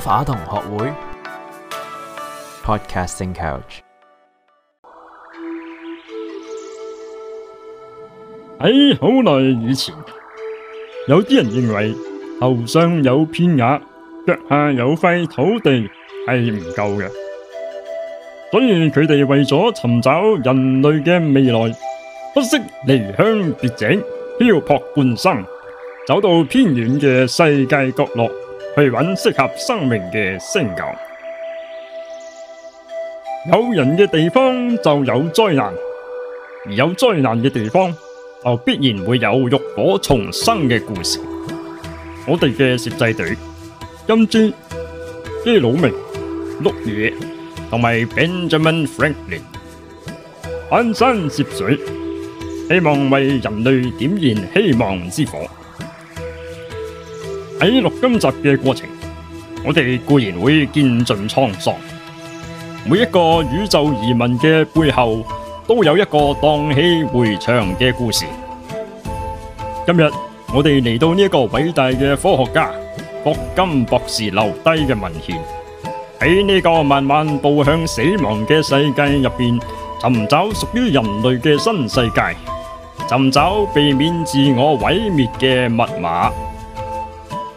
同學會 Podcasting Couch 喺好耐以前，有啲人認為頭上有片瓦，腳下有塊土地係唔夠嘅，所以佢哋為咗尋找人類嘅未來，不惜離鄉別井、漂泊半生，走到偏遠嘅世界角落。去揾適合生命嘅星球。有人嘅地方就有災難，而有災難嘅地方就必然會有浴火重生嘅故事我們的。我哋嘅攝製隊，金枝、基老明、碌野同埋 Benjamin Franklin，登山涉水，希望為人類點燃希望之火。喺錄今集嘅過程，我哋固然會見盡滄桑。每一個宇宙移民嘅背後，都有一個蕩氣迴腸嘅故事。今日我哋嚟到呢一個偉大嘅科學家，霍金博士留低嘅文獻，喺呢個慢慢步向死亡嘅世界入邊，尋找屬於人類嘅新世界，尋找避免自我毀滅嘅密碼。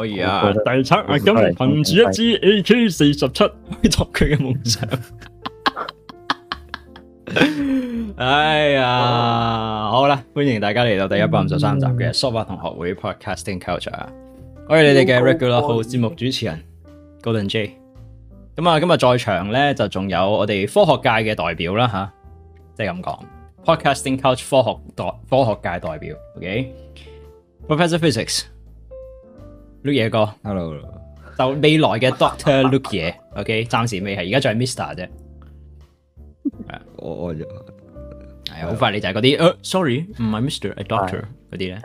可以啊，第七啊，今日憑住一支 AK 四十七，作佢嘅夢想。哎呀，好啦，歡迎大家嚟到第一百五十三集嘅 Sofa、嗯、同學會 Podcasting Culture，我係、嗯、你哋嘅 Regular 號節目主持人、嗯、Golden J。咁、嗯、啊，今日在場咧就仲有我哋科學界嘅代表啦，吓，即、就、係、是、咁講 Podcasting Culture 科學代科學界代表，OK，Professor、okay? 嗯、Physics。Lukas 哥，Hello，就未來嘅 Doctor Lukas，OK，暫時未係，而家仲係 Mr 啫。我我係好快你就係嗰啲，Sorry，唔係 Mr，Doctor 嗰啲咧。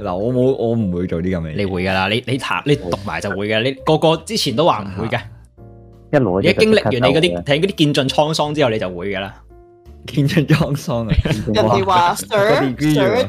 嗱，我冇，我唔會做啲咁嘅嘢。你會噶啦，你你你讀埋就會嘅。你個個之前都話唔會嘅，一經歷完你嗰啲睇嗰啲見盡滄桑之後，你就會噶啦。見盡滄桑啊！人哋話 Sir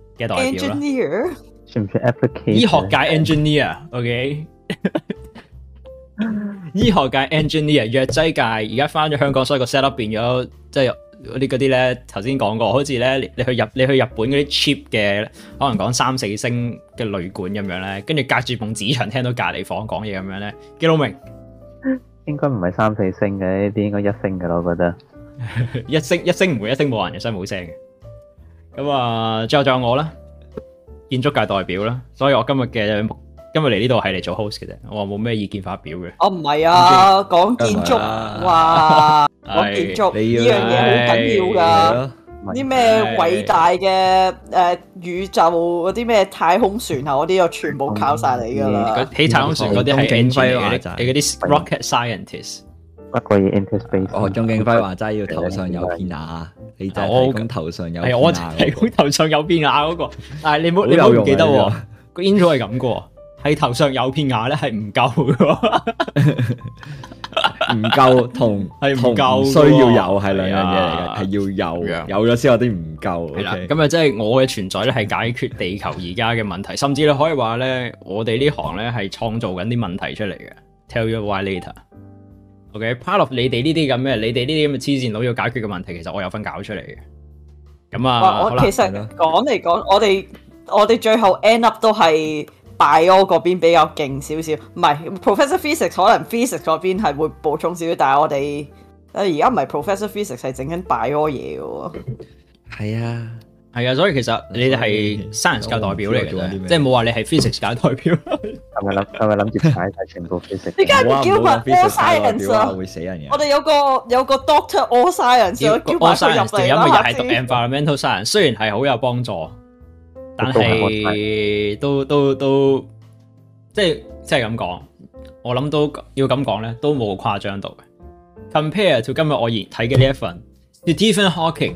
g i n e a 咯，是唔是？醫學界 engineer，OK，醫學界 engineer，藥劑界。而家返咗香港，所以個 set up 變咗，即係嗰啲嗰啲咧。頭先講過，好似咧，你去日，你去日本嗰啲 cheap 嘅，可能講三四星嘅旅館咁樣咧，跟住隔住埲紙牆聽到隔離房講嘢咁樣咧，幾撈明應？應該唔係三四星嘅，呢啲應該一星嘅咯，我覺得 一星，一星唔會一星，冇人，所以冇聲嘅。咁啊、嗯，最後仲有我啦，建築界代表啦，所以我今日嘅今日嚟呢度係嚟做 host 嘅啫，我話冇咩意見發表嘅。哦，唔係啊，講、啊、建築，吧哇，講建築呢樣嘢好緊要噶，啲咩偉大嘅誒宇宙嗰啲咩太空船啊，嗰啲我全部靠晒你噶啦。起太空船嗰啲係 engineer 嘅你嗰啲 rocket scientist。不過要 interpret 哦，鍾景輝話齋要頭上有片牙，你就提供頭上有。係我就提供頭上有片牙嗰個。但係你好，你好記得個 interpret 係咁個，係頭上有片牙咧係唔夠，唔夠同係唔夠，需要有係兩樣嘢嚟嘅，係要有，有咗先有啲唔夠。係啦，咁啊，即係我嘅存在咧，係解決地球而家嘅問題，甚至你可以話咧，我哋呢行咧係創造緊啲問題出嚟嘅。Tell you why later。OK，part、okay. of 你哋呢啲咁嘅，你哋呢啲咁嘅黐線佬要解決嘅問題，其實我有份搞出嚟嘅。咁啊，我其實講嚟講，我哋我哋最後 end up 都係 bio 嗰邊比較勁少少，唔係 Professor Physics 可能 Physics 嗰邊係會補充少少，但係我哋誒而家唔係 Professor Physics 係整緊 bio 嘢嘅。係 啊。係啊，所以其實你哋係 science 嘅代表嚟嘅，即係冇話你係 physics 嘅代表。係咪諗係咪諗住睇睇全部 physics？你梗係唔叫 all science 哇啊？會死人嘅。我哋有個有個 doctor all science，叫埋佢入嚟啦。而家咪又係讀 environmental science，雖然係好有幫助，但係都都都，都即係即係咁講，我諗都要咁講咧，都冇誇張到嘅。Compare to 今日我而睇嘅呢一份 Stephen Hawking。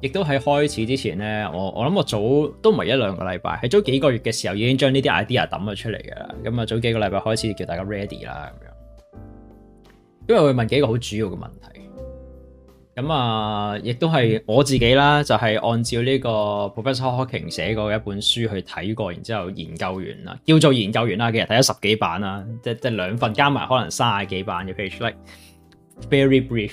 亦都喺開始之前呢，我我諗我早都唔係一兩個禮拜，喺早幾個月嘅時候已經將呢啲 idea 抌咗出嚟㗎啦。咁啊，早幾個禮拜開始叫大家 ready 啦咁樣，因為我會問幾個好主要嘅問題。咁啊，亦都係我自己啦，就係按照呢個 Professor Hawking 寫過嘅一本書去睇過，然之後研究完啦，叫做研究完啦，其實睇咗十幾版啦，即即兩份加埋可能三十幾版嘅 page，like very brief。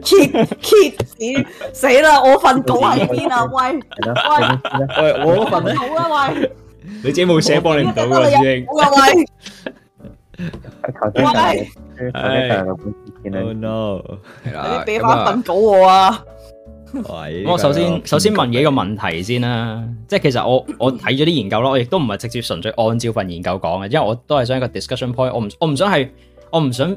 揭揭死死啦！我份稿喺邊啊？喂喂，我份咧？好啦，喂，你自己冇寫幫你唔到啊？好啊，喂。喂，Oh no！你俾翻份稿我啊？喂！我首先首先問幾個問題先啦，即係其實我我睇咗啲研究咯，我亦都唔係直接純粹按照份研究講嘅，因為我都係想一個 discussion point，我唔我唔想係我唔想。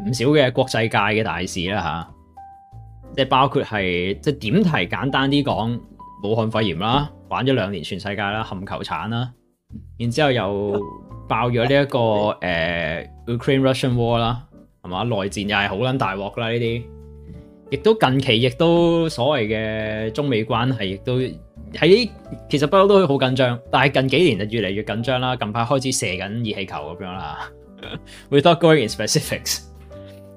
唔少嘅國際界嘅大事啦吓，即係包括係即係點提簡單啲講，武漢肺炎啦，玩咗兩年全世界啦，冚球鏟啦，然之後又爆咗呢一個誒、 呃、Ukraine-Russian War 啦，係嘛內戰又係好撚大鑊啦呢啲，亦都近期亦都所謂嘅中美關係亦都喺其實不嬲都好緊張，但係近幾年就越嚟越緊張啦，近排開始射緊熱氣球咁樣啦 without going in specifics。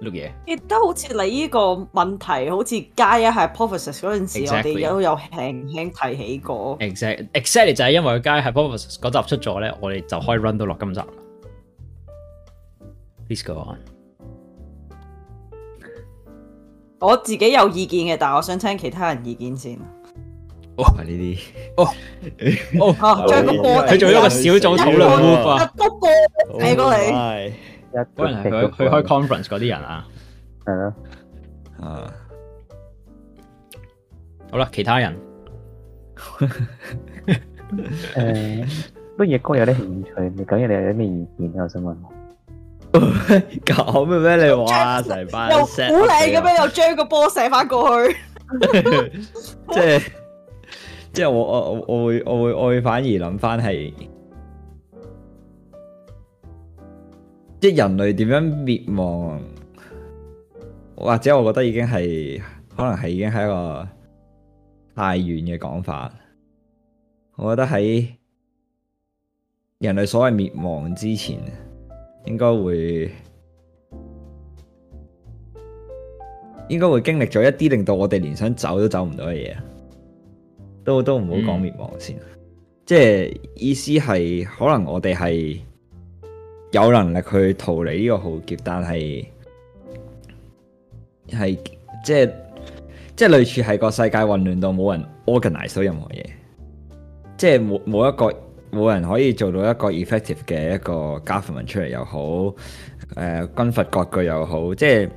亦 Look ,、yeah. 都好似你呢個問題，好似街係 prophecy 嗰陣時，Exactly. 我哋有有輕輕提起過。Exactly. exactly 就係因為街係 prophecy 嗰集出咗咧，我哋就可以 run 到落今集。Please go on。我自己有意見嘅，但係我想聽其他人意見先。哦，呢啲哦哦，將個 ball 做一個小組討論會吧。阿谷哥，睇過、oh 嗰人係佢去開 conference 嗰啲人啊，係咯，啊，好啦，其他人，誒，對嘢哥，有啲興趣，你咁樣你有啲咩意見啊？想問下，搞咩咩你話成班又好靚咁樣，又將個波射翻過去，即係即係我我我會我會我會反而諗翻係。即人類點樣滅亡，或者我覺得已經係，可能係已經係一個太遠嘅講法。我覺得喺人類所謂滅亡之前，應該會，應該會經歷咗一啲令到我哋連想走都走唔到嘅嘢。都都唔好講滅亡先，嗯、即係意思係可能我哋係。有能力去逃離呢個浩劫，但係，係即係，即係類似係個世界混亂到冇人 organize 到任何嘢，即係冇冇一個冇人可以做到一個 effective 嘅一個 government 出嚟又好，誒軍閥割據又好，即係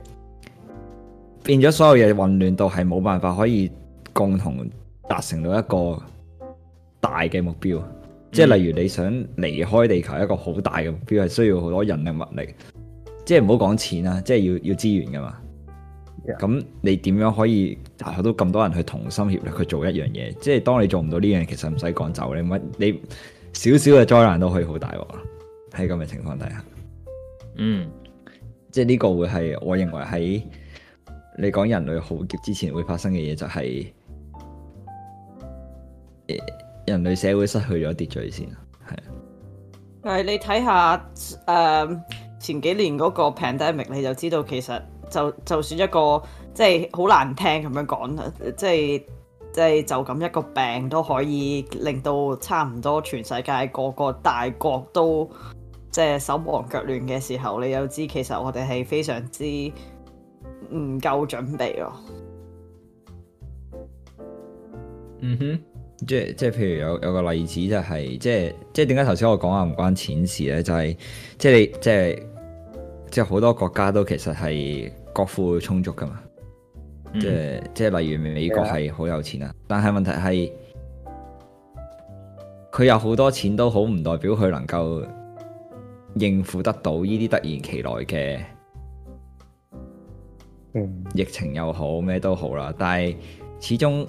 變咗所有嘢混亂到係冇辦法可以共同達成到一個大嘅目標。即係例如你想離開地球，一個好大嘅目標係需要好多人力物力，即係唔好講錢啦，即係要要資源噶嘛。咁 Yeah. 你點樣可以集合到咁多人去同心協力去做一樣嘢？即係當你做唔到呢、這、樣、個，其實唔使講走你乜你少少嘅災難都可以好大鑊。喺咁嘅情況底下，嗯，mm. 即係呢個會係我認為喺你講人類浩劫之前會發生嘅嘢就係、是呃人類社會失去咗秩序先，係你睇下誒前幾年嗰個 pandemic，你就知道其實就就算一個即係好難聽咁，就是就是，樣講，即係即係就咁一個病都可以令到差唔多全世界個個大國都即係，就是，手忙腳亂嘅時候，你又知其實我哋係非常之唔夠準備咯。嗯哼。即即譬如有有個例子就係、是、即即點解頭先我講啊唔關錢事咧就係、是、即你即即好多國家都其實係國庫充足噶嘛，嗯、即即例如美國係好有錢啊，嗯、但係問題係佢有好多錢都好唔代表佢能夠應付得到呢啲突然其來嘅，疫情又好咩都好啦，但係始終。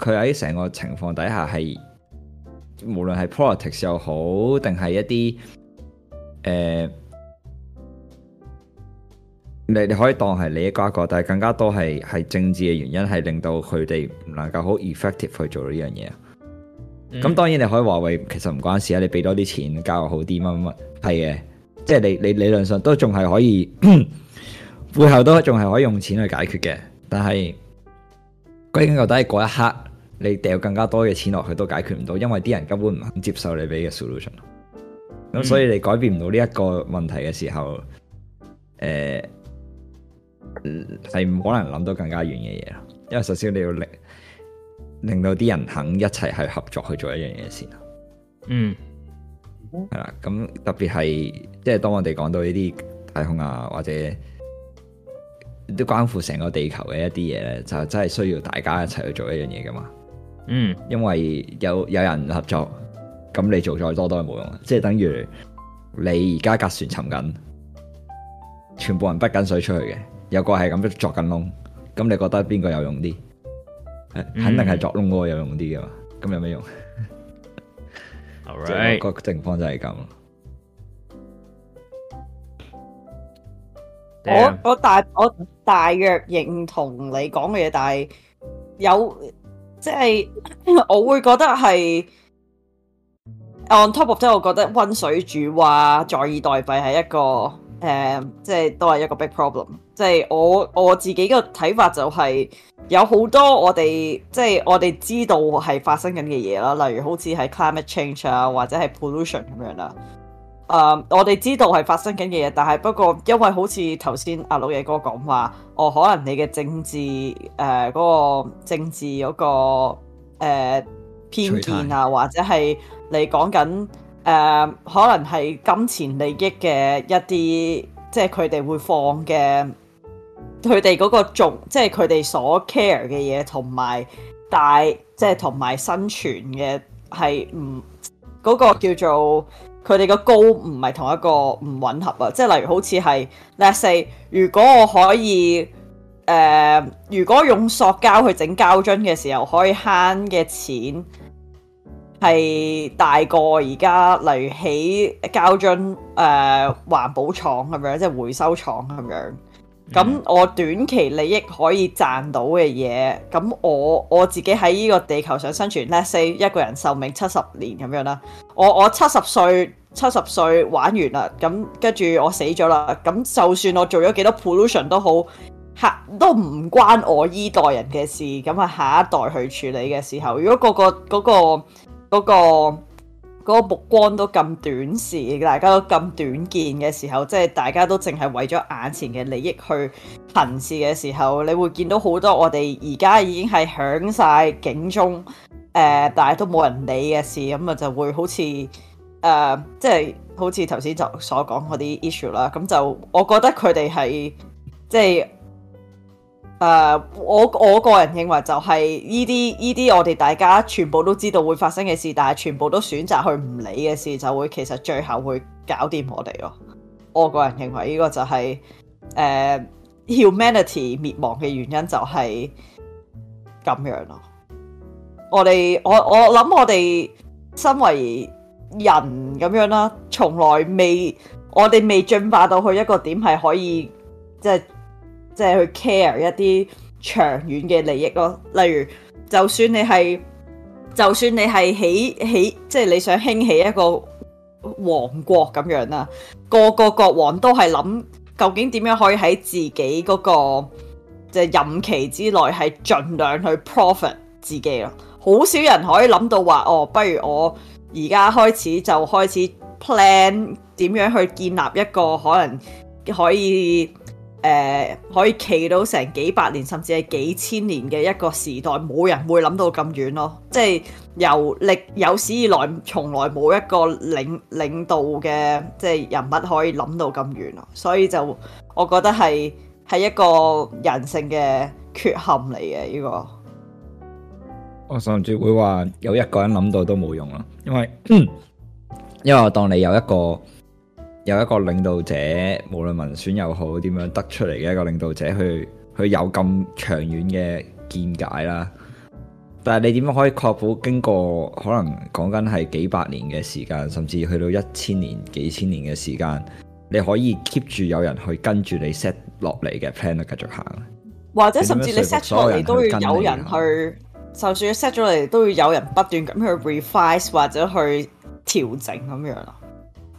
佢喺成個情況底下係，無論係 politics 又好，定係一啲誒、呃，你你可以當係利益瓜葛，但係更加多係係政治嘅原因，係令到佢哋唔能夠好 effective 去做到呢樣嘢。咁、嗯、當然你可以話喂，其實唔關事啊，你俾多啲錢教育好啲乜乜乜，係嘅，即係你你理論上都仲係可以， 背後都仲係可以用錢去解決嘅，但係，歸根到底嗰一刻。你掉更加多嘅錢落去都解決唔到，因為啲人根本唔肯接受你俾嘅 solution。咁所以你改變唔到呢一個問題嘅時候，誒係唔可能諗到更加遠嘅嘢咯。因為首先你要令令到啲人肯一齊去合作去做一樣嘢先。嗯，係啦。咁特別係即係當我哋講到呢啲太空啊，或者都關乎成個地球嘅一啲嘢咧，就真係需要大家一齊去做一樣嘢噶嘛。嗯，因為有有人合作，咁你做再多都係冇用，即係等於你而家隔船沉緊，全部人滗緊水出去嘅，有個係咁鑿緊窿，咁你覺得邊個有用啲？誒，肯定係鑿窿嗰個有用啲㗎嘛，咁有咩用？個情況就係咁。我我大我大約認同你講嘅嘢，但係有。即係我會覺得係 on top of，即係我覺得溫水煮蛙坐以待斃係一個、呃、即係都係一個 big problem。即係我我自己嘅睇法就係、是、有好多我哋即係我哋知道係發生緊嘅嘢啦，例如好似係 climate change 啊，或者係 pollution 咁樣啦。誒，um, 我哋知道係發生緊嘅嘢，但係不過因為好似頭先阿老爺哥講話，哦，可能你嘅政治誒嗰、呃嗰個政治嗰、嗰個、呃、偏見啊，或者係你講緊誒，可能係金錢利益嘅一啲，即係佢哋會放嘅，佢哋嗰個重，即係佢哋所 care 嘅嘢，同埋大，即係同埋生存嘅係唔嗰個叫做。嗯佢哋個 goal 唔係同一個唔吻合啊，即係例如好似係 let's say, 如果我可以，誒、呃，如果用塑膠去整膠樽嘅時候，可以慳嘅錢係大過而家例如起膠樽誒、呃、環保廠咁樣，即係回收廠咁樣。咁我短期利益可以賺到嘅嘢，咁我我自己喺呢個地球上生存呢 let say 一個人壽命七十年咁樣啦，我我七十歲七十歲玩完啦，咁跟住我死咗啦，咁就算我做咗幾多 pollution 都好，下都唔關我依代人嘅事，咁啊下一代去處理嘅時候，如果個個嗰個嗰個。嗰個嗰個嗰個目光都咁短視，大家都咁短見嘅時候，即係大家都淨係為咗眼前嘅利益去行事嘅時候，你會見到好多我哋而家已經係響晒警鐘，誒、呃，但係都冇人理嘅事，咁啊就會好似誒，即、呃、係、即係、好似頭先就所講嗰啲 issue 啦，咁就我覺得佢哋係即係。Uh, 我我個人認為就係呢啲呢啲，我哋大家全部都知道會發生嘅事，但係全部都選擇去唔理嘅事，就會其實最後會搞掂我哋咯。我個人認為呢個就係、是 uh, humanity 滅亡嘅原因，就係咁樣咯。我哋我我諗我哋身為人咁樣啦，從來未我哋未進化到去一個點係可以即係。就是即係去 care 一啲長遠嘅利益咯，例如就算你係，就算你係起起，即係你想興起一個王國咁樣啦，個個國王都係諗究竟點樣可以喺自己嗰個即係任期之內係盡量去 profit 自己咯，好少人可以諗到話哦，不如我而家開始就開始 plan 點樣去建立一個可能可以。誒、呃、可以企到成幾百年，甚至係幾千年嘅一個時代，冇人會諗到咁遠咯。即係由歷有史以來，從來冇一個領領導嘅即係人物可以諗到咁遠咯。所以就我覺得係係一個人性嘅缺陷嚟嘅呢個。我甚至會話有一個人諗到都冇用咯，因為、嗯、因為我當你有一個。有一個領導者，無論民選又好，點樣得出嚟嘅一個領導者，去去有咁長遠嘅見解啦。但係你點樣可以確保經過可能講緊係幾百年嘅時間，甚至去到一千年、幾千年嘅時間，你可以 keep 住有人去跟住你 set 落嚟嘅 plan 去繼續行？或者甚至麼你 set 落嚟，都要有人去；就算 set 咗嚟，都要有人不斷咁去 revise 或者去調整咁樣啊？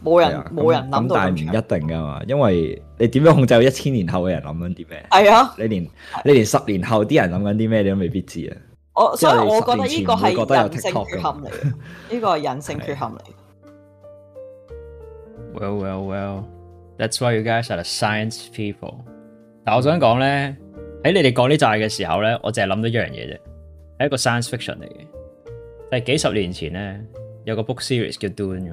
冇人冇、啊、人諗到但大唔一定噶嘛，因為你點樣控制一千年後嘅人諗緊啲咩？係啊，你連你連十年後啲人諗緊啲咩你都未必知啊！我所以我覺得呢個係人性缺陷嚟嘅，呢個係人性缺陷嚟、這個。 Well well well, that's why you guys are the science people。但我想講咧，喺你哋講呢扎嘅時候咧，我淨係諗咗一樣嘢啫，係一個 science fiction 嚟嘅。但係幾十年前咧，有個 book series 叫 Dune。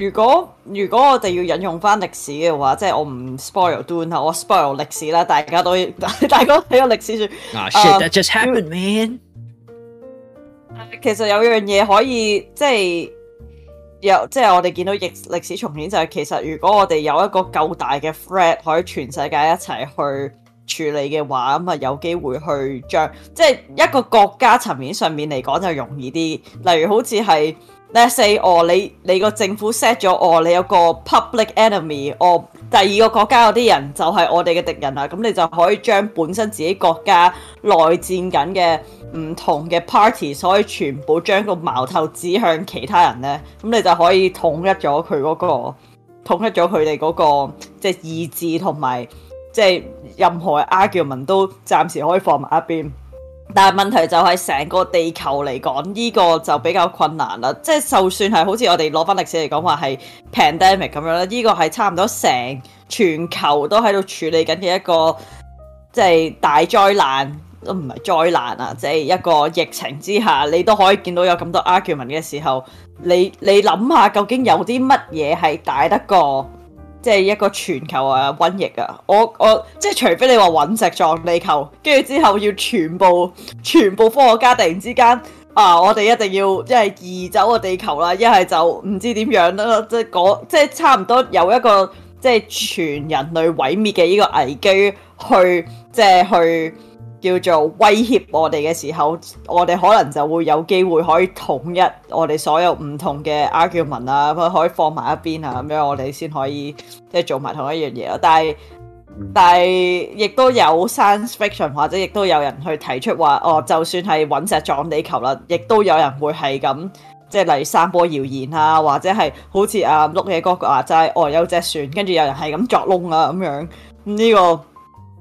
如果如果我哋要引用翻歷史嘅話，即係我唔 spoil doon 我 spoil 歷史啦，大家都大家睇過歷史書。啊、oh、shit，that、uh, just happened man 其、就是。其實有樣嘢可以即係有，即係我哋見到逆歷史重演就係其實，如果我哋有一個夠大嘅 threat 可以全世界一齊去處理嘅話，咁、嗯、啊有機會去將即係一個國家層面上面嚟講就容易啲，例如好似係。Let's say 你、哦、你個政府 set 咗我，你有個 public enemy，我第二個國家嗰啲人就係我哋嘅敵人啦。咁你就可以將本身自己國家內戰緊嘅唔同嘅 party，所以全部將個矛頭指向其他人咧。咁你就可以統一咗佢嗰個統一咗佢哋嗰個即係、即係、意志同埋即係任何 argument 都暫時可以放埋一邊。但係問題就係成個地球嚟講，呢個就比較困難啦。即係就算係好似我哋攞翻歷史嚟講話係 pandemic 咁樣咧，呢個係差唔多成全球都喺度處理緊嘅一個即係大災難都唔係災難啊，即係一個疫情之下，你都可以見到有咁多 argument 嘅時候，你你諗下究竟有啲乜嘢係大得過？即係一個全球啊瘟疫啊！我我即係除非你話隕石撞地球，跟住之後要全部全部科學家突然之間啊，我哋一定要即係移走個地球啦，一係就唔知點樣啦，即係嗰即係差唔多有一個即係全人類毀滅嘅呢個危機去即係去。即係去叫做威脅我哋嘅時候，我哋可能就會有機會可以統一我哋所有唔同嘅 argument 啊，佢可以放埋一邊啊，咁樣我哋先可以即係做埋同一樣嘢咯。但係但係亦都有 science fiction，或者亦都有人去提出話，哦，就算係隕石撞地球啦，亦都有人會係咁即係嚟散播謠言啊，或者係好似啊碌野哥話齋，啊、哦有隻船，跟住有人係咁作窿啊咁樣呢、這個。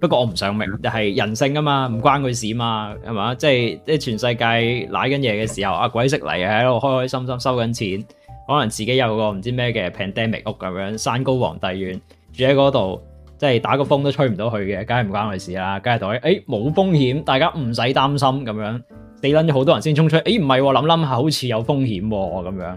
不過我唔想明，就係、是、人性啊嘛，唔關佢事嘛，係嘛？即係即係全世界賴緊嘢嘅時候，阿、啊、鬼識嚟喺度開開心心收緊錢，可能自己有個唔知咩嘅 pandemic 屋咁樣，山高皇帝遠住喺嗰度，即係打個風都吹唔到佢嘅，梗係唔關佢事啦。梗係同佢誒冇風險，大家唔使擔心咁樣，死撚咗好多人先衝出去，誒唔係諗諗下好似有風險喎、啊、咁樣。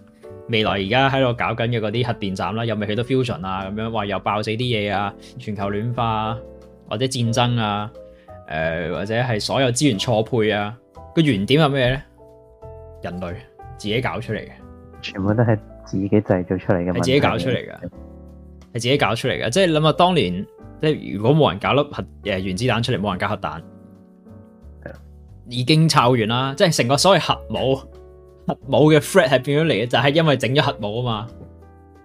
未來而家喺度搞緊嘅嗰啲核電站啦，又未起到 fusion 啊，咁樣話又爆死啲嘢啊，全球暖化啊，或者戰爭啊，誒、呃、或者係所有資源錯配啊，個原點係咩咧？人類自己搞出嚟嘅，全部都係自己製造出嚟嘅，係自己搞出嚟嘅，係自己搞出嚟嘅，即係諗下當年，即係如果冇人搞粒核誒原子彈出嚟，冇人搞核彈，已經摷完啦，即係成個所謂核武。冇嘅 threat 係變咗嚟嘅，就係因為整咗核武啊嘛，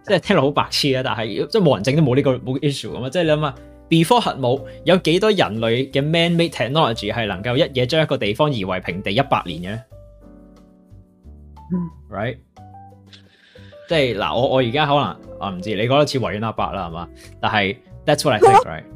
即係聽落好白痴啊，但係即係冇人整都冇呢個冇 issue 啊嘛，即係你諗下，before 核武有幾多人類嘅 man-made technology 係能夠一嘢將一個地方夷為平地一百年嘅？Right，即係嗱，我我而家可能我唔知，你覺得似維園阿伯啦，係嘛？但係 that's what I think right。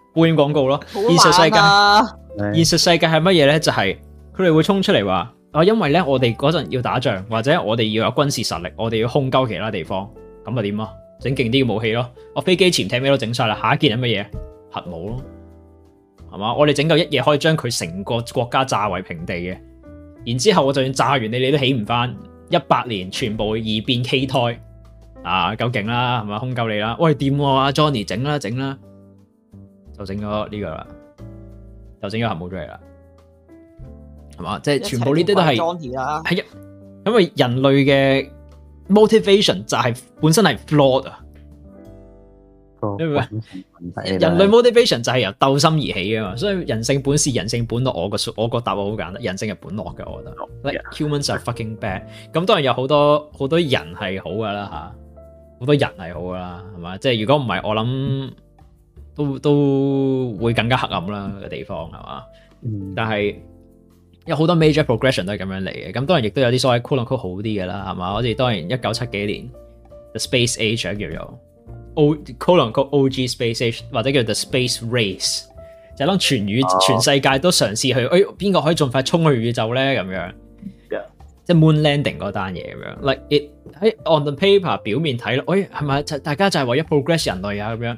保險廣告咯，啊、現實世界，現實世界係乜嘢咧？就係佢哋會衝出嚟話，啊，因為咧我哋嗰陣要打仗，或者我哋要有軍事實力，我哋要空鳩其他地方，咁咪點啊？整勁啲嘅武器咯，我、啊、飛機、潛艇咩都整晒啦，下一件係乜嘢？核武咯，係嘛？我哋整夠一夜可以將佢成個國家炸為平地嘅，然之後我就算炸完你，你都起唔翻，一百年全部異變畸胎，啊，夠勁啦，係嘛？空鳩你啦，喂，掂我、啊、阿 Johnny 整啦，整啦。就整咗呢個啦，就整咗航母出嚟啦，係嘛？即係全部呢啲都係，係呀，因為人類嘅 motivation 就係、是、本身係 flawed，明白？人類 motivation 就係由鬥心而起啊嘛，所以人性本是人性本惡。我個我個答案好簡單，人性係本惡嘅。我覺得、oh, yeah. like、humans are fucking bad。咁 當然有好多好多人係好噶啦吓，好多人係好噶啦，係嘛？即係如果唔係，我諗。嗯都都會更加黑暗啦嘅地方，係嘛？嗯、但係有好多 major progression 都係咁樣嚟嘅。咁當然亦都有啲所謂 quote on quote 好啲嘅啦，係嘛？我哋當然一九七幾年 the space age 叫做 quote on quote OG space age 或者叫做 the space race 就係當全宇全世界都嘗試去，哎邊個可以仲快衝去宇宙咧？咁樣 Yeah. 即係 moon landing 嗰單嘢咁樣。Like it，喺 on the paper 表面睇落，哎係咪大家就係為咗 progress 人類啊咁樣？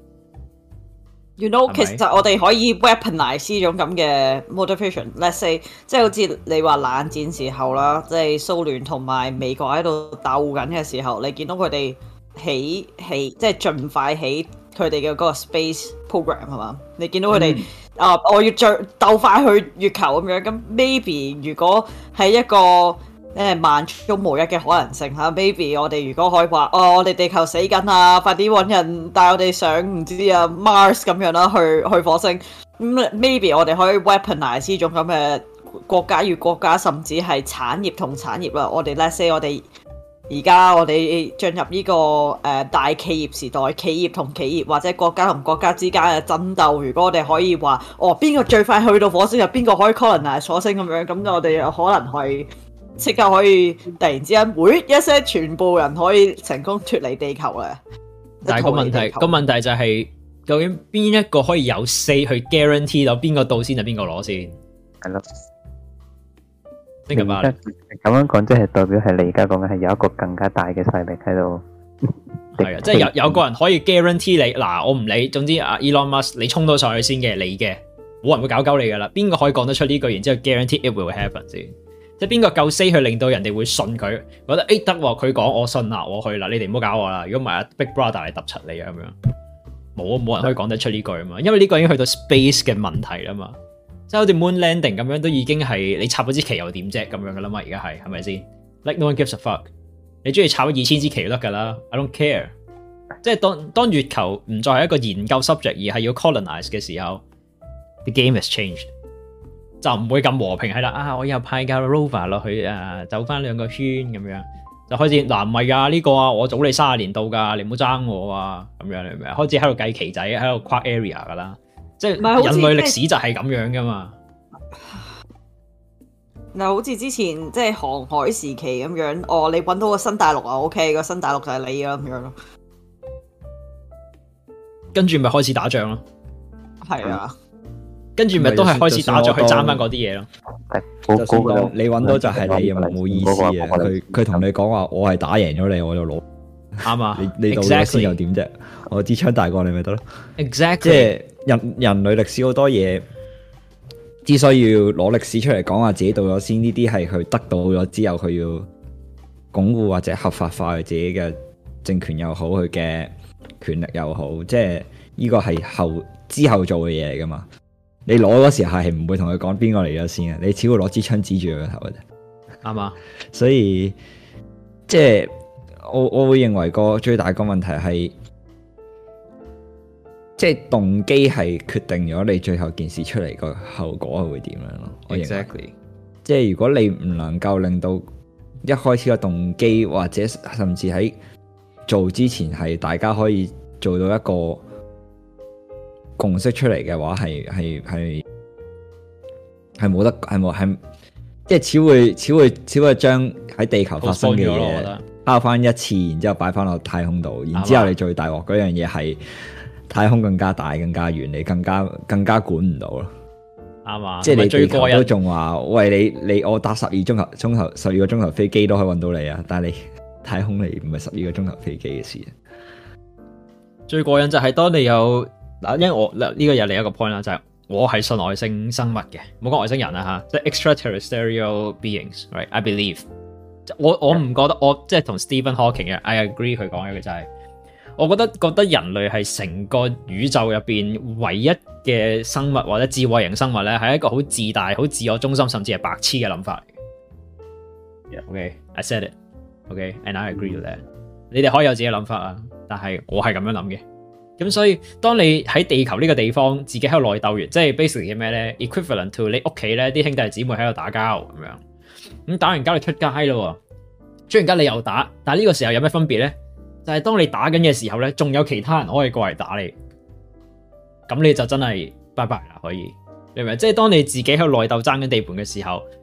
you know，是是其實我哋可以 weaponize 呢種咁嘅 motivation，let's say 即係好似你話冷戰時候啦，即係蘇聯同埋美國喺度鬥緊嘅時候，你見到佢哋起起即係盡快起佢哋嘅嗰個 space program 係嘛？你見到佢哋、嗯、啊，我要最鬥快去月球咁樣，咁 maybe 如果係一個。誒萬中無一嘅可能性，吓 maybe 我哋如果可以話，哦，我哋地球死緊啊，快啲揾人帶我哋上唔知啊 Mars 咁樣啦，去去火星 maybe 我哋可以 weaponize 呢種咁嘅國家與國家，甚至係產業同產業啦。我哋 let’s say 我哋而家我哋進入呢、這個、呃、大企業時代，企業同企業或者國家同國家之間嘅爭鬥，如果我哋可以話，哦，邊個最快去到火星就邊個可以 colonize 火星咁樣，咁我哋可能係～即刻可以突然之間，喎一些全部人可以成功脱離地球咧。但係個問題，個問題就係、是、究竟邊一個可以有 say 去 guarantee 到邊個到先就邊個攞先？係咯，即係話咁樣講，即係代表係你而家講嘅係有一個更加大嘅勢力喺度。係啊， 即係有有個人可以 guarantee 你嗱，我唔理，總之啊、e、，Elon Musk 你衝到上去先嘅，你嘅，冇人會搞鳩你噶啦。邊個可以講得出呢句？然之後 guarantee it will happen 先。即係邊個夠 say 去令到人哋會信佢、欸？我覺得誒得，佢講我信啦，我去啦，你哋唔好搞我啦。如果唔係啊，Big Brother 嚟揼柒你啊，咁樣，冇冇人可以講得出呢句啊嘛。因為呢個已經去到 space 嘅問題啦嘛，即係好似 moon landing 咁樣都已經係你插嗰支旗又點啫咁樣噶啦嘛。而家係係咪先？Like no one gives a fuck。你中意插二千支旗得噶啦，I don't care 即。即係當當月球唔再係一個研究 subject 而係要 colonize 嘅時候，the game has changed。就唔會咁和平係啦啊！我又派架 rover 落去誒、啊，走翻兩個圈咁樣，就開始嗱唔係噶呢個啊！的這個、我早你三十年到噶，你唔好爭我啊！咁樣你明唔明？開始喺度計棋仔，喺度跨 area 噶啦，即係是人類歷史就係咁樣噶嘛。嗱，好、就、似、是、之前即係、就是、航海時期咁樣，哦，你揾到個新大陸啊？OK，個新大陸就係你啊。咁樣咯。跟住咪開始打仗咯。係啊的。嗯跟住咪都係開始打咗去爭翻嗰啲嘢咯。你揾到就係你，又冇意思嘅。佢佢同你講話，我係打贏咗你，我就攞啱啊。 你你到咗先又點啫？Exactly. 我支槍大過你咪得咯。Exactly 即係人人類歷史好多嘢，之所以要攞歷史出嚟講話自己到咗先，呢啲係佢得到咗之後，佢要鞏固或者合法化佢自己嘅政權又好，佢嘅權力又好，即係呢個係後之後做嘅嘢嚟噶嘛。你攞嗰時候係唔會同佢講邊個嚟咗先啊？你只會攞支槍指住佢個頭嘅啫，啱嘛吧？ 所以即係我我會認為個最大個問題係，即係動機係決定咗你最後件事出嚟個後果係會點樣咯。Exactly，即係如果你唔能夠令到一開始個動機或者甚至喺做之前係大家可以做到一個。共識出嚟嘅話係係係係冇得係冇係，即係只會只會只會將喺地球發生嘅嘢包翻一次，然之後擺翻落太空度，吧然之後你最大鑊嗰樣嘢係太空更加大、更加遠，你更加更加管唔到咯，啱嘛吧？即係你最過癮都仲話，喂你你我搭十二鐘頭鐘頭十二個鐘頭飛機都可以搵到你啊，但係你太空嚟唔係十二個鐘頭飛機嘅事。最過癮就係當你有。嗱，因為我呢、這個又嚟一個 point 啦，就係我係信外星生物嘅，唔好講外星人啦吓，即係 extraterrestrial beings，right？I believe，我我唔覺得，我即係同 Stephen Hawking 嘅，I agree 佢講一個佢就係，我覺得覺得人類係成個宇宙入邊唯一嘅生物或者智慧型生物咧，係一個好自大、好自我中心，甚至係白痴嘅諗法嚟嘅。Yeah. Okay，I said it。Okay，and I agree to that、mm。Hmm. 你哋可以有自己嘅諗法啊，但係我係咁樣諗嘅。咁所以，當你喺地球呢個地方自己喺內鬥完，即係 basically 嘅咩咧？equivalent to 你屋企咧啲兄弟姊妹喺度打交咁樣，咁打完交你出街咯，出完街你又打，但係呢個時候有咩分別咧？就係當你打緊嘅時候咧，仲有其他人可以過嚟打你，咁你就真係拜拜啦，可以你明唔明？即係當你自己喺內鬥爭緊地盤嘅時候。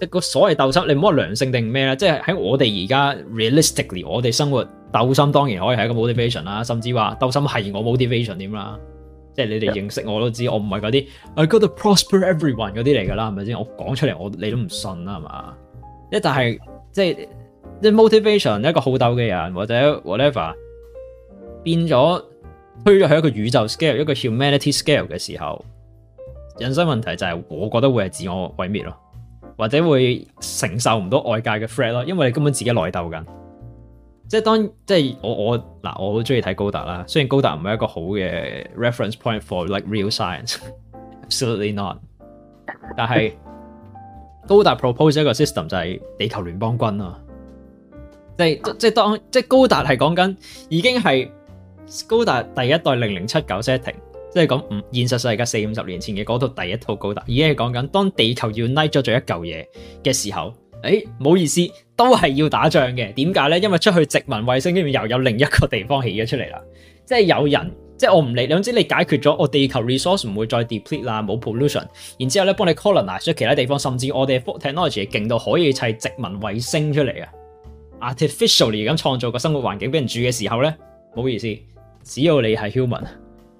一個所謂鬥心，你唔好話良性定咩啦，即係喺我哋而家 realistically，我哋生活鬥心當然可以係一個 motivation 啦，甚至話鬥心係我 motivation 點啦，即係你哋認識我都知，我唔係嗰啲 I gotta prosper everyone 嗰啲嚟噶啦，係咪先？我講出嚟我你都唔信啦，係嘛？一但係即係啲 motivation 一個好鬥嘅人或者 whatever 變咗推咗去一個宇宙 scale 一個 humanity scale 嘅時候，人生問題就係我覺得會係自我毀滅咯。或者會承受唔到外界嘅 threat 咯，因為你根本自己內鬥緊。即係當即係我我嗱，我好中意睇高達啦。雖然高達唔係一個好嘅 reference point for like real science，absolutely not 但，但係 高達 proposed 一個 system 就係地球聯邦軍啊。即係即係當即係高達係講緊已經係高達第一代零零七九 setting。即係咁，唔，現實世界四五十年前嘅嗰套第一套高達，已經係講緊，當地球要 unite 咗做一嚿嘢嘅時候，誒、哎，唔好意思，都係要打仗嘅。點解咧？因為出去殖民衛星跟住又有另一個地方起咗出嚟啦。即係有人，即係我唔理，總之你解決咗我地球 resource 唔會再 deplete 啦，冇 pollution，然之後咧幫你 colonize 咗其他地方，甚至我哋嘅 technology 勁到可以砌殖民衛星出嚟啊，artificially 咁創造個生活環境俾人住嘅時候咧，唔好意思，只要你係 human。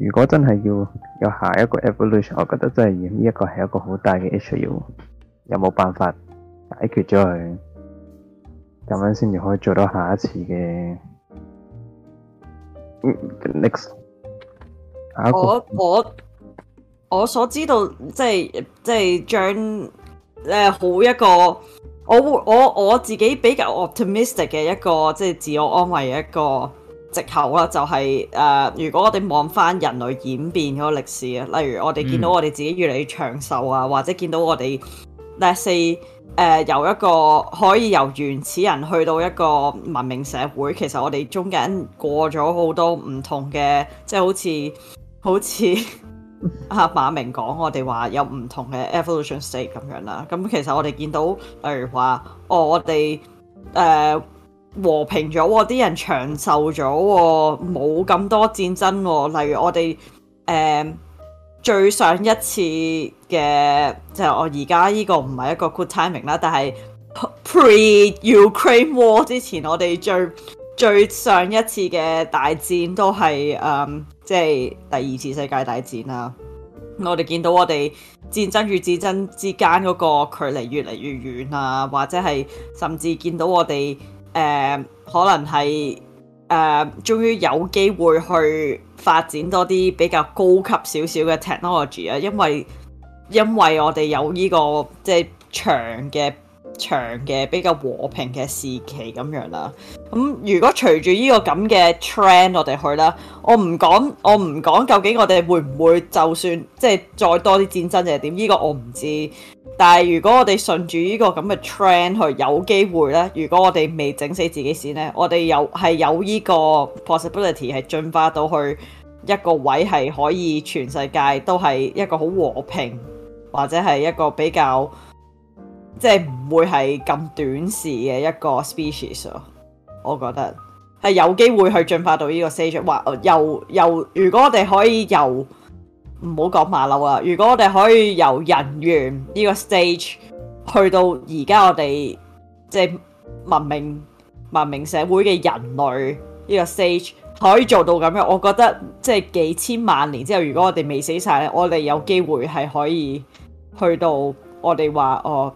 如果真係要有下一個 evolution，我覺得真係呢一個係一個好大嘅 issue，有冇辦法解決咗佢，咁樣先至可以做到下一次嘅 next 我我我所知道，即係即係將誒好一個，我會我我自己比較 optimistic 嘅一個，即係自我安慰一個。直頭啦、就是，就係誒，如果我哋望翻人類演變嗰個歷史啊，例如我哋見到我哋自己越嚟越長壽啊，嗯、或者見到我哋 Let's say、呃、由一個可以由原始人去到一個文明社會，其實我哋中間過咗、就是、好多唔同嘅，即係好似好似阿馬明講，我哋話有唔同嘅 evolution state 咁樣啦。咁其實我哋見到例如話、哦、我哋誒。呃和平咗，啲人長壽咗，冇咁多戰爭。例如我哋、嗯、最上一次嘅，即係我而家呢個唔係一個 good timing 啦。但係 pre Ukraine War 之前，我哋最最上一次嘅大戰都係誒，即係第二次世界大戰啦。我哋見到我哋戰爭與戰爭之間嗰個距離越嚟越遠啊，或者係甚至見到我哋。誒、呃、可能係誒終於有機會去發展多啲比較高級少少嘅 technology 啊，因為因為我哋有呢、這個即係長嘅長嘅比較和平嘅時期咁樣啦。咁、嗯、如果隨住呢個咁嘅 trend，我哋去啦，我唔講我唔講究竟我哋會唔會就算即係再多啲戰爭定係點？呢、這個我唔知道。但係如果我哋順住呢個咁嘅 trend 去，有機會咧。如果我哋未整死自己先咧，我哋有係有呢個 possibility 係進化到去一個位係可以全世界都係一個好和平，或者係一個比較即係唔會係咁短視嘅一個 species 咯。我覺得係有機會去進化到呢個 stage。哇！由由，如果我哋可以由唔好講馬騮啦！如果我哋可以由人猿呢個 stage 去到而家我哋即係文明、文明社會嘅人類呢個 stage 可以做到咁樣，我覺得即係幾千萬年之後，如果我哋未死曬，我哋有機會係可以去到我哋話哦，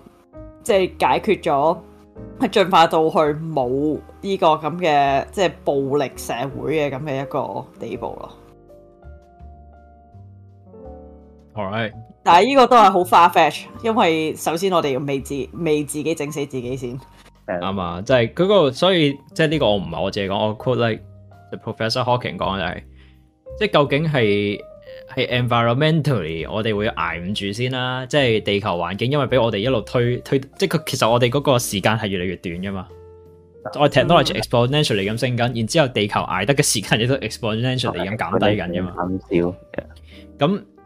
即係解決咗，進化到去冇呢個咁嘅即係暴力社會嘅咁嘅一個地步咯。All right. 但係呢個都係好 far fetch，因為首先我哋未自未自己整死自己先，啱啊、um,，即係嗰個，所以即係呢個我唔係我自己講，我 quote like the Professor Hawking 講就係、是，即係究竟係係 environmentally，我哋會挨唔住先啦？即係地球環境因為俾我哋一路推推，即係其實我哋嗰個時間係越嚟越短噶嘛，嗯、我 technology exponentially 咁升緊，然之後地球挨得嘅時間亦都 exponentially 嚟咁減低緊噶嘛，減少咁、嗯。嗯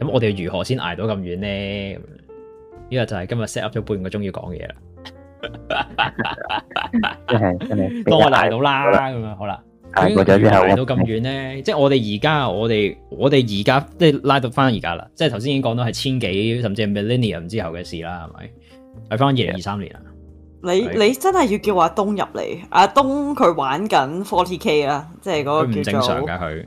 咁我哋如何先捱到咁遠呢？呢個就係今日 set up 咗半個鐘要講嘅嘢啦。真係，當我捱到啦，咁吧樣好啦。點解要捱到咁遠咧？ 即係我哋而家，我哋我哋而家即係拉到翻而家啦。即係頭先已經講到係千幾，甚至係 millennium 之後嘅事啦，係咪？係翻二零二三年啦！你你真係要叫阿東入嚟？阿東佢玩緊 forty k 啦，即係嗰個唔正常嘅佢。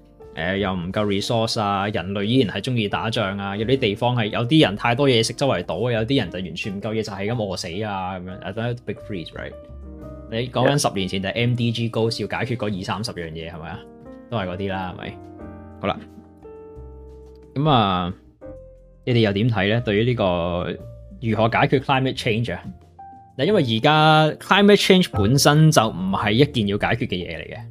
誒、呃、又唔夠 resource 啊！人類依然係中意打仗啊！有啲地方係有啲人太多嘢食，周圍倒；有啲人就完全唔夠嘢就係咁餓死啊！咁樣、mm hmm. 啊、big freeze，right？Yeah. 你講緊十年前就係 MDG goals 要解決嗰二三十樣嘢係咪啊？都係嗰啲啦，係咪？好啦，咁啊，你哋又點睇呢？對於呢個如何解決 climate change 啊？嗱，因為而家 climate change 本身就唔係一件要解決嘅嘢嚟嘅。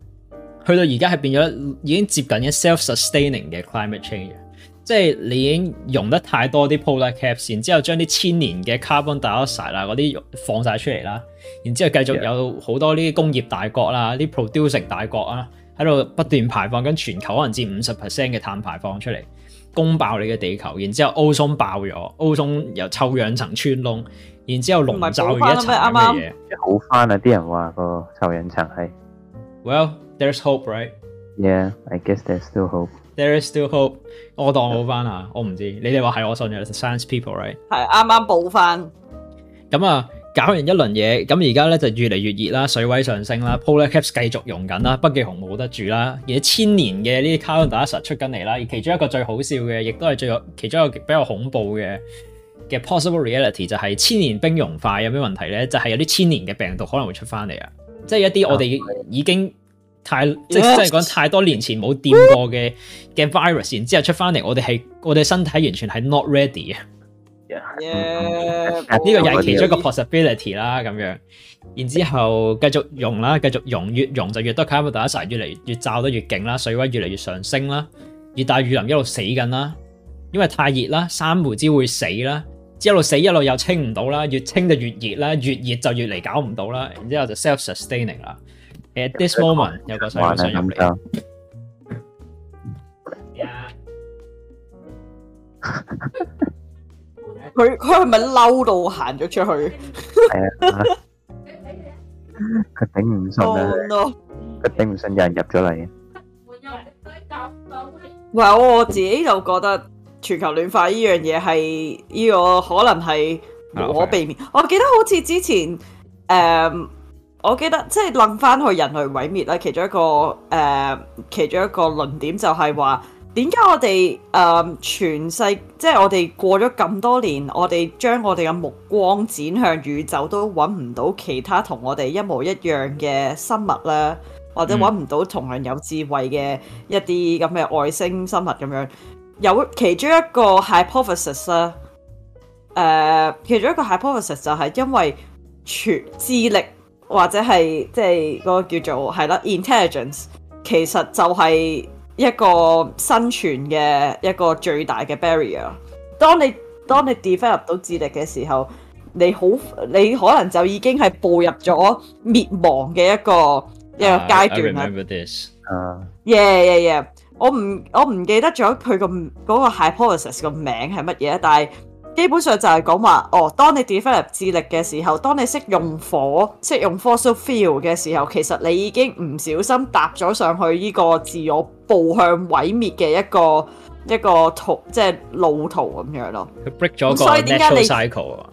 去到而家係變咗，已經接近一 self-sustaining 嘅 climate change，即係你已經溶得太多啲 polar caps，之後將啲千年嘅 carbon dioxide 啦，嗰啲放晒出嚟啦，然之後繼續有好多呢啲工業大國啦，啲 Yeah. producing 大國啦，喺度不斷排放緊全球可能至五十 percent 嘅碳排放出嚟，攻爆你嘅地球，然之後 Ozone 爆咗，Ozone 由臭氧層穿窿，然之後籠罩走一啦，咪啱啱好翻啊！啲人話個臭氧層係，well。There's hope, right? Yeah, I guess there's still hope. There is still hope。我當好翻啦，Yeah. 我唔知。你哋話係我信嘅，science people，right？係啱啱補翻。咁啊，搞完一輪嘢，咁而家咧就越嚟越熱啦，水位上升啦，polar caps 繼續融緊啦，北極熊冇得住啦。而千年嘅呢啲 caldness 出緊嚟啦。而其中一個最好笑嘅，亦都係最有其中一個比較恐怖嘅嘅 possible reality 就係千年冰融化有咩問題咧？就係有啲千年嘅病毒可能會出翻嚟啊！即係一啲我哋已經太 Yes? 即係真係講太多年前冇掂過嘅嘅 virus，然之後出翻嚟，我哋係我哋身體完全係 not ready 啊！呢個又係其中一個 possibility 啦，咁樣，然之後繼續溶啦，繼續溶，越溶，越溶就越多 carbon dioxide 越嚟越，越罩得越勁啦，水位越嚟越上升啦，熱帶雨林一路死緊啦，因為太熱啦，珊瑚之會死啦，一路死一路又清唔到啦，越清就越熱啦，越熱就越嚟搞唔到啦，然之後就 self sustaining 啦。At this moment，有個細路想入嚟。佢佢係咪嬲到行咗出去？佢頂唔順啦！佢頂唔順有人入咗嚟。唔係，我我自己就覺得全球暖化呢樣嘢係呢個可能係無可避免。我記得好似之前誒。我記得即係諗翻去人類毀滅啦，其中一個誒、呃，其中一個論點就係話點解我哋誒、呃、全世，即係我哋過咗咁多年，我哋將我哋嘅目光展向宇宙，都揾唔到其他同我哋一模一樣嘅生物啦，或者揾唔到同樣有智慧嘅一啲咁嘅外星生物咁樣。有其中一個 hypothesis 啦，誒、呃，其中一個 hypothesis 就係因為全智力。或者係即係嗰個叫做係啦，intelligence 其實就係一個生存嘅一個最大嘅 barrier。當你當你 develop 到智力嘅時候，你好你可能就已經係步入咗滅亡嘅一個、uh, 一個階段啦。Remember this？啊、uh，yeah yeah yeah，我唔我唔記得咗佢個嗰個 hypothesis 個名係乜嘢，但係。基本上就係講話，哦，當你 develop 智力嘅時候，當你識用火，識用 fossil fuel 嘅時候，其實你已經唔小心搭咗上去呢個自我步向毀滅嘅一個一個途，即係路途咁樣咯。佢 break 咗個所以點解你？a 啊。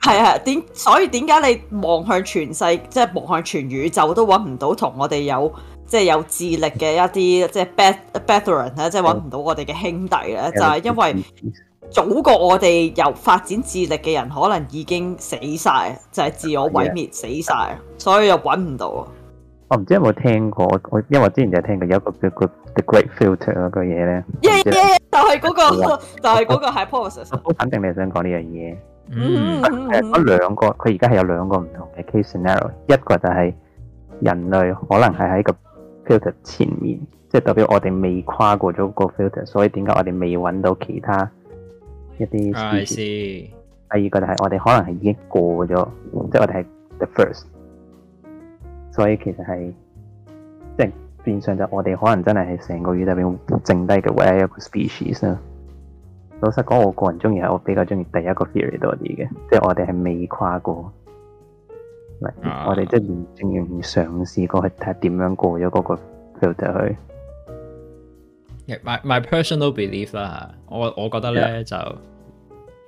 係啊，點所以點解你，你望向全世，即係望向全宇宙都揾唔到同我哋有，即係有智力嘅一啲，即係 battle，battleon 咧，即係揾唔到我哋嘅兄弟咧，就係因為。早過我哋由發展智力嘅人，可能已經死晒，就係、是、自我毀滅 Yeah. 死晒，所以又揾唔到。我唔知有冇聽過，我因為我之前就係聽過有一個叫 The Great Filter 嗰個嘢咧。就係嗰、那個，那個、就係嗰個 hypothesis 我 s 肯定你想講呢樣嘢。嗯、mm。誒，嗰兩個，佢而家係有兩個唔同嘅 case scenario。一個就係人類可能係喺個 filter 前面，即、就、係、是、代表我哋未跨過咗個 filter，所以點解我哋未揾到其他？一啲，I see. 第二個就係我哋可能係已經過咗，mm. 即係我哋係 the first，所以其實係即係變相就我哋可能真係係成個宇宙入邊剩低嘅唯一一個 species 咯。老實講，我個人中意我比較中意第一個 theory 多啲嘅，mm. 即係我哋係未跨過，mm. 我哋即係正願意嘗試過去睇點樣過咗嗰個 filter 去。my personal belief 啦、uh, 我我覺得咧 Yeah. 就～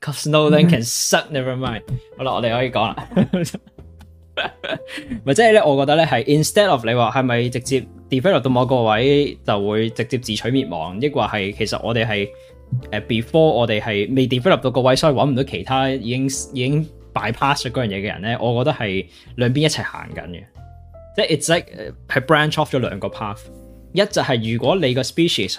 Cause nothing can suck, never mind。好啦，我哋可以講啦。或者係咧，我覺得咧係 instead of 你話係咪直接 develop 到某個位就會直接自取滅亡，抑或係其實我哋係誒 before 我哋係未 develop 到個位，所以搵唔到其他已經已經 bypass 咗嗰樣嘢嘅人咧。我覺得係兩邊一齊行緊嘅，即係 it's like 係 branch off 咗兩個 path。一就係如果你個 species。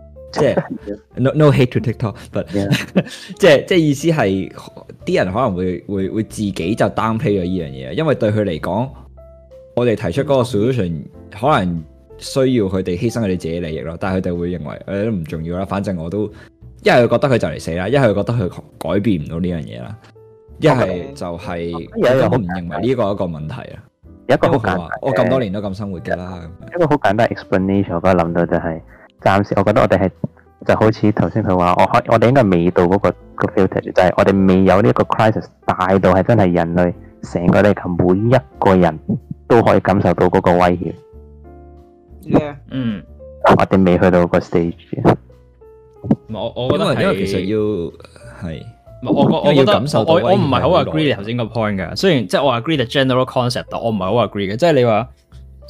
即係 no no hate to TikTok，but Yeah. 即係即係意思係啲人可能會會會自己就 downplay 咗呢樣嘢，因為對佢嚟講，我哋提出嗰個 solution 可能需要佢哋犧牲佢哋自己利益咯。但係佢哋會認為誒、哎、都唔重要啦，反正我都一係佢覺得佢就嚟死啦，一係佢覺得佢改變唔到呢樣嘢啦，是就是、一係就係我唔認為呢個一個問題啊。一個好簡單，我咁多年都咁生活嘅啦。一個好簡單 explanation，我諗到就係、是。暫時我覺得我哋係就好似頭先佢話，我我哋應該未到嗰、那個 filter，那個、就係、是、我哋未有呢一個 crisis 大到係真係人類成個地球每一個人都可以感受到嗰個威脅。嗯，Yeah. 我哋未去到個 stage。因為其實要我，我覺得係其實要係。我我覺得要感受我唔係好 agree 頭先個 point 㗎。雖然即係、就是、我 agree the general concept，我唔係好 agree 嘅。即係、就是、你話。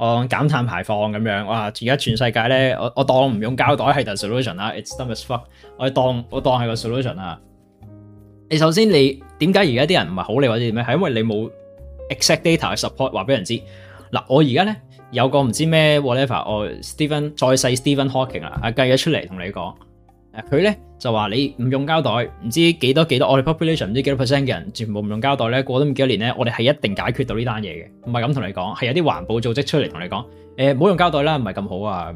我、哦、減碳排放咁樣，哇！而家全世界咧，我我當唔用膠袋係個 solution 啦，It's dumb as fuck 我。我當我當係個 solution 啦。你首先你點解而家啲人唔係好理嗰啲咩？係因為你冇 exact data support 話俾人知。嗱，我而家咧有個唔知咩 whatever，我 Stephen 再世 Stephen Hawking 啦，啊計咗出嚟同你講。佢咧就話你唔用膠袋，唔知幾多幾多我哋 population 唔知幾多 percent 嘅人全部唔用膠袋咧，過咗唔幾年咧，我哋係一定解決到呢單嘢嘅。唔係咁同你講，係有啲環保組織出嚟同你講，誒，唔好用膠袋啦，唔係咁好啊。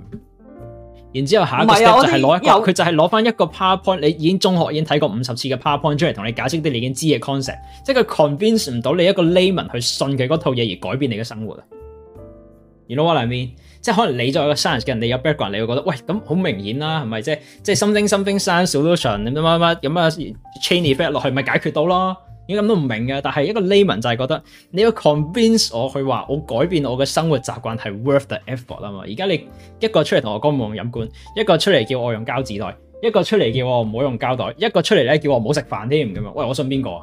然之後下一個 step 就係攞佢就係攞翻一個，個 powerpoint，有你已經中學已經睇過五十次嘅 powerpoint 出嚟同你解釋啲你已經知嘅 concept，即係佢 convince 唔到你一個 layman 去信佢嗰套嘢而改變你嘅生活啊。You know what I mean? 即係可能你作為一個 science 嘅人，你有 background，你會覺得喂咁好明顯啦，係咪啫？即係 something something science solution，咁乜乜咁啊 chain effect 落去咪解決到咯？你咁都唔明嘅，但係一個 layman 就係覺得你要 convince 我，去話我改變我嘅生活習慣係 worth the effort 啊嘛。而家你一個出嚟同我講唔用飲管，一個出嚟叫我用膠紙袋，一個出嚟叫我唔好用膠袋，一個出嚟咧叫我唔好食飯添咁樣。喂，我信邊個啊？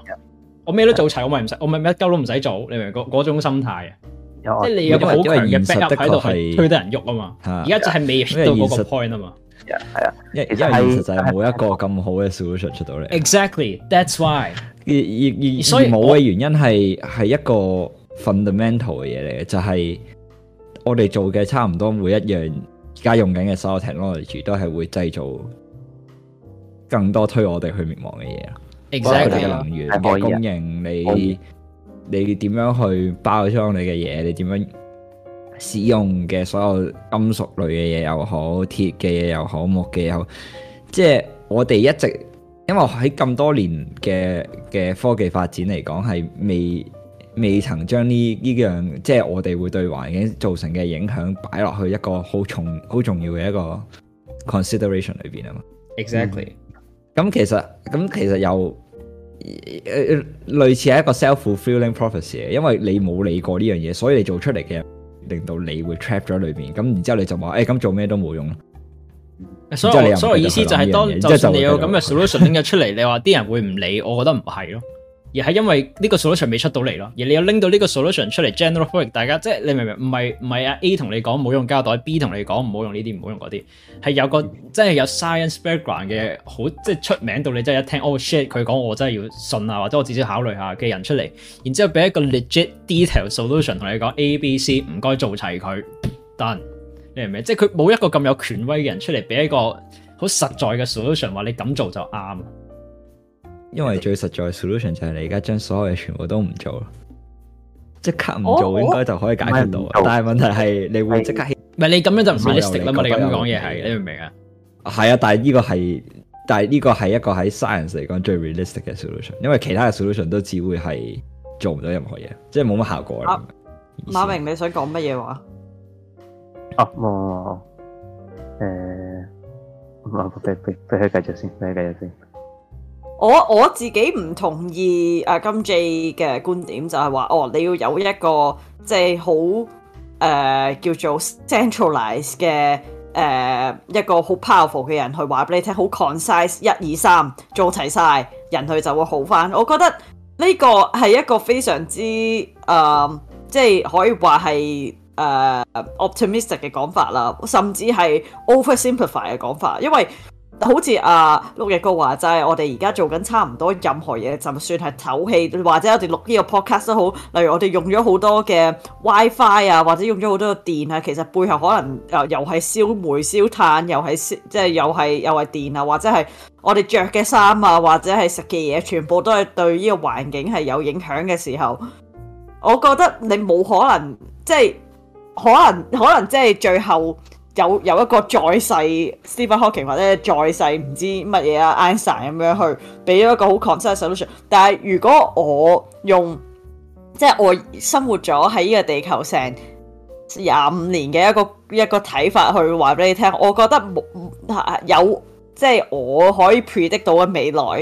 我咩都做齊，我咪唔使，我咪一鳩都唔使做。你明唔明嗰種心態啊？即係你有好強嘅 back up 喺度，係推得人喐啊嘛。而家就係未 hit 到嗰個 point 啊嘛。係啊，因為因為現實就係冇一個咁好嘅 solution 出到嚟。Exactly, that's why。而而而所以冇嘅原因係係一個 fundamental 嘅嘢嚟嘅，就係我哋做嘅差唔多每一樣而家用緊嘅所有 technology 都係會製造更多推我哋去滅亡嘅嘢啦。Exactly，能源嘅供應你。你點樣去包裝你嘅嘢？你點樣使用嘅所有金屬類嘅嘢又好，鐵嘅嘢又好，木嘅又好，即係我哋一直因為喺咁多年嘅嘅科技發展嚟講，係未未曾將呢呢樣即係我哋會對環境造成嘅影響擺落去一個好重好重要嘅一個 consideration 裏邊啊嘛。Exactly。嗯。咁其實咁其實有。誒，類似係一個 self-fulfilling prophecy，因為你冇理過呢樣嘢，所以你做出嚟嘅，令到你會 trap 咗裏邊，咁然之後你就話誒，咁、欸、做咩都冇用咯以。所以所以意思就係，當就算你有咁嘅 solution 拎、就是、出嚟，你話啲人會唔理， 我覺得唔係咯。而係因為呢個 solution 未出到嚟咯，而你有拎到呢個 solution 出嚟 general public 大家，即係你明唔明？唔係唔係啊 A 同你講唔好用膠袋，B 同你講唔好用呢啲，唔好用嗰啲，係有個真有的即係有 science background 嘅好即係出名到你真係一聽哦、oh、shit，佢講我真係要信啊，或者我至少考慮下嘅人出嚟，然之後俾一個 legit detail solution 同你講 A、B、C 唔該做齊佢，done 你明唔明？即係佢冇一個咁有權威嘅人出嚟俾一個好實在嘅 solution 話你咁做就啱。因為最實在嘅 solution 就係你而家將所有嘢全部都唔做咯，即刻唔做應該就可以解決到。但係問題係你會即刻，起？唔係你咁樣就唔 realistic 啦嘛你咁樣講嘢係，你明唔明啊？係啊，但係呢個係，但係呢個係一個喺 science 嚟講最 realistic 嘅 solution。因為其他嘅 solution 都只會係做唔到任何嘢，即係冇乜效果啦。啊、馬明你想講乜嘢話？啊嘛，誒，唔好俾俾佢繼續先，俾佢繼續先。我我自己唔同意阿、啊、金 J 嘅觀點就是說，就係話哦，你要有一個即係好、呃、叫做 centralized 嘅、呃、一個好 powerful 嘅人去話俾你聽，好 concise，一二三做齊晒，人類就會好返。我覺得呢個係一個非常之、呃、即係可以話係、呃、optimistic 嘅講法啦，甚至係 over-simplify 嘅講法，因為，好似啊，Lukas 哥話就係、是、我哋而家做緊差唔多任何嘢，就算係唞氣或者我哋錄呢個 podcast 都好，例如我哋用咗好多嘅 WiFi 啊，或者用咗好多嘅電啊，其實背後可能、呃、又又係燒煤燒炭，又係燒即係又係又係電啊，或者係我哋着嘅衫啊，或者係食嘅嘢，全部都係對呢個環境係有影響嘅時候，我覺得你冇可能，即係可能可能即係最後。有有一個再世 Stephen Hawking 或者再世不什麼，唔知乜嘢啊 Einstein 咁樣去俾咗一個好 concise solution。但係如果我用即係、就是、我生活咗喺呢個地球成廿五年嘅一個一個睇法去話俾你聽，我覺得冇有即係、就是、我可以 predict 到嘅未來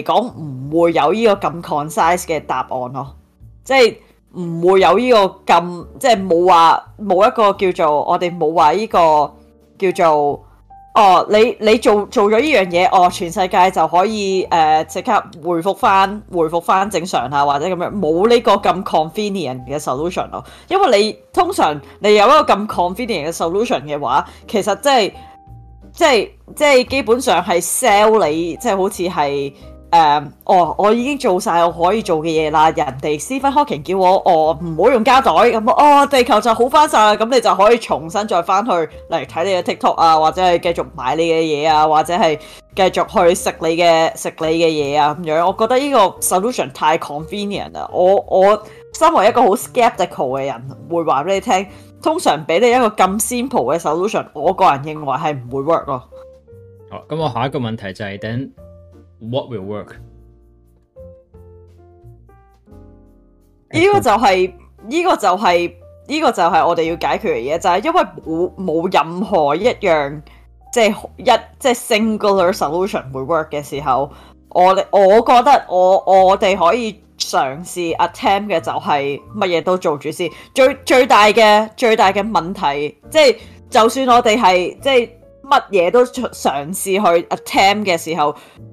嚟講，唔會有呢個咁 concise 嘅答案咯，即係。唔會有呢個咁，即係冇話冇一個叫做我哋冇話呢個叫做哦，你你做做咗呢樣嘢哦，全世界就可以誒即刻回復返回復返正常啊，或者咁樣冇呢個咁 convenient 嘅 solution 咯。因為你通常你有一個咁 convenient 嘅 solution 嘅話，其實即係即係即係基本上係 sell 你，即係好似係。誒，我、um, 哦、我已經做晒我可以做嘅嘢啦。人哋 Stephen Hawking 叫我，我唔好用膠袋咁啊、嗯。哦，地球就好翻晒啦。咁、嗯、你就可以重新再翻去嚟睇你嘅 TikTok 啊，或者係繼續買你嘅嘢啊，或者係繼續去食你嘅食你嘅嘢啊咁樣。我覺得呢個 solution 太 convenient 啦。我我身為一個好 skeptical 嘅人，會話俾你聽。通常俾你一個咁 simple 嘅 solution，我個人認為係唔會 work 咯。好，咁我下一個問題就係、是、等。What will work？呢個就係呢個就係呢個就係我哋要解決嘅嘢，就係因為冇冇任何一樣即係一即係 singular solution 會 work 嘅時候，我我覺得我我哋可以嘗試 attempt 嘅就係乜嘢都做住先。最最大嘅最大嘅問題，即係就算我哋係即係乜嘢都嘗試去 attempt 嘅時候。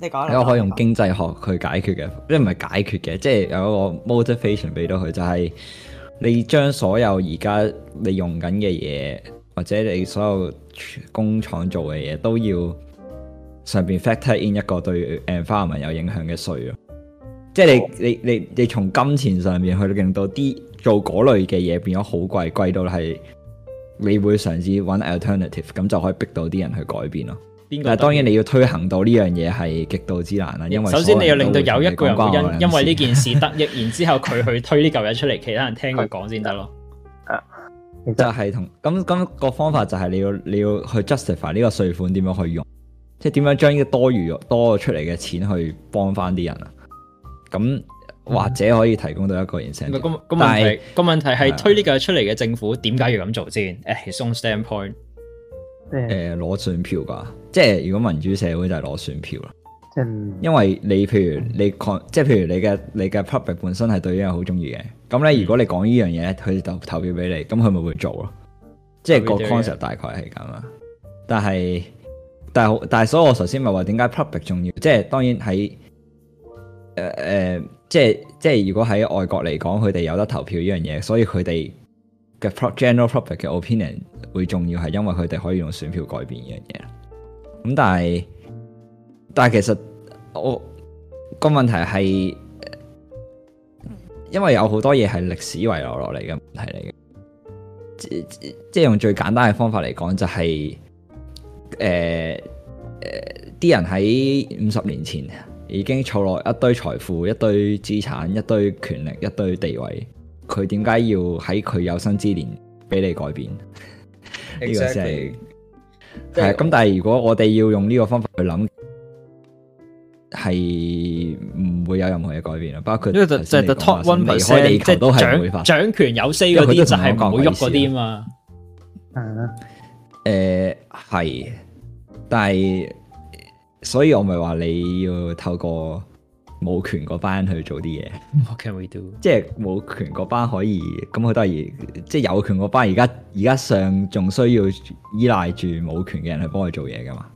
你講你可以用經濟學去解決嘅，即唔係解決嘅，即係有一個 motivation 俾到佢，就係你將所有而家你用緊嘅嘢，或者你所有工廠做嘅嘢，都要上邊 factor in 一個對 environment 有影響嘅稅啊！即係你好你你你從金錢上面去令到啲做嗰類嘅嘢變咗好貴，貴到係你會嘗試揾 alternative，咁就可以逼到啲人去改變咯。但係當然你要推行到呢樣嘢係極度之難啦，因為首先你要令到有一個人因因為呢件事得益， 然之後佢去推呢嚿嘢出嚟，其他人聽佢講先得咯。就係是 同咁咁、咁個方法就係你要你要去 justify 呢個稅款點樣去用，即係點樣將呢個多餘多出嚟嘅錢去幫翻啲人啊？咁或者可以提供到一個人聲。嗯、但係是個問題係是推呢嚿出嚟嘅政府點解要咁做先？誒 standpoint。誒，攞、呃、選票噶，即係如果民主社會就係攞選票啦。即係、嗯，因為你譬如你、嗯、即係譬如你嘅你嘅 public 本身係對呢樣好中意嘅，咁咧、嗯、如果你講呢樣嘢咧，佢就投、投票俾你，咁佢咪會做咯。即係個 concept 大概係咁啊。但係，但係，但係，所以我頭先咪話點解 public 重要？即係當然喺誒誒，即係即係，如果喺外國嚟講，佢哋有得投票呢樣嘢，所以佢哋嘅 general public 嘅 opinion 會重要係因為佢哋可以用選票改變呢樣嘢，咁但係但係其實我個問題係，因為有好多嘢係歷史遺留落嚟嘅問題嚟嘅，即係用最簡單嘅方法嚟講就係、是，誒誒啲人喺五十年前已經儲落一堆財富，一堆資產、一堆、一堆權力、一堆地位。佢點解要喺佢有生之年俾你改變？呢個先係係咁但係如果我哋要用呢個方法去諗，係唔會有任何嘢改變啊？包括因為就就就脫離開地球，即係掌掌權有勢嗰啲就係唔會喐嗰啲啊嘛。係啊，誒係，但係所以我咪話你要透過。冇權嗰班去做啲嘢，What can we do? 即係冇權嗰班可以，咁佢都係即係有權嗰班。而家而家上仲需要依賴住冇權嘅人去幫佢做嘢㗎嘛？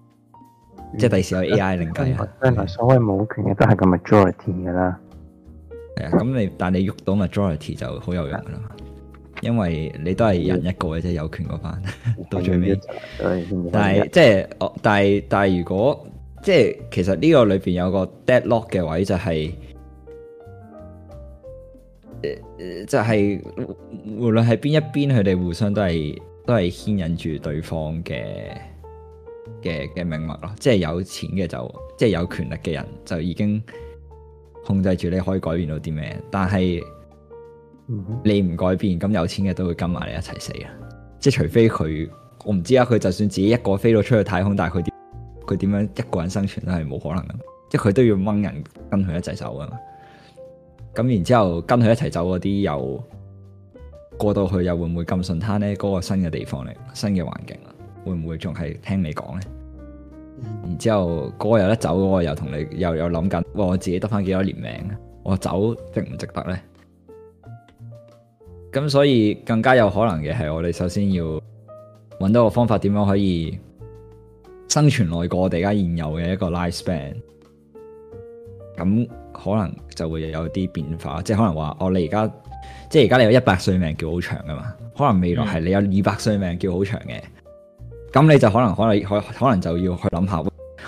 來即係第時有 AI 另計啊！來對所謂冇權嘅都係個 majority 㗎啦。係啊，咁你但係你喐到 majority 就好有用㗎啦， 因為你都係人一個嘅啫。有權嗰班到最尾，但係即係但係但係如果。即係其實呢個裏邊有個 deadlock 嘅位就係，就係無論係邊一邊佢哋互相都係都係牽引住對方嘅嘅嘅命脈咯，即係有錢嘅就即係有權力嘅人就已經控制住你可以改變到啲咩，但係你唔改變，咁有錢嘅都會跟埋你一齊死啊！即係除非佢我唔知啊，佢就算自己一個飛到出去太空，但係佢點。佢點樣一個人生存都係冇可能噶，即係佢都要掹人跟佢一齊走噶嘛。咁然之後跟佢一齊走嗰啲又過到去又會唔會咁順灘呢嗰、嗰個新嘅地方咧，新嘅環境啊，會唔會仲係聽你講呢？嗯、然之後嗰個有得走嗰個又同你又有諗緊，哇！我自己得翻幾多年命，我走值唔值得呢？」咁所以更加有可能嘅係，我哋首先要揾到個方法，點樣可以？生存內過我哋而家現有嘅一個 life span，咁可能就會有啲變化，即係可能話哦，你而家即係而家你有一百歲命叫好長噶嘛，可能未來係你有二百歲命叫好長嘅，咁你就可能可能可可能就要去諗下，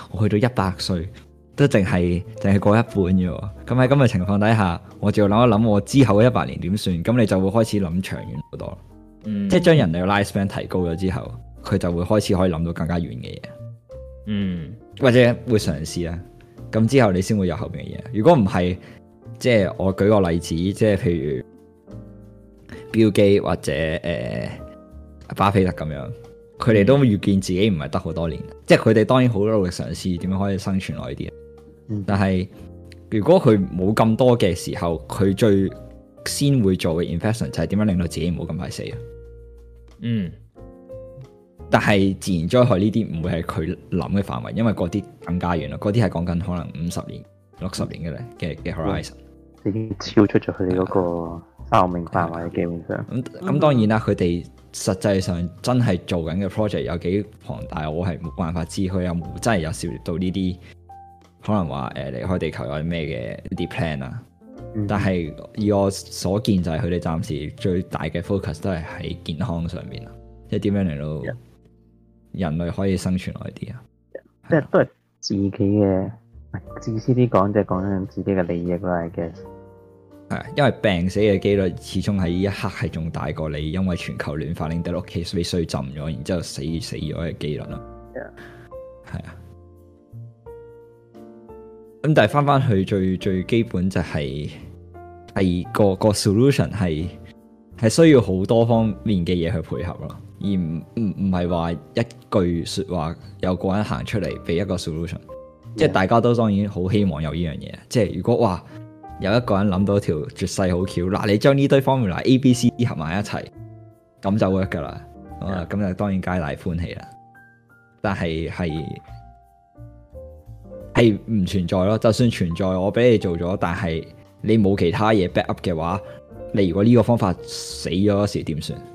我去到一百歲都淨係淨係過一半啫，咁喺咁嘅情況底下，我就要諗一諗我之後嘅一百年點算，咁你就會開始諗長遠好多，嗯、即係將人哋嘅 life span 提高咗之後，佢就會開始可以諗到更加遠嘅嘢。嗯，或者會嘗試啊，咁之後你先會有後邊嘅嘢。如果唔係，即係我舉個例子，即係譬如標基或者誒、呃、巴菲特咁樣，佢哋都會預見自己唔係得好多年，嗯、即係佢哋當然好努力嘗試點樣可以生存落耐啲。嗯、但係如果佢冇咁多嘅時候，佢最先會做嘅 investment 就係點樣令到自己唔好咁快死啊。嗯。但係自然災害呢啲唔會係佢諗嘅範圍，因為嗰啲更加遠啦，嗰啲係講緊可能五十年、六十年嘅咧嘅嘅 horizon，已經超出咗佢哋嗰個生命範圍嘅基本上。咁咁的當然啦，佢哋、嗯、實際上真係做緊嘅 project 有幾龐大，我係冇辦法知佢有冇真係有涉獵到呢啲可能話誒離開地球有啲咩嘅啲 plan 啊。嗯、但係以我所見就係佢哋暫時最大嘅 focus 都係喺健康上面啦，即係點樣嚟到。嗯人類可以生存耐啲啊，即係都係自己嘅自私啲講，就係講緊自己嘅利益啦。I guess，啊，因為病死嘅幾率始終喺呢一刻係仲大過你因為全球暖化令到屋企被水浸咗，然之後死死咗嘅幾率 Yeah. 啊。係、嗯、啊，咁但係翻翻去最最基本就係、係、係個個 solution 係係需要好多方面嘅嘢去配合咯。而唔唔唔係話一句說話有個人行出嚟俾一個 solution，Yeah. 即係大家都當然好希望有呢樣嘢。即係如果話有一個人諗到條絕世好橋，嗱你將呢堆方面嗱 A、B、C、D 合埋一齊，咁就得噶啦。咁咁就當然皆大歡喜啦。但係係係唔存在咯。就算存在，我俾你做咗，但係你冇其他嘢 back up 嘅話，你如果呢個方法死咗時點算？怎麼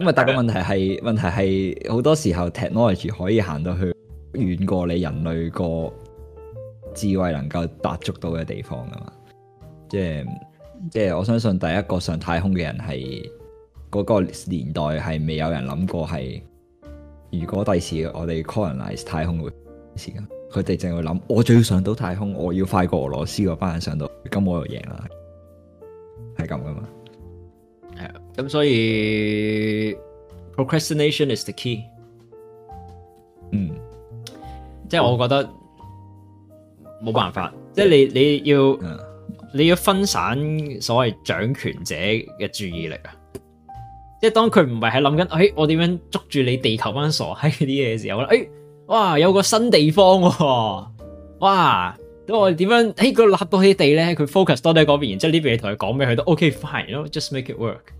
咁為大個問題係，問題係好多時候 technology 可以行到去遠過你人類個智慧能夠達足到嘅地方噶嘛，即係即係我相信第一個上太空嘅人係嗰、那個年代係未有人諗過係，如果第時我哋 c o l o n i z e 太空嘅時間，佢哋淨會諗我最上到太空，我要快過俄羅斯班人上到，咁我又贏啦，係咁噶嘛。咁所以 procrastination is the key，嗯，mm. 即係我覺得冇辦法，oh. 即係你你要，uh. 你要分散所謂掌權者嘅注意力啊！即係當佢唔係喺諗緊，誒、哎，我點樣捉住你地球班傻閪啲嘢嘅時候咧，誒、哎，哇，有個新地方喎，哦，哇，咁我點樣，誒、哎，個立到起地咧，佢 focus 到喺嗰邊，然後呢邊你同佢講咩，佢都 OK fine 咯，just make it work。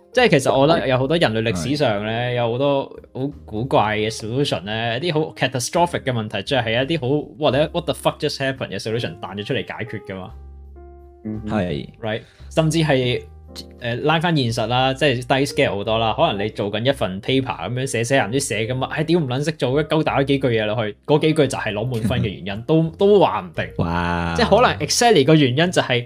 即係其實我覺得有好多人類歷史上咧，有好多好古怪嘅 solution 咧，一啲好 catastrophic 嘅問題，即係一啲好 what the what the fuck just happened 嘅 solution 彈咗出嚟解決噶嘛？嗯，係、嗯、的，right，甚至係誒拉翻現實啦，即係低 scale 好多啦。可能你做緊一份 paper 咁樣寫寫，人啲寫咁啊，係屌唔撚識做一鳩打咗幾句嘢落去，嗰幾句就係攞滿分嘅原因， 都都話唔定。哇！即係可能 exactly 個原因就係。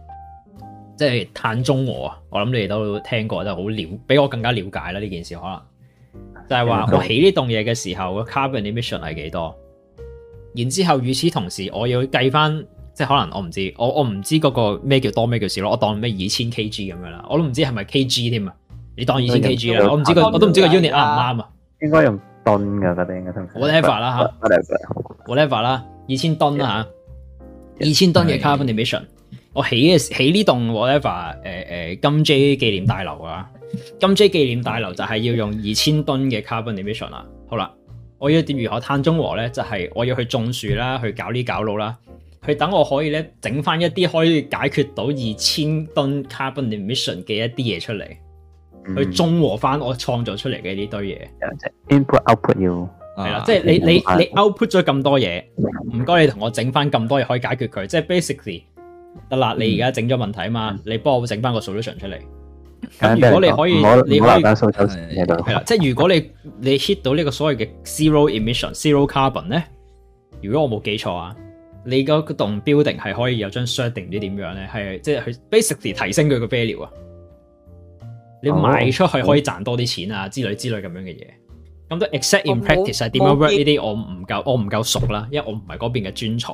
即係碳中和啊！我諗你哋都聽過，即係好了，比我更加了解啦呢件事。可能就係話我起呢棟嘢嘅時候，個 carbon emission 係幾多？然之後，與此同時，我要計翻，即係可能我唔知，我我唔知嗰個咩叫多咩叫少咯。我當咩二千 kg 咁樣啦，我都唔知係咪 kg 添啊？你當二千 kg 啦，我唔知個我都唔知個 unit 啱唔啱啊？應該用噸㗎嗰啲應該都唔。whatever 啦嚇，whatever 啦，二千噸啦嚇，二千噸嘅 carbon emission。我起嘅起呢棟 whatever，誒誒金 J 紀念大樓啊，金 J 紀念大樓就係要用二千噸嘅 carbon emission 啊。好啦，我要點如何碳中和咧？就係我要去種樹啦，去搞呢搞路啦，去等我可以咧整翻一啲可以解決到二千噸 carbon emission 嘅一啲嘢出嚟，嗯、去中和翻我創造出嚟嘅呢堆嘢。input output you 係啦，即係你、嗯、你你 output 咗咁多嘢，唔該、嗯、你同我整翻咁多嘢可以解決佢，即係 basically。得啦，你而家整咗問題啊嘛，你幫我整翻個 solution 出嚟。咁如果你可以，你可以係啦，即係如果你你 hit 到呢個所謂嘅 zero emission、zero carbon 咧，如果我冇記錯啊，你嗰棟 building 係可以有張 setting 唔知點樣咧，係即係佢 basically 提升佢個 value 啊，你賣出去可以賺多啲錢啊，之類之類咁樣嘅嘢。咁都 except in practice，係點樣 work 呢啲？我唔夠，我唔夠熟啦，因為我唔係嗰邊嘅專才。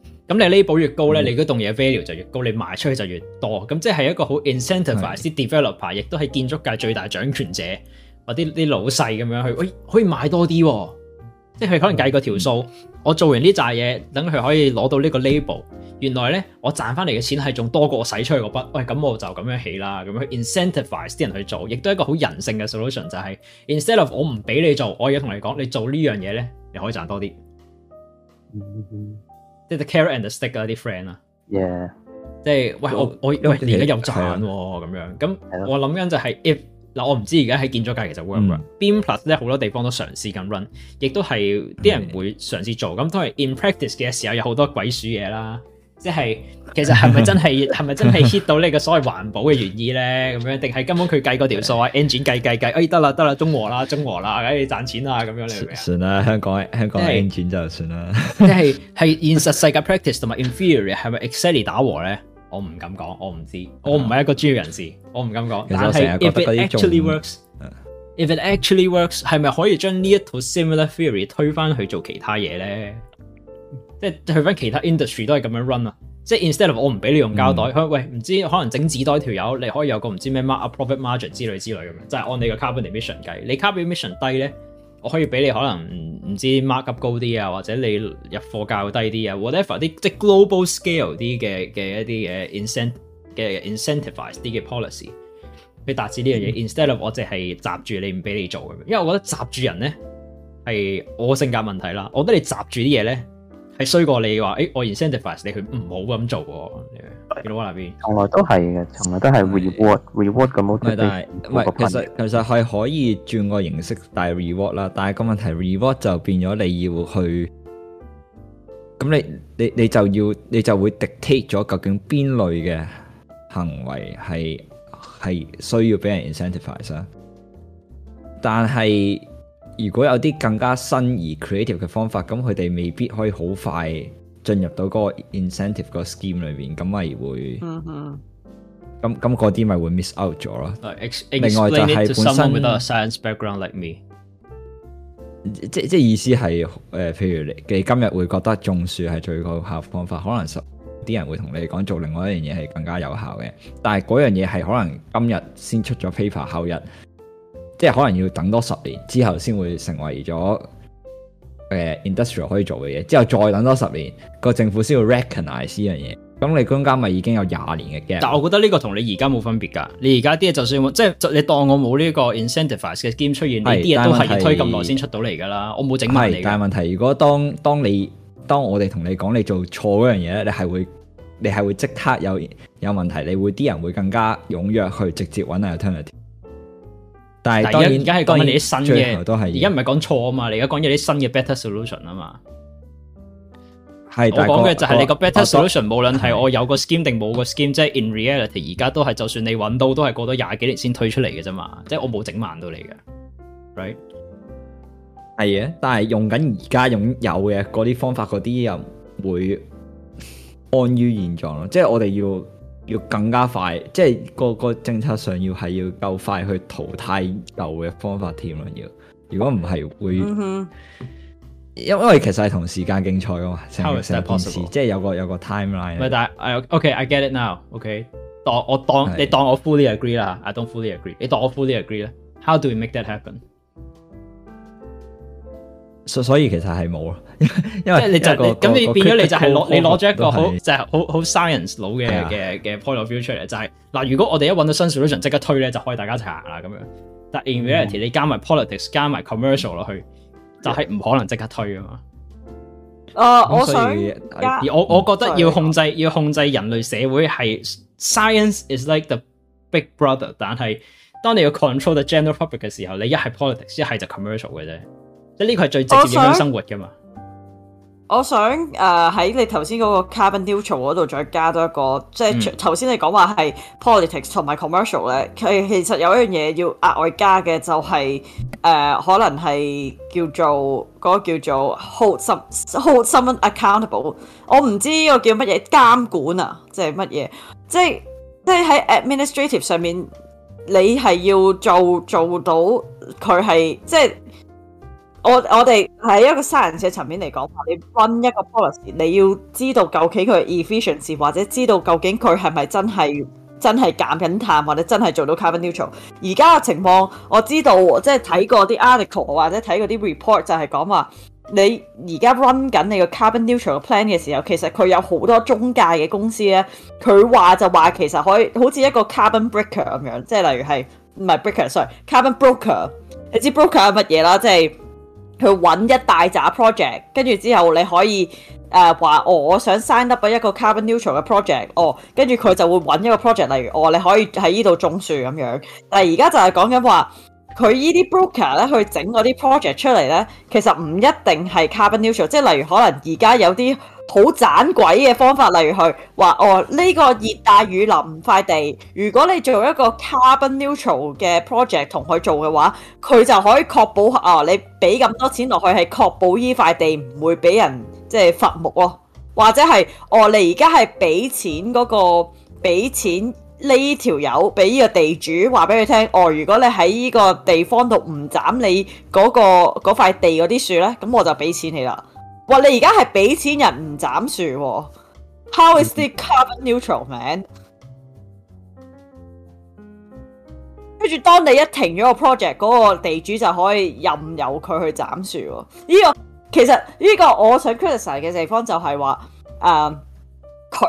咁你 label 越高咧，你嗰棟嘢 value 就越高，你賣出去就越多。咁即係一個好 incentivize 啲 developer，亦都係建築界最大掌權者或啲啲老細咁樣去，喂、哎、可以買多啲。嗯、即係佢可能計過條數，嗯、我做完呢扎嘢，等佢可以攞到呢個 label。原來咧，我賺翻嚟嘅錢係仲多過我使出去嗰筆。喂、哎，咁我就咁樣起啦。咁去 incentivize 啲人去做，亦都係一個好人性嘅 solution。就係 instead of 我唔俾你做，我而家同你講，你做呢樣嘢咧，你可以賺多啲。嗯嗯即 the carrot and the stick 啊啲 friend 啊，即係喂，我我因為而家又賺喎咁樣，咁我諗緊就係 if 嗱，我唔知而家喺建築界其實 work run beam plus 咧，好多地方都嘗試緊 run，亦都係啲人會嘗試做咁，是的都係 in practice 嘅時候有好多鬼鼠嘢啦。即係，其實係咪真係，係咪 真係 hit 到你個所謂環保嘅原意咧？咁樣定係根本佢計嗰條數啊？engine 計計計，哎得啦得啦，中和啦中和啦，哎賺錢啊咁樣你算啦，香港香港 engine 就算啦。即係係現實世界 practice 同埋 in theory 係咪 exactly 打和咧？我唔敢講，我唔知，我唔係一個專業人士， 我唔敢講。但係 if it actually works，if it actually works 係咪 可以將呢一套 similar theory 推翻去做其他嘢咧？ 即係去翻其他 industry 都係咁樣 run 啊！即係 instead of 我唔俾你用膠袋，佢、嗯、喂唔知可能整紙袋條友，你可以有個唔知咩 market profit margin 之類之類咁樣，就係、是、按你個 carbon emission 計。你 carbon emission 低咧，我可以俾你可能唔知 mark up 高啲啊，或者你入貨價低啲啊，whatever 啲即係 global scale 啲嘅嘅一啲誒 incent 嘅 incentivize in 啲嘅 policy 去達至呢樣嘢。嗯、instead of 我就係閘住你唔俾你做咁樣，因為我覺得閘住人咧係我個性格問題啦。我覺得你閘住啲嘢咧。係衰過你話，誒，我 incentivize 你，佢唔好咁做。見到我下邊，從來都係嘅，從來都係 reward reward 咁樣。唔係，但係唔係，其實其實係可以轉個形式帶 reward 啦，但係個問題 reward 就變咗你要去，咁你你你就要你就會 dictate 咗究竟邊類嘅行為係係需要俾人 incentivize 啦，但係。如果有啲更加新而 creative 嘅方法，咁佢哋未必可以好快進入到個 incentive 個 scheme 裏邊，咁咪會，咁咁啲咪會 miss out 咗咯。Uh, explain it to someone with a 另外就係本身，science background like me. 即即意思係，誒、呃，譬如你今日會覺得種樹係最有效方法，可能啲人會同你講做另外一樣嘢係更加有效嘅，但係嗰樣嘢係可能今日先出咗 paper，後日。即係可能要等多十年之後先會成為咗誒、uh, industry 可以做嘅嘢，之後再等多十年個政府先會 recognize 呢樣嘢。咁你中間咪已經有廿年嘅 gap？但我覺得呢個同你而家冇分別噶。你而家啲嘢就算即係，就你當我冇呢個 incentivize 嘅 game 出現，呢啲是都係推咁耐先出到嚟噶啦。我冇整埋。係，但係問題如果當當你當我哋同你講你做錯樣嘢咧，你係會你係會即刻有有問題，你會啲人會更加踴躍去直接搵 alternative。但係當然，而家係講緊你啲新嘅，而家唔係講錯啊嘛，你而家講緊你啲新嘅 better solution 啊嘛。係的我講嘅就係你個 better solution，無論係我有個 scheme 定冇個 scheme，的即係 in reality 而家都係，就算你揾到都係過多廿幾年先推出嚟嘅啫嘛，即係我冇整慢到你嘅。right 係啊，但係用緊而家用有嘅嗰啲方法，嗰啲又會安於現狀咯，即係我哋要。要更加快，即係個個政策上要係要夠快去淘汰舊嘅方法添啦。要如果唔係會，因為其實係同時間競賽噶嘛，成日成件事，即係有個有個 timeline。咪但係，誒，OK，I get it now。OK，當我當你當我 fully agree 啦，I don't fully agree。你當我 fully agree 啦？How do we make that happen？所所以其實係冇啊。因為即係你就咁，你變咗你就係攞你攞咗一個好就係好好 science 佬嘅嘅嘅 point of view 出嚟，就係嗱，如果我哋一搵到新 solution 即刻推咧，就可以大家一齊行啦咁樣。但 in reality 你加埋 politics 加埋 commercial 落去，就係唔可能即刻推噶嘛。啊，我想而我我覺得要控制要控制人類社會係 science is like the big brother，但係當你要 control the general public 嘅時候，你一係 politics，一係就 commercial 嘅啫。即係呢個係最直接影響生活噶嘛。我想誒喺，呃、你頭先嗰個 carbon neutral 嗰度再加多一個，即係頭先你講話係 politics 同埋 commercial 咧，佢其實有一樣嘢要額外加嘅就係，是呃、可能係叫做嗰，那個叫做 hold some hold someone accountable 我我。我唔知呢個叫乜嘢監管啊，即係乜嘢，即係即係喺 administrative 上面，你係要做做到佢係即係。我我哋喺一個 science 嘅層面嚟講話你 run 一個 policy，你要知道究竟佢 efficiency，或者知道究竟佢係咪真係真係減緊碳，或者真係做到 carbon neutral。而家嘅情況，我知道即係睇過啲 article 或者睇嗰啲 report 就係講話你而家 run 緊你個 carbon neutral 嘅 plan 嘅時候，其實佢有好多中介嘅公司咧，佢話就話其實可以好似一個 carbon breaker 咁樣，即係例如係唔係 breaker，sorry carbon broker。你知 broker 係乜嘢啦？即係佢揾一大扎 project，跟住之後你可以誒話、呃哦、我想 sign up 一個 carbon neutral 嘅 project，哦，跟住佢就會揾一個 project，例如哦，你可以喺呢度種樹咁樣。但係而家就係講緊話，佢呢啲 broker 咧去整嗰啲 project 出嚟呢，其實唔一定係 carbon neutral，即係例如可能而家有啲好盞鬼嘅方法，例如去話哦，呢、這個熱帶雨林塊地，如果你做一個 carbon neutral 嘅 project 同佢做嘅話，佢就可以確保啊、哦，你俾咁多錢落去係確保依塊地唔會俾人即係、就是、伐木咯、哦，或者係哦，你而家係俾錢嗰、那個俾錢呢條友俾呢個地主話俾佢聽，哦，如果你喺呢個地方度唔斬你嗰、那個那塊地嗰啲樹咧，咁我就俾錢你啦。哇！你而家係俾錢人唔斬樹，how is the carbon neutral man？跟住、嗯、當你一停咗個 project，嗰個地主就可以任由佢去斬樹、哦。呢、這個其實呢、這個我想 criticize 嘅地方就係話，嗯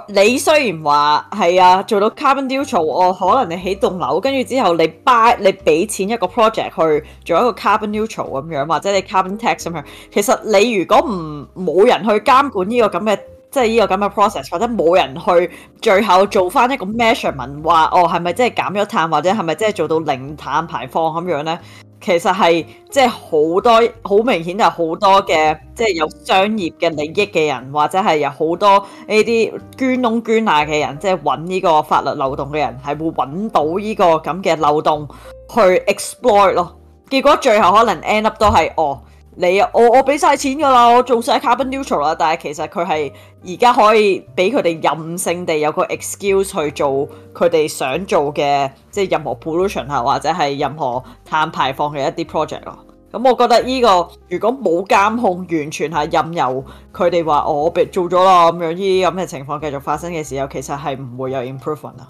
你雖然話係啊做到 carbon neutral，我、哦、可能你起棟樓跟住之後你 buy 你俾錢一個 project 去做一個 carbon neutral 咁樣，或者你 carbon tax 咁樣。其實你如果唔冇人去監管呢個咁嘅，即係呢個咁嘅 process，或者冇人去最後做翻一個 measurement，話哦係咪真係減咗碳，或者係咪真係做到零碳排放咁樣呢？其實係即係好多好明顯就係好多嘅即係有商業嘅利益嘅人，或者係有好多呢啲捐窿捐罅嘅人，即係揾呢個法律漏洞嘅人，係會揾到呢個咁嘅漏洞去 exploit 咯。結果最後可能 end up 都係哦。你，我我俾曬錢㗎啦，我仲想 carbon neutral 啦，但係其實佢係而家可以俾佢哋任性地有個 excuse 去做佢哋想做嘅即係任何 pollution 啊，或者係任何碳排放嘅一啲 project 咯。咁我覺得呢個如果冇監控，完全係任由佢哋話我俾做咗啦咁樣，呢啲咁嘅情況繼續發生嘅時候，其實係唔會有 improvement 啊。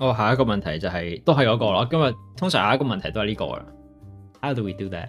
哦，下一個問題就係，都係嗰個啦。今日通常下一個問題都係呢個啦。How do we do that？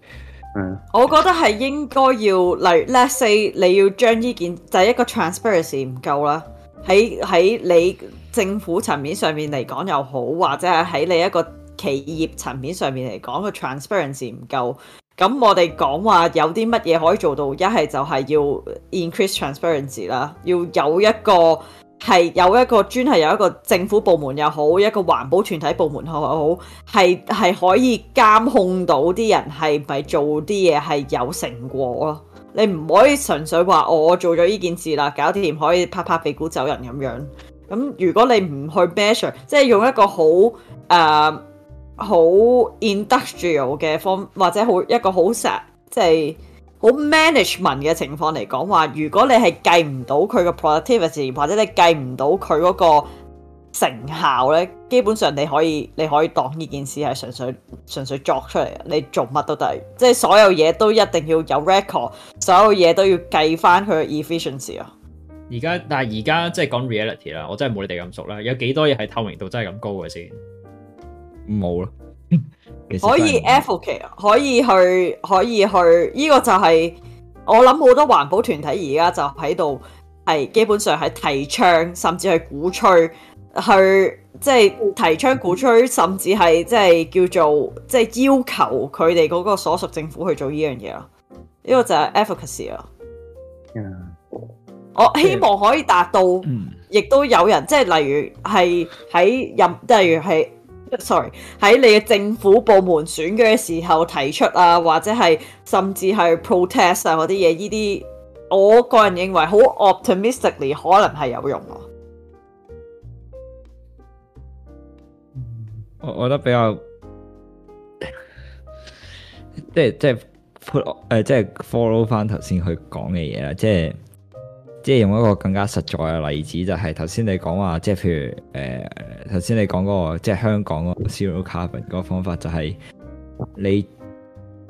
嗯，我覺得係應該要，例如，let's say 你要將呢件就係、是、一個 transparency 唔夠啦，喺喺你政府層面上面嚟講又好，或者係喺你一個企業層面上面嚟講個 transparency 唔夠，咁我哋講話有啲乜嘢可以做到，一係就係要 increase transparency 啦，要有一個。係有一個專係有一個政府部門又好，一個環保團體部門又好，係係可以監控到啲人係咪做啲嘢係有成果咯。你唔可以純粹話、哦、我做咗呢件事啦，搞掂可以拍拍屁股走人咁樣。咁如果你唔去 measure，即係用一個好誒好、呃、industrial 嘅方，或者好一個好實即係。好 management 嘅情況嚟講，話如果你係計唔到佢嘅 productivity，或者你計唔到佢嗰個成效咧，基本上你可以你可以當呢件事係純粹純粹作出嚟，你做乜都得，即係所有嘢都一定要有 record，所有嘢都要計翻佢 efficiency 啊！而家但係而家即係講 reality 啦，我真係冇你哋咁熟啦，有幾多嘢係透明度真係咁高嘅先？冇啦有。 可以 effort 啊，可以去，可以去，呢、這個就係、是、我諗好多環保團體而家就喺度，係基本上係提倡，甚至係鼓吹，去即係提倡、鼓吹，甚至係即係叫做即係要求佢哋嗰個所屬政府去做呢樣嘢咯。呢、這個就係 effort 啊。嗯，我希望可以達到，亦、嗯、都有人即係例如係喺任，例如係。Sorry 喺你嘅政府部門選舉嘅時候提出啊，或者係甚至係 protest 啊嗰啲嘢，呢啲我個人認為好 optimistically 可能係有用咯。我我覺得比較即係即係 p 即係 follow 翻頭先佢講嘅嘢啦，即 係、就是。就是即係用一個更加實在嘅例子，就係頭先你講話，即係譬如誒，頭、呃、先你講嗰、那個即係香港嗰個 zero carbon 嗰個方法就，就係你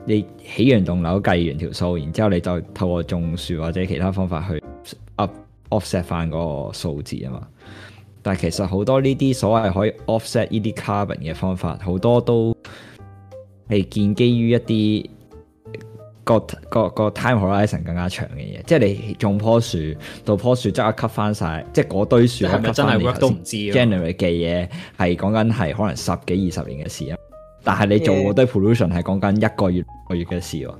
你起完棟樓計完條數，然之後你就透過種樹或者其他方法去 offset 返嗰個數字啊嘛。但係其實好多呢啲所謂可以 offset 呢啲 carbon 嘅方法，好多都係建基於一啲個個個 time horizon 更加長嘅嘢，即係你種棵樹到棵樹，即刻吸翻晒。即係嗰堆樹。係咪真係 work 都唔知咯。Generally 嘅嘢係講緊係可能十幾二十年嘅事啊，但係你做嗰堆 pollution 係講緊一個月一個月嘅事喎。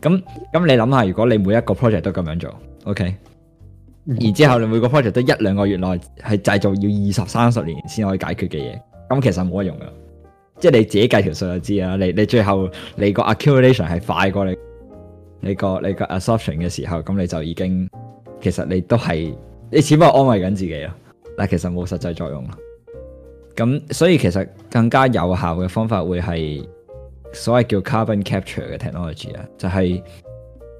咁咁你諗下，如果你每一個 project 都咁樣做，OK？、嗯、然之後你每個 project 都一兩個月內係製造要二十三十年先可以解決嘅嘢，咁其實冇乜用噶。即係你自己計條數就知啊。你你最後你個 accumulation 係快過你。你個你個 assumption 嘅時候，咁你就已經其實你都係你，只不過安慰緊自己咯。但其實冇實際作用咯。咁所以其實更加有效嘅方法會係所謂叫 carbon capture 嘅 technology 啊，就係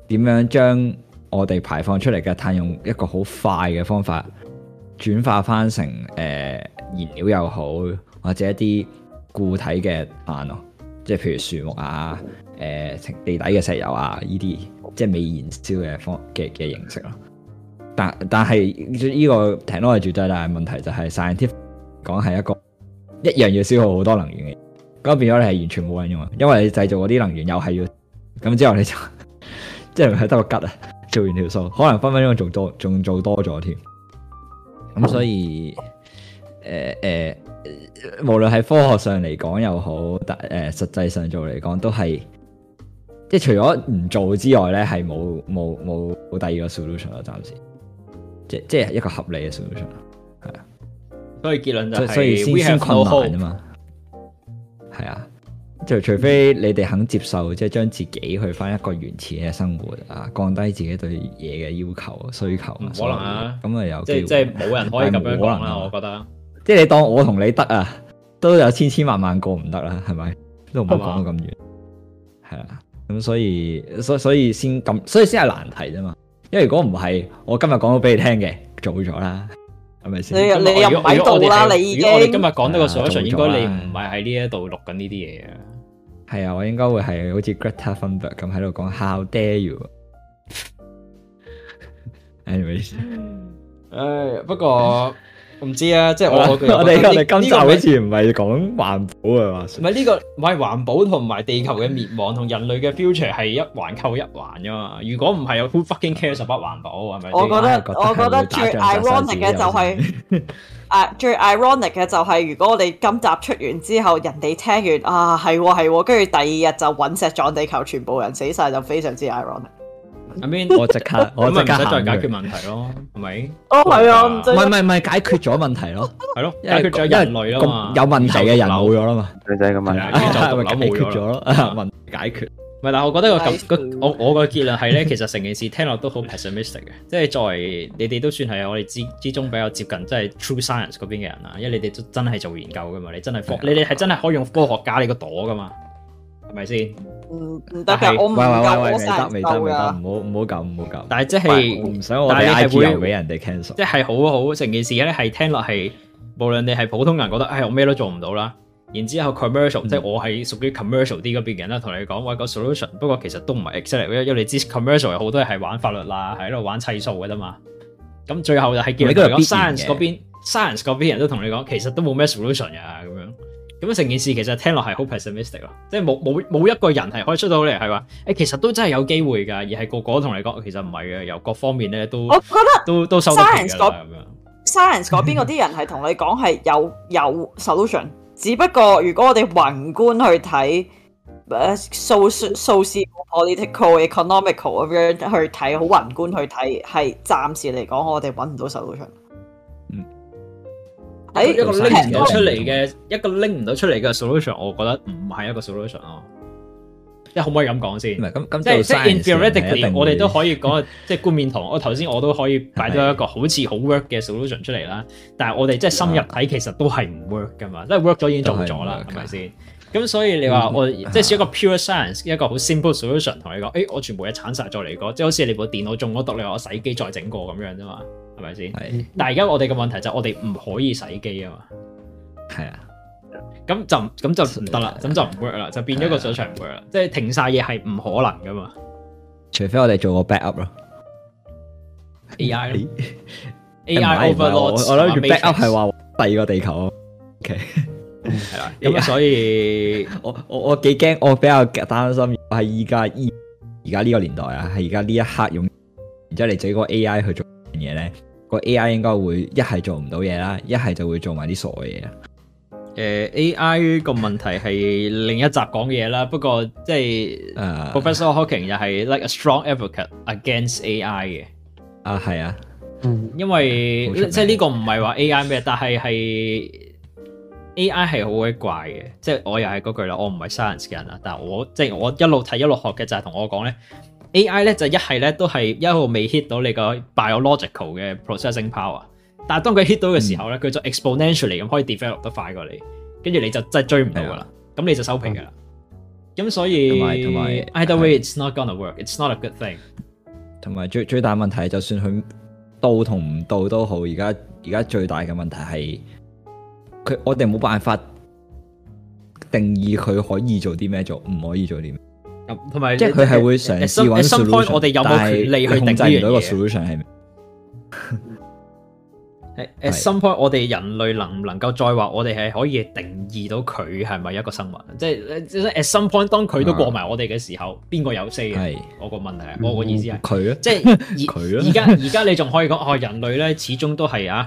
點樣將我哋排放出嚟嘅碳用一個好快嘅方法轉化翻成、呃、燃料又好，或者一啲固體嘅碳咯，即係譬如樹木啊。誒、呃，地底嘅石油啊，呢啲即係未燃燒嘅方嘅嘅形式咯。但但係呢個停落去絕對但係問題就係，scientific 講係一個一樣要消耗好多能源嘅，咁變咗你係完全冇人用啊，因為你製造嗰啲能源又係要咁，之後你就即係得個吉啊，做完條數可能分分鐘做，做多，仲做多咗添。咁所以誒誒、呃呃，無論係科學上嚟講又好，但誒、呃、實際上做嚟講都係。即係除咗唔做之外咧，係冇冇冇冇第二個 solution 咯。暫時即即係一個合理嘅 solution 係啊。是的，所以結論就係、是、先先 We have 困難啊嘛，係啊 the hope.。就除，除非你哋肯接受，即係將自己去翻一個原始嘅生活啊，降低自己對嘢嘅要求、需求，唔可能啊，咁啊有即即係冇人可以咁樣可能啦、啊。我覺得即係你當我同你得啊，都有千千萬萬個唔得啦，係咪？都唔好講到咁遠，係啊嗎。咁所以，所所以先咁，所以先係難題啫嘛。因為在如果唔係，我今日講咗俾你聽嘅，做咗啦，係咪先？你你又喺度啦，你已經。我哋今日講呢個一場 script 應該你唔係喺呢一度錄緊呢啲嘢啊。係啊，我應該會係好似 Greta Thunberg 咁喺度講 How dare you？Anyways， 唉，不過。 唔知啊，即係我 我、這個這個、我哋今集好似唔係講環保啊嘛？唔係呢個，唔係環保同埋地球嘅滅亡同人類嘅 future 係一環扣一環啫嘛。如果唔係，有 who fucking care 十八環保，係咪？是是這個、我覺得、哎、覺得我覺得最 ironic 嘅就係啊，最 ironic 嘅就係、是、如果我哋今集出完之後，人哋聽完啊係係，跟住、哦哦哦、第二日就隕石撞地球，全部人死晒，就非常之 ironic。阿邊我即刻，我即刻再解決問題咯，係咪？哦，係啊，唔係唔係唔係解決咗問題咯，係咯，解決咗人類啦嘛，有問題嘅人冇咗啦嘛，就係咁啊，就咁解決咗咯，問解決。唔係，但我覺得個咁個我我個結論係咧，其實成件事聽落都好 pessimistic 嘅，即係作為你哋都算係我哋之之中比較接近，即係 true science 嗰邊嘅人啦，因為你哋都真係做研究噶嘛，你真係科，你哋係真係可以用科學家你個朵噶嘛，係咪先？唔得我唔夠。但係喂喂喂，未得未得未得，唔好唔好搞唔好搞。但係即係唔想我大叫俾人哋 cancel。即係好好成件事咧，係聽落係，無論你係普通人覺得，哎，我咩都做唔到啦。然之後 commercial，、嗯、即係我係屬於 commercial 啲嗰邊嘅人啦，同你講喂個 solution。不過其實都唔係 exactly 因為因為你知 commercial 好多係玩法律啦，係喺度玩砌數嘅啫嘛。咁最後就係叫人講 science 嗰邊，science 嗰邊人都同你講，其實都冇咩 solution 啊咁樣。咁樣成件事其實聽落係好 pessimistic 咯，即係冇冇冇一個人係可以出到嚟係話，誒其實都真係有機會㗎，而係個個同你講其實唔係嘅，由各方面咧都，我覺得都都，都收斂嘅。咁 Science 那樣 science 嗰 邊嗰啲人係同你講係有有 solution，只不過如果我哋宏觀去睇，誒、呃、數數、so、字、so so、political economic 咁樣去睇，好宏觀去睇，係暫時嚟講我哋揾唔到 solution。一個拎唔到出嚟嘅一個拎唔到出嚟嘅 solution，我覺得唔係一個 solution 咯。即係可唔可以咁講先？即係 scientifically，我哋都可以講，即係冠冕堂。我頭先我都可以擺咗一個好似好 work 嘅 solution 出嚟啦。但係我哋即係深入睇，其實都係唔 work 噶嘛。即係 work 咗已經做咗啦，係咪先？咁所以你話我即係一個 pure science，一個好 simple solution，同你講，誒，我全部嘢鏟晒再嚟過，即係好似你部電腦中咗毒，你話我洗機再整過咁樣啫嘛。係咪先？但係而家我哋嘅問題就係我哋唔可以使機啊嘛，係啊，咁就咁就唔得啦，咁就唔 work 啦，就變咗個正常 work 啦，即係停晒嘢係唔可能噶嘛，除非我哋做個 backup 咯，AI，AI o p 我諗 backup 係話第二個地球，OK，係啦，咁所以我我我幾驚，我比較擔心，我喺依家依而家呢個年代啊，喺而家呢一刻用，然之後嚟整個 AI 去做。嘢咧，個 AI 應該會一係做唔到嘢啦，一係就會做埋啲傻嘢啦。誒，AI 個問題係另一集講嘅嘢啦。不過即係，Professor Hawking 又係 like a strong advocate against AI 嘅。啊，係啊，嗯，因為即係呢個唔係話 AI 咩，但係係 AI 係好鬼怪嘅。即係我又係嗰句啦，我唔係 science 嘅人啦，但係我即係我一路睇一路學嘅就係同我講咧。A.I. 咧就呢一係咧都係一路未 hit 到你個 biological 嘅 processing power，但係當佢 hit 到嘅時候咧，佢、嗯、就 exponentially 咁可以 develop 得快過你，跟住你就真係追唔到噶啦，咁、嗯、你就收皮噶啦。咁、嗯、所以，同埋 Either way, it's not gonna work. It's not a good thing。同埋最最大嘅問題，就算佢到同唔到都好，而家而家最大嘅問題係佢，我哋冇辦法定義佢可以做啲咩做，唔可以做啲咩。同埋即係佢係會嘗試揾 solution 我哋有冇 solution 但係控制唔到個 solution 係咩？誒 some point 我哋人類能唔能夠再話我哋係可以定義到佢係咪一個生物？即係誒，some point 當佢都過埋我哋嘅時候，邊個有 say 啊？係我個問題，我個意思係佢啊，即係而而家而家你仲可以講哦，人類咧始終都係啊。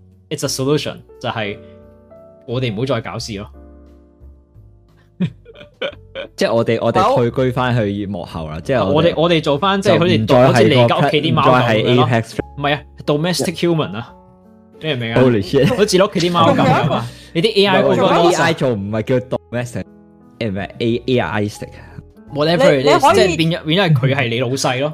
It's a solution，就係我哋唔好再搞事咯。即係我哋我哋退居翻去幕後啦。即係我哋我哋做翻即係佢哋唔再係嚟搞屋企啲貓咁 apex 唔係啊，domestic human 啊，明唔明啊？好似屋企啲貓咁。你啲 AI 嗰個 AI 做唔係叫 domestic，誒唔係 A AI stick。whatever，你即係變咗變咗，佢係你老細咯。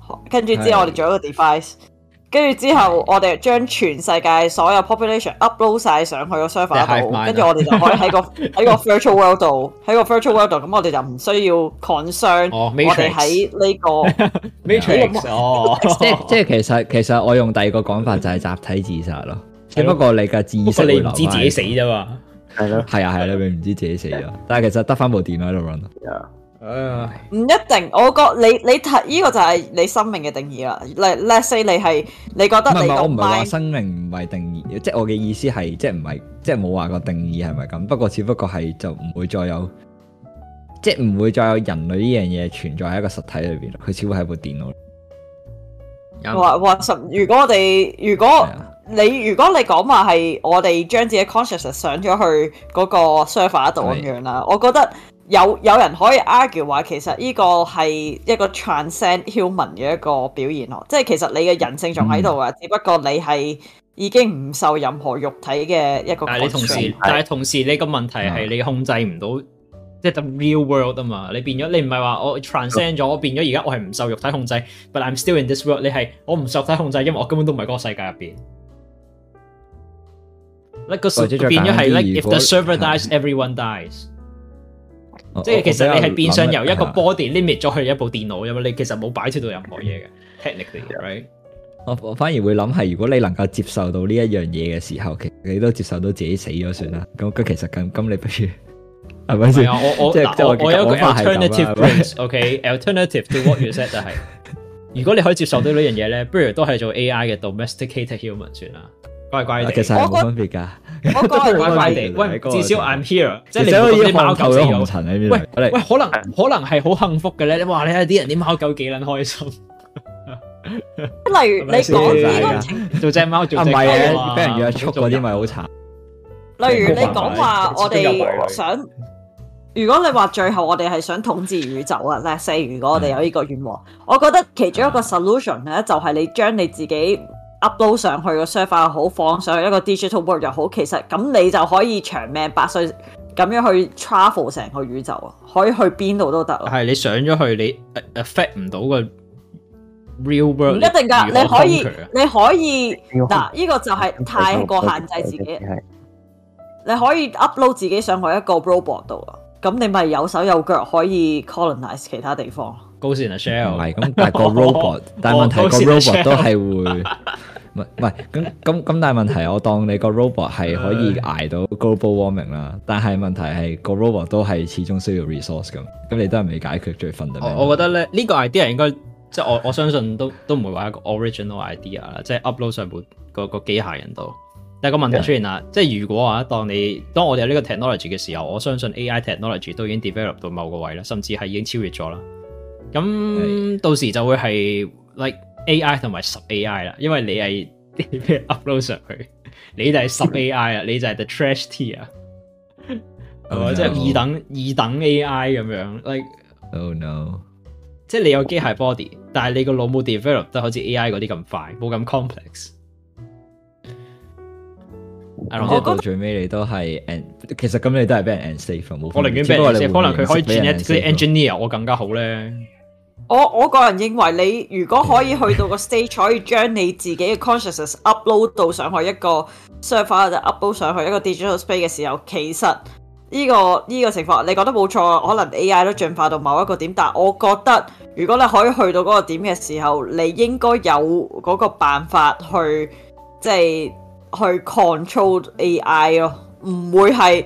跟住之後，我哋做一個 device。跟住之後，我哋將全世界所有 population upload 晒上去個 server 度。跟住我哋就可以喺個喺個 virtual world 度，喺個 virtual world 度，咁我哋就唔需要 concern。我哋喺呢個 matrix。哦，即係其實其實我用第二個講法就係集體自殺咯。只不過你嘅自殺你唔知自己死啫嘛。係咯，係啊，係你唔知自己死咗。但係其實得翻部電腦喺度 run。誒，唔 一定，我覺你你睇依、這個就係你生命嘅定義啦。嚟，let’s say 你係你覺得你個 m i n 唔係，話生命唔係定義，即係 我嘅意思係，即係唔係，即係冇話個定義係咪咁。不過只不過係就唔會再有，即係唔會再有人類呢樣嘢存在喺一個實體裏邊，佢只會喺部電腦。或或什？如果我哋， 如果你如果你講話係我哋將自己 conscious 上咗去嗰個 server 度咁的樣啦，我覺得。有有人可以 argue 話，其實呢個係一個 transcend human 嘅一個表現咯，即係其實你嘅人性仲喺度啊，嗯、只不過你係已經唔受任何肉體嘅一個。但係同時，的但係同時你個問題係你控制唔到，的即係 the real world 啊嘛，你變咗你唔係話我 transcend 咗，的我變咗而家我係唔受肉體控制，but I'm still in this world 你。你係我唔受肉體控制，因為我根本都唔係嗰個世界入邊。Like、a, 一個變咗係 like，if the server dies，everyone dies、嗯。Everyone dies。即係其實你係變相由一個 body limit 咗去一部電腦咁嘛，你其實冇擺出到任何嘢嘅 technically, right? 我我反而會諗係，如果你能夠接受到呢一樣嘢嘅時候，其你都接受到自己死咗算啦。咁佢其實咁，咁你不如係咪先？我我即係我有一個 alternative，ok？alternative to what you said 就係如果你可以接受到呢樣嘢咧，不如都係做 AI 嘅 domesticated human 算啦。怪怪地，我覺得冇分別㗎，我覺得怪怪地。至少 I'm here，即係你可以看透咗紅塵喺邊度。喂，喂，可能可能係好幸福嘅咧。你話你睇啲人啲貓狗幾撚開心？例如你講呢啲做隻貓做隻狗啊，俾人約束嗰啲咪好慘。例如你講話我哋想，如果你話最後我哋係想統治宇宙啊，第四，如果我哋有呢個願望，我覺得其中一個 solution 咧，就係你將你自己。upload 上去個 server 又好，放上去一個 digital world 又好，其實咁你就可以長命百歲咁樣去 travel 成個宇宙啊，可以去邊度都得啊！係你上咗去，你 affect 唔到個 real world。唔一定㗎，你可，你可以，你可以嗱，呢看個就係太過限制自己。你可以 upload 自己上去一個 robot 度啊，咁你咪有手有腳可以 colonize 其他地方。高線啊，Shell 唔係咁，但係個 robot，但係問題個 robot 都係會唔係唔係咁咁咁，但 問題我當你個 robot 係可以捱到 global warming 啦，uh, 但係問題係個 robot 都係始終需要 resource 咁，咁你都係未解決最 fundamental。我覺得咧呢、呢個 idea 應該即係我我相信都都唔會話一個 original idea 啦，即係 upload 上部個個機械人度。但係個問題出現啦，Yeah. 即係如果話、啊、當你當我哋有呢個 technology 嘅時候，我相信 AI technology 都已經 develop 到某個位啦，甚至係已經超越咗啦。咁到時就會係 like AI 同埋十 AI 啦，因為你係啲咩 upload 上去，你就係十 AI 啊， 你就係 the trash tier，即係二等二等 AI 咁樣 like，oh no，即係你有機械 body，但係你個腦冇 develop 得好似 AI 嗰啲咁快，冇咁 complex。我覺得最尾你都係其實咁你都係俾人 and safe，我寧願俾人 safe 可能佢可以轉 an engineer，我更加好咧。我我個人認為，你如果可以去到個 stage 可以將你自己嘅 consciousness upload 到上去一個 server 就 upload 上去一個 digital space 嘅時候，其實呢、呢個呢、呢個情況你覺得冇錯，可能 AI 都進化到某一個點。但我覺得，如果你可以去到嗰個點嘅時候，你應該有嗰個辦法去即係去 control AI 咯、哦，唔會係。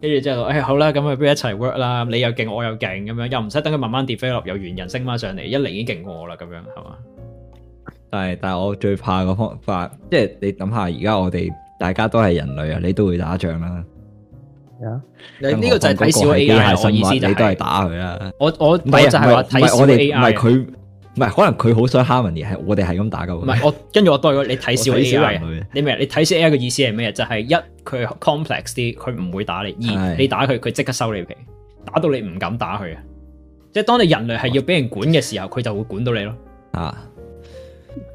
跟住之後，誒，好啦，咁不如一齊 work 啦。你又勁，我又勁，咁樣又唔使等佢慢慢 develop，由猿人升翻上嚟，一嚟已經勁過我啦，咁樣係嘛？但係但係我最怕個方法，即係你諗下，而家我哋大家都係人類啊，你都會打仗啦。啊，你呢個就係睇小 AI，我意思就係你都係打佢啦。我我第一就係話睇小 AI，唔係佢。唔係，可能佢好想 harmony，係我哋係咁打㗎。唔係 我跟住我都係你睇小 A 啦。你、那個、你明？你睇小 A 嘅意思係咩就係、是、一佢 complex 啲，佢唔會打你；二你打佢，佢即刻收你皮，打到你唔敢打佢啊！即係當你人類係要俾人管嘅時候，佢我就會管到你咯。啊！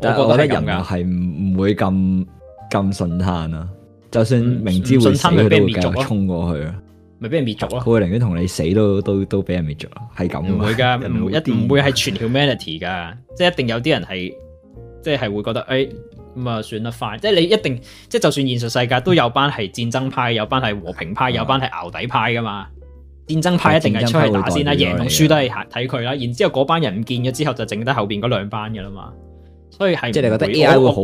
我覺，的我覺得人係唔唔會咁咁順攤啊，就算明知會死，佢都、啊、會繼續衝過去啊！咪俾人滅族咯！佢會寧願同你死都都都俾人滅族，係咁。唔會噶，唔一定唔會係全 humanity 噶， 即係一定有啲人係，即、就、係、是、會覺得誒咁啊，哎、就算得快。即係你一定，即係就算現實世界都有班係戰爭派，有班係和平派，嗯、有班係淆底派噶嘛。戰爭派一定係出去先打先啦，贏同輸都係睇佢啦。然後之後嗰班人唔見咗之後，就剩得後邊嗰兩班噶啦嘛。所以係即係你覺得 AI 會好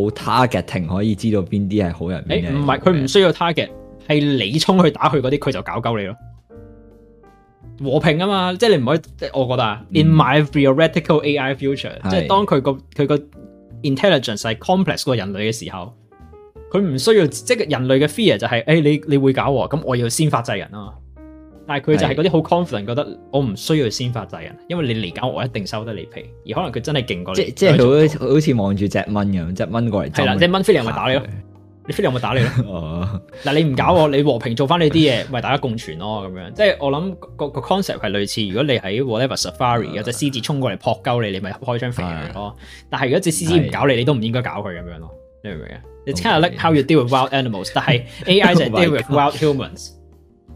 targeting，可以知道邊啲係好人？唔係是，佢唔需要 target。係你衝去打佢嗰啲，佢就搞鳩你咯。和平啊嘛，即係你唔可以。我覺得啊、嗯、In my theoretical AI future，是即係當佢個佢個 intelligence 係 complex 過人類嘅時候，佢唔需要即係人類嘅 fear 就係、是、誒、哎，你你會搞我，咁我要先發制人啊嘛。但係佢就係嗰啲好 confident，覺得我唔需要先發制人，因為你嚟搞我，我一定收得你皮。而可能佢真係勁過，即即係佢好似望住隻蚊咁，隻蚊過嚟的。係啦，隻蚊飛嚟咪打你咯。你 feel 有冇打你咯？嗱， 你唔搞我，你和平做翻你啲嘢，咪大家共存咯咁樣。即、就、係、是、我諗個個 concept 係類似，如果你喺 whatever safari 有隻獅的子衝過嚟扑鳩你，你咪開張飛咯。的但係如果隻獅子唔搞你，的你都唔應該搞佢咁樣咯。你明唔明啊？你睇下 like how you deal with wild animals， 但係 AI 就係、oh、deal with wild humans。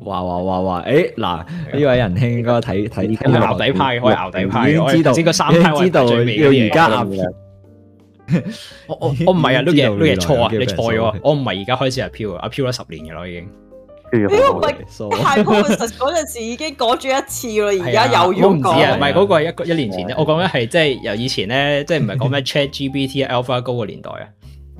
哇哇哇哇誒嗱，呢位仁兄應該睇睇啲牛底派，可以牛底派，可以知道，知個三年知道要而家。我我我唔係啊，Lukas 錯啊，你錯咗啊，我唔係而家開始係飄啊，飄咗十年噶啦已經。你唔係，嗰陣時已經講咗一次咯，而家又要唔係嗰個係一個一年前，我講嘅係即係由以前咧，即係唔係講咩 ChatGPT AlphaGo 個年代啊。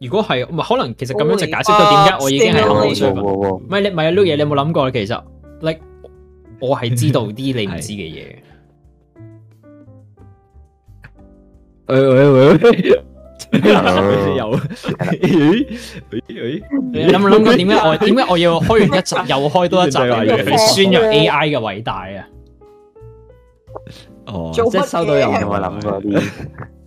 如果係，唔係可能其實咁樣就解釋到點解我已經係好老嘅。唔係你，唔係啊？呢嘢你有冇諗過？嗯、其實，like 我係知道啲你唔知嘅嘢。喂喂喂，有誒 你有冇諗過點解我點解我要開完一集又開多一集？宣揚 AI 嘅偉大啊！哦、oh，即係收到人有冇諗過啲？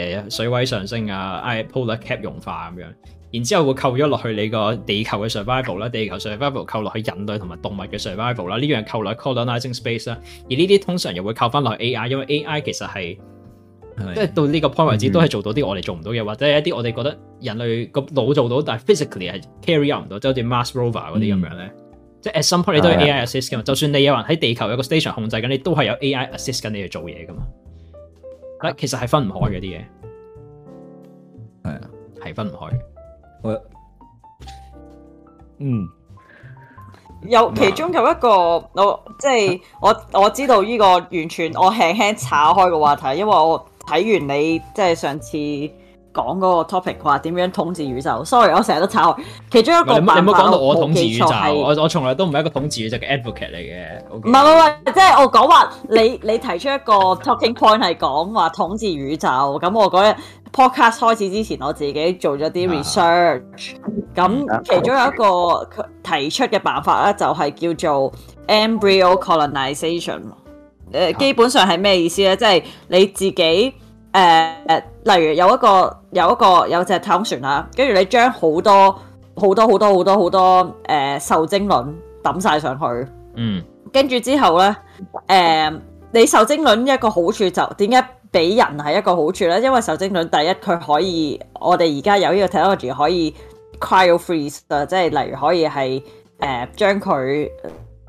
誒水位上升啊，誒 polar cap 融化咁樣，然之後會扣咗落去你個地球嘅 survival 啦，地球 survival 扣落去人類同埋動物嘅 survival 啦，呢樣扣落去 colonising space 啦，而呢啲通常又會扣翻落去 AI，因為 AI 其實係即係到呢個 point 為止都係做到啲我哋做唔到嘅嘢，或者係一啲我哋覺得人類個腦做到，但係 physically 係 carry 唔到，即係好似 Mars Rover 嗰啲咁樣咧。即係 at some point 你都係有 AI assist 㗎嘛，就算你有人喺地球有個 station 控制緊，你都係有 AI assist 緊你去做嘢㗎嘛。其實係分唔開嘅啲嘢，係分唔開嘅嗯，有其中有一個，我即係我我知道呢個完全我輕輕炒開個話題，因為我睇完你即係上次。講嗰個 topic 話點樣統治宇宙？sorry，我成日都炒。其中一個辦法，你唔好講到我統治宇宙。我是我從來都唔係一個統治宇宙嘅 advocate 嚟嘅。唔係唔係，即係我講話你你提出一個 talking point 係講話統治宇宙。咁我嗰日 podcast 開始之前，我自己做咗啲 research、啊。咁其中有一個提出嘅辦法咧，就係叫做 embryo colonization 誒、呃，的基本上係咩意思咧？即係你自己。誒、uh, 例如有一個有一個有隻太空船啦，跟住你將好多好多好多好多好多、呃、受精卵抌晒上去。嗯。跟住之後咧，誒、uh, 你受精卵一個好處就點解俾人係一個好處咧？因為受精卵第一佢可以，我哋而家有呢個 technology 可以 cryo freeze 啊，即係例如可以係將佢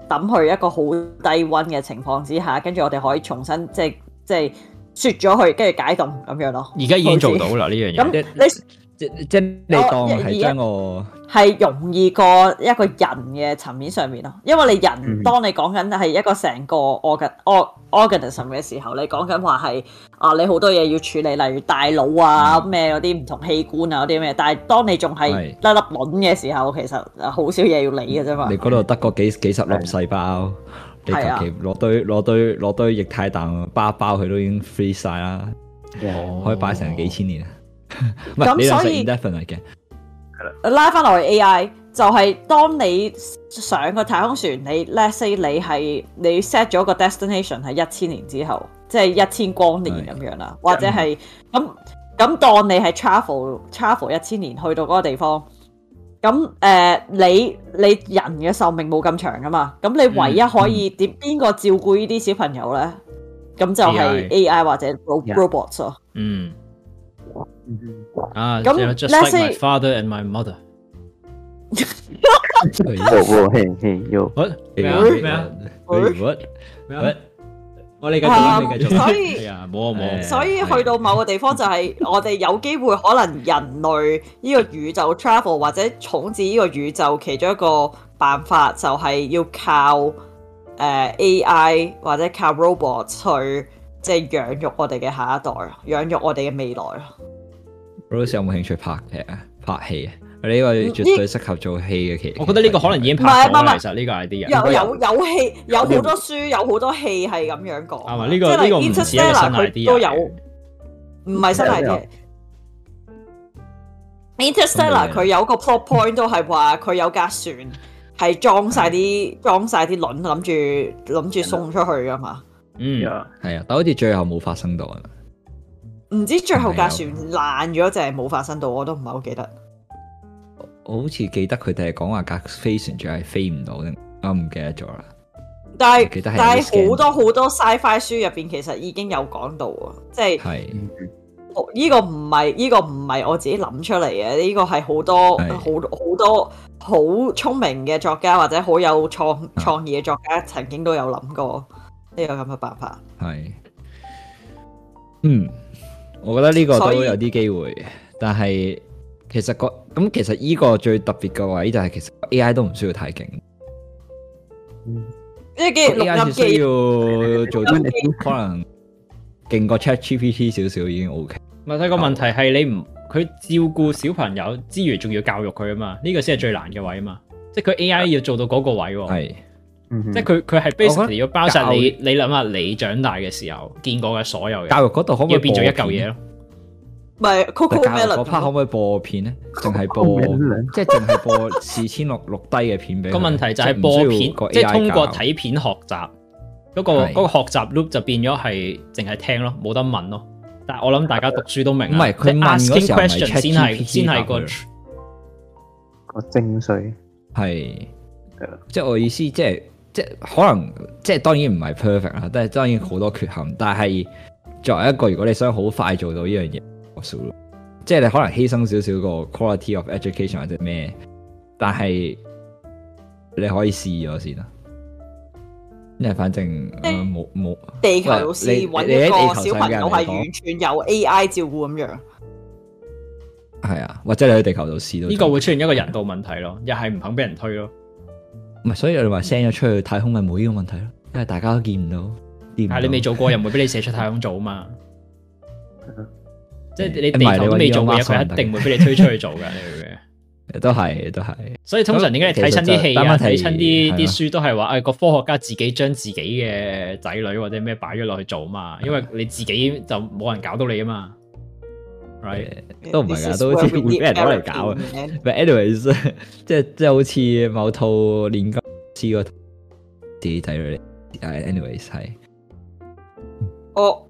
抌去一個好低溫嘅情況之下，跟住我哋可以重新即係即係。雪咗佢，跟住解凍咁樣咯。而家已經做到啦呢樣嘢。咁你你即即你當係將個係容易過一個人嘅層面上面咯。因為你人，當你講緊係一個成個 organ organism 嘅時候，你講緊話係啊，你好多嘢要處理，例如大腦啊咩嗰啲唔同器官啊嗰啲咩。但係當你仲係粒粒卵嘅時候，其實好少嘢要理嘅啫嘛。你嗰度得個幾幾十粒細胞。你求其攞堆攞，啊，堆攞堆液態氮包一包佢都已經 freeze 曬啦，哇可以擺成幾千年。咁 不那 所以 indefinite 嚟嘅。係啦的，拉翻落去 AI 就係當你上個太空船，你 let's say 你係你 set 咗個 destination 係一千年之後，即、就、係、是，一千光年咁樣啦，的或者係咁咁當你係 travel travel 一千年去到嗰個地方。咁誒，你你人嘅壽命冇咁長噶嘛？咁你唯一可以點邊個照顧呢啲小朋友咧？咁就係 AI 或者 robots 咯。嗯。咁，let's say father and my mother. 我哋繼續，所以 哎、摸摸所以去到某個地方就係我哋有機會，可能人類呢個宇宙 travel 或者重置呢個宇宙，其中一個辦法就係要靠、呃、AI 或者靠 robot 去即係養育我哋嘅下一代，養育我哋嘅未來咯。Rose 有冇興趣拍劇啊？拍戲啊？呢個絕對適合做戲嘅，其實我覺得呢個可能已經唔係，其實呢個 idea 有有有戲，有好多書，有好多戲係咁樣講。係嘛？呢個 Interstellar 都有，唔係新嚟嘅。Interstellar 佢有，有個 plot point 都係話佢有架船係裝晒啲裝晒啲輪，諗住諗住送出去噶嘛。嗯，係啊，但好似最後冇發生到。唔知最後架船爛咗，定係冇發生到？我都唔係好記得。我好似記得佢哋係講話架飛船仲係飛唔到，定我唔但記得咗啦。但係但係好多好多 sci fi 書入邊，其實已經有講到啊，即係呢個唔係呢個唔係我自己諗出嚟嘅，呢、呢個係好多好是多好多好聰明嘅作家或者好有創創意嘅作家，啊、嘅作家曾經都有諗過呢個咁嘅辦法。係，嗯，我覺得呢個都有啲機會，以但係。其實個咁其實依個最特別嘅位就係其實 AI 都唔需要太勁，AI、嗯嗯、要做到可能勁過 ChatGPT 少少已經 OK。咪睇個問題係你唔佢照顧小朋友之餘仲要教育佢啊嘛？呢、這個先係最難嘅位啊嘛！即係佢 AI 要做到嗰個位、啊，係是即係佢佢係 basically 要包晒你教你諗下你長大嘅時候見過嘅所有嘢，教育嗰度可唔可以變做一嚿嘢咯？唔係，嗰 part 可唔可以播片咧？淨係播，即係淨係播視千錄錄低嘅片俾我。個問題就係播片，即係通過睇片學習。嗰個嗰個學習 loop 就變咗係淨係聽咯，冇得問咯。但係我諗大家讀書都明。唔係，佢問 question 係先係先係個個精髓，係即係我意思，即係即係可能，即係當然唔係 perfect 啦，但係當然好多缺陷。但係作為一個，如果你想好快做到呢樣嘢。即係你可能犧牲少少個 quality of education 或者咩，但係你可以試咗先啊。因為反正冇冇地球老師、呃，搵一個小朋友係說完全有 AI 照顧咁樣。係啊，或者你喺地球度試到呢個會出現一個人道問題咯，的又係唔肯俾人推咯、啊。唔係，所以你話 send 咗出去太空咪冇呢個問題咯，因為大家都見唔到。但係、啊、你未做過， 又唔會俾你射出太空組嘛。 即係你地方都未做嘢，佢一定會俾你推出去做嘅，你明唔明？都係，都係。所以通常點解你睇親啲戲啊、睇親啲啲書都係話，誒、哎、個科學家自己將自己嘅仔女或者咩擺咗落去做嘛？因為你自己就冇人搞到你啊嘛，right？都唔係噶，都好似邊有人攞嚟搞啊。But anyways，即係即係好似某套煉金師個仔仔女。誒，anyways 係。我，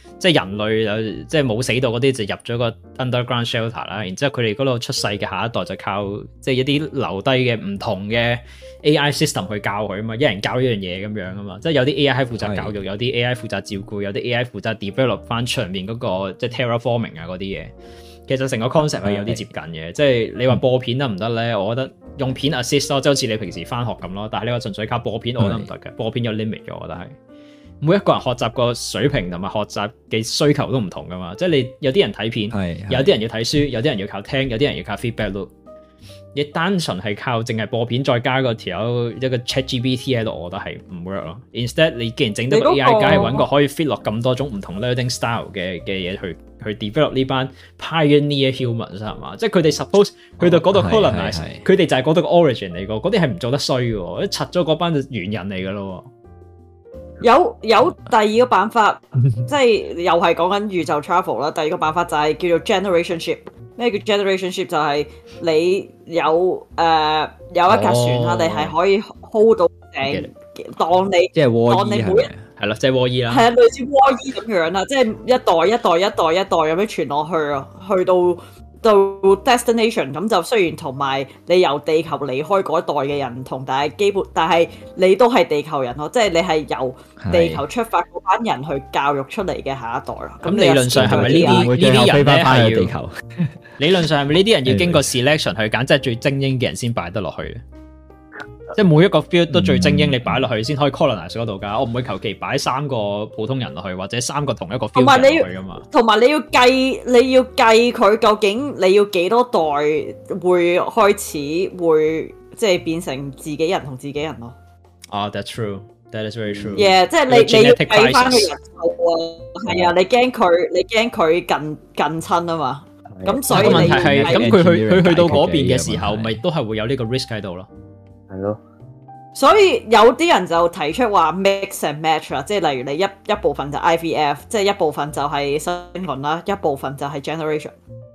即係人類又即係冇死到嗰啲就入咗個 underground shelter 啦，然之後佢哋嗰度出世嘅下一代就靠即係一啲留低嘅唔同嘅 AI system 去教佢啊嘛，一人教一樣嘢咁樣啊嘛，即係有啲 AI 負責教育，有啲 AI 負責照顧，是有啲 AI 負責 develop 翻是出面嗰、嗰個即係 terraforming 啊嗰啲嘢。其實成個 concept 係有啲接近嘅，是即係你話播片得唔得咧？我覺得用片 assist 咯，即係好似你平時翻學咁咯。但係你話純粹靠播片，我覺得唔得嘅，是播片有 limit 咗，我覺得係。每一個人學習個水平同埋學習嘅需求都唔同噶嘛，即係你有啲人睇片，是是有啲人要睇書，有啲人要靠聽，有啲人要靠 feedback loop。你單純係靠淨係播片，再加個條一個 ChatGPT 喺度，我都係唔 work 咯。Instead，你既然整得個 AI，梗係揾個可以 fit 落咁多種唔同 learning style 嘅嘅嘢去去 develop 呢班 pioneer humans 係嘛？即係佢哋 suppose 去到嗰度 c o l o n i z e 佢哋就係嗰度個 origin 嚟個，嗰啲係唔做得衰喎。一拆咗嗰班猿人嚟噶咯。有有第二個辦法，即係又係講緊宇宙 travel 啦。第二個辦法就係叫做 generation ship。咩叫 generation ship？就係你有誒、呃、有一架船，我、哦、你係可以 hold 到頂。當你即係當你每一係咯，即係 WALL-E 啦。係啊、就係，類似 WALL-E 咁樣啦，即係一代一代一代一代咁樣傳落去啊，去到。到 destination 咁就雖然同埋你由地球離開嗰一代嘅人唔同，但係基本但係你都係地球人咯，即係你係由地球出發嗰班人去教育出嚟嘅下一代啦。咁的理論上係咪呢啲呢啲人咧係要？ 理論上係咪呢啲人要經過 selection 去揀，即係最精英嘅人先擺得落去？即係每一個 field 都最精英，你擺落去先可以 colonize 嗰度噶。我唔會求其擺三個普通人落去，或者三個同一個 field 落去噶嘛。同埋你要計，你要計佢究竟你要幾多代會開始會即係變成自己人同自己人咯、啊。啊、oh,，that's true，that is very true。yeah，即係你你要計翻佢人口啊。係、哦、啊，你驚佢，你驚佢近近親啊嘛。咁的所以、啊那個、問題係，咁佢去佢去到嗰邊嘅時候，咪都係會有呢個 risk 喺度咯。係咯，哦、所以有啲人就提出話 mix and match，即係例如你一一部分就 IVF，即係一部分就係新聞啦，一部分就係 generation。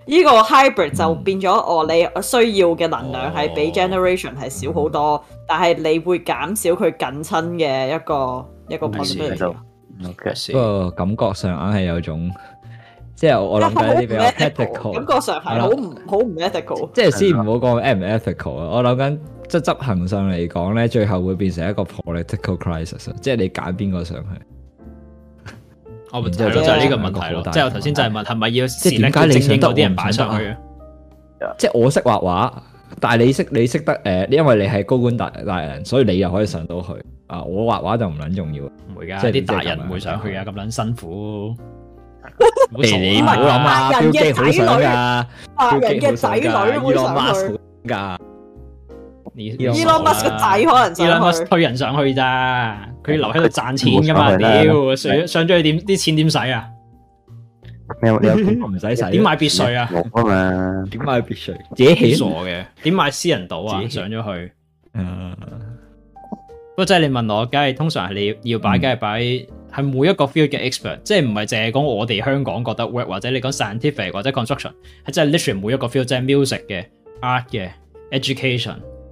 呢、這個 hybrid 就變咗，我你需要嘅能量係比 generation 係少好多， 哦、但係你會減少佢近親嘅一個一個 point。唔好不過感覺上硬係有種，即係我我諗緊呢個 ethical，感覺上係好唔好唔 ethical。即係先唔好講係唔 ethical 啊，我諗緊。即係執行上嚟講咧，最後會變成一個 political crisis，即係你揀邊個上去？我唔知，就係呢個問題。即係我頭先就係問，係咪要實解你徵召啲人擺上去？即係我識畫畫，但係你識你識得誒，因為你係高官大大人，所以你又可以上到去啊！我畫畫就唔撚重要。唔會噶，即係啲大人唔會上去啊！咁撚辛苦，冇人冇人嘅仔女，冇人嘅仔女會上去噶。Elon Musk 個底可能上去 Elon Musk 推人上去咋？佢留喺度賺錢噶嘛？屌，料上咗去點啲錢點使啊？冇冇唔使使點買別墅啊？冇啊嘛？點買別墅？自己起座嘅點買私人島啊？自己上咗去、嗯、不過即係你問我，梗係通常係你要擺梗係擺喺每一個 field 嘅 expert，即係唔係淨係講我哋香港覺得 work 或者你講 scientific 或者 construction，係真係 literally 每一個 field，即係 music 嘅、art 嘅、education。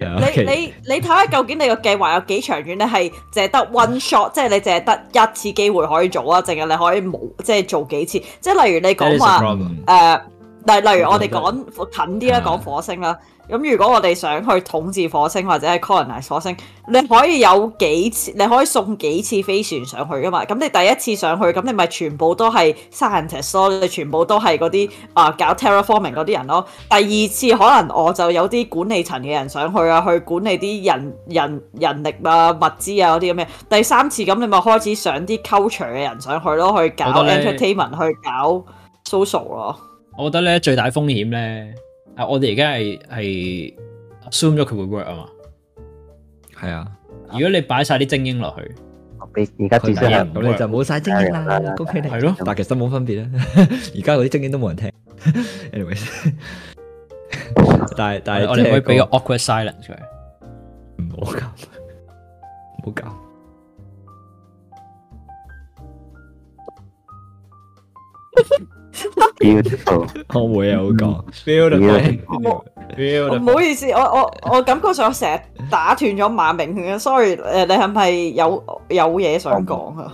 Yeah, okay. 你你你睇下究竟你個計劃有幾長遠咧？係淨係得 one shot，即係你淨係得一次機會可以做啊！淨係你可以冇，即係做幾次。即係例如你講話誒、呃，例例如我哋講近啲啦，講火星啦。Yeah. 咁如果我哋想去統治火星或者係 colonize 火星，你可以有幾次，你可以送幾次飛船上去噶嘛？咁你第一次上去，咁你咪全部都係 scientist 咯，你全部都係嗰啲啊搞 terraforming 嗰啲人咯。第二次可能我就有啲管理層嘅人上去啊，去管理啲人人人力啊、物資啊嗰啲咁嘅。第三次咁你咪開始上啲 culture 嘅人上去咯，去搞 entertainment，去搞 social 咯。我覺得咧最大風險咧。啊！我哋而家係係 assume 咗佢會 work 啊嘛，係啊！如果你擺晒啲精英落去，而家點先咁你就冇晒精英啦，攻擊力係咯。但其實冇分別啦，而家嗰啲精英都冇人聽。anyways，但係但係我哋可以俾個 awkward silence 出嚟。唔好搞，唔好搞。feel 得到，我會有講。feel 得唔好意思，我我我感覺上成日打斷咗馬明。sorry，誒，你係唔係有有嘢想講啊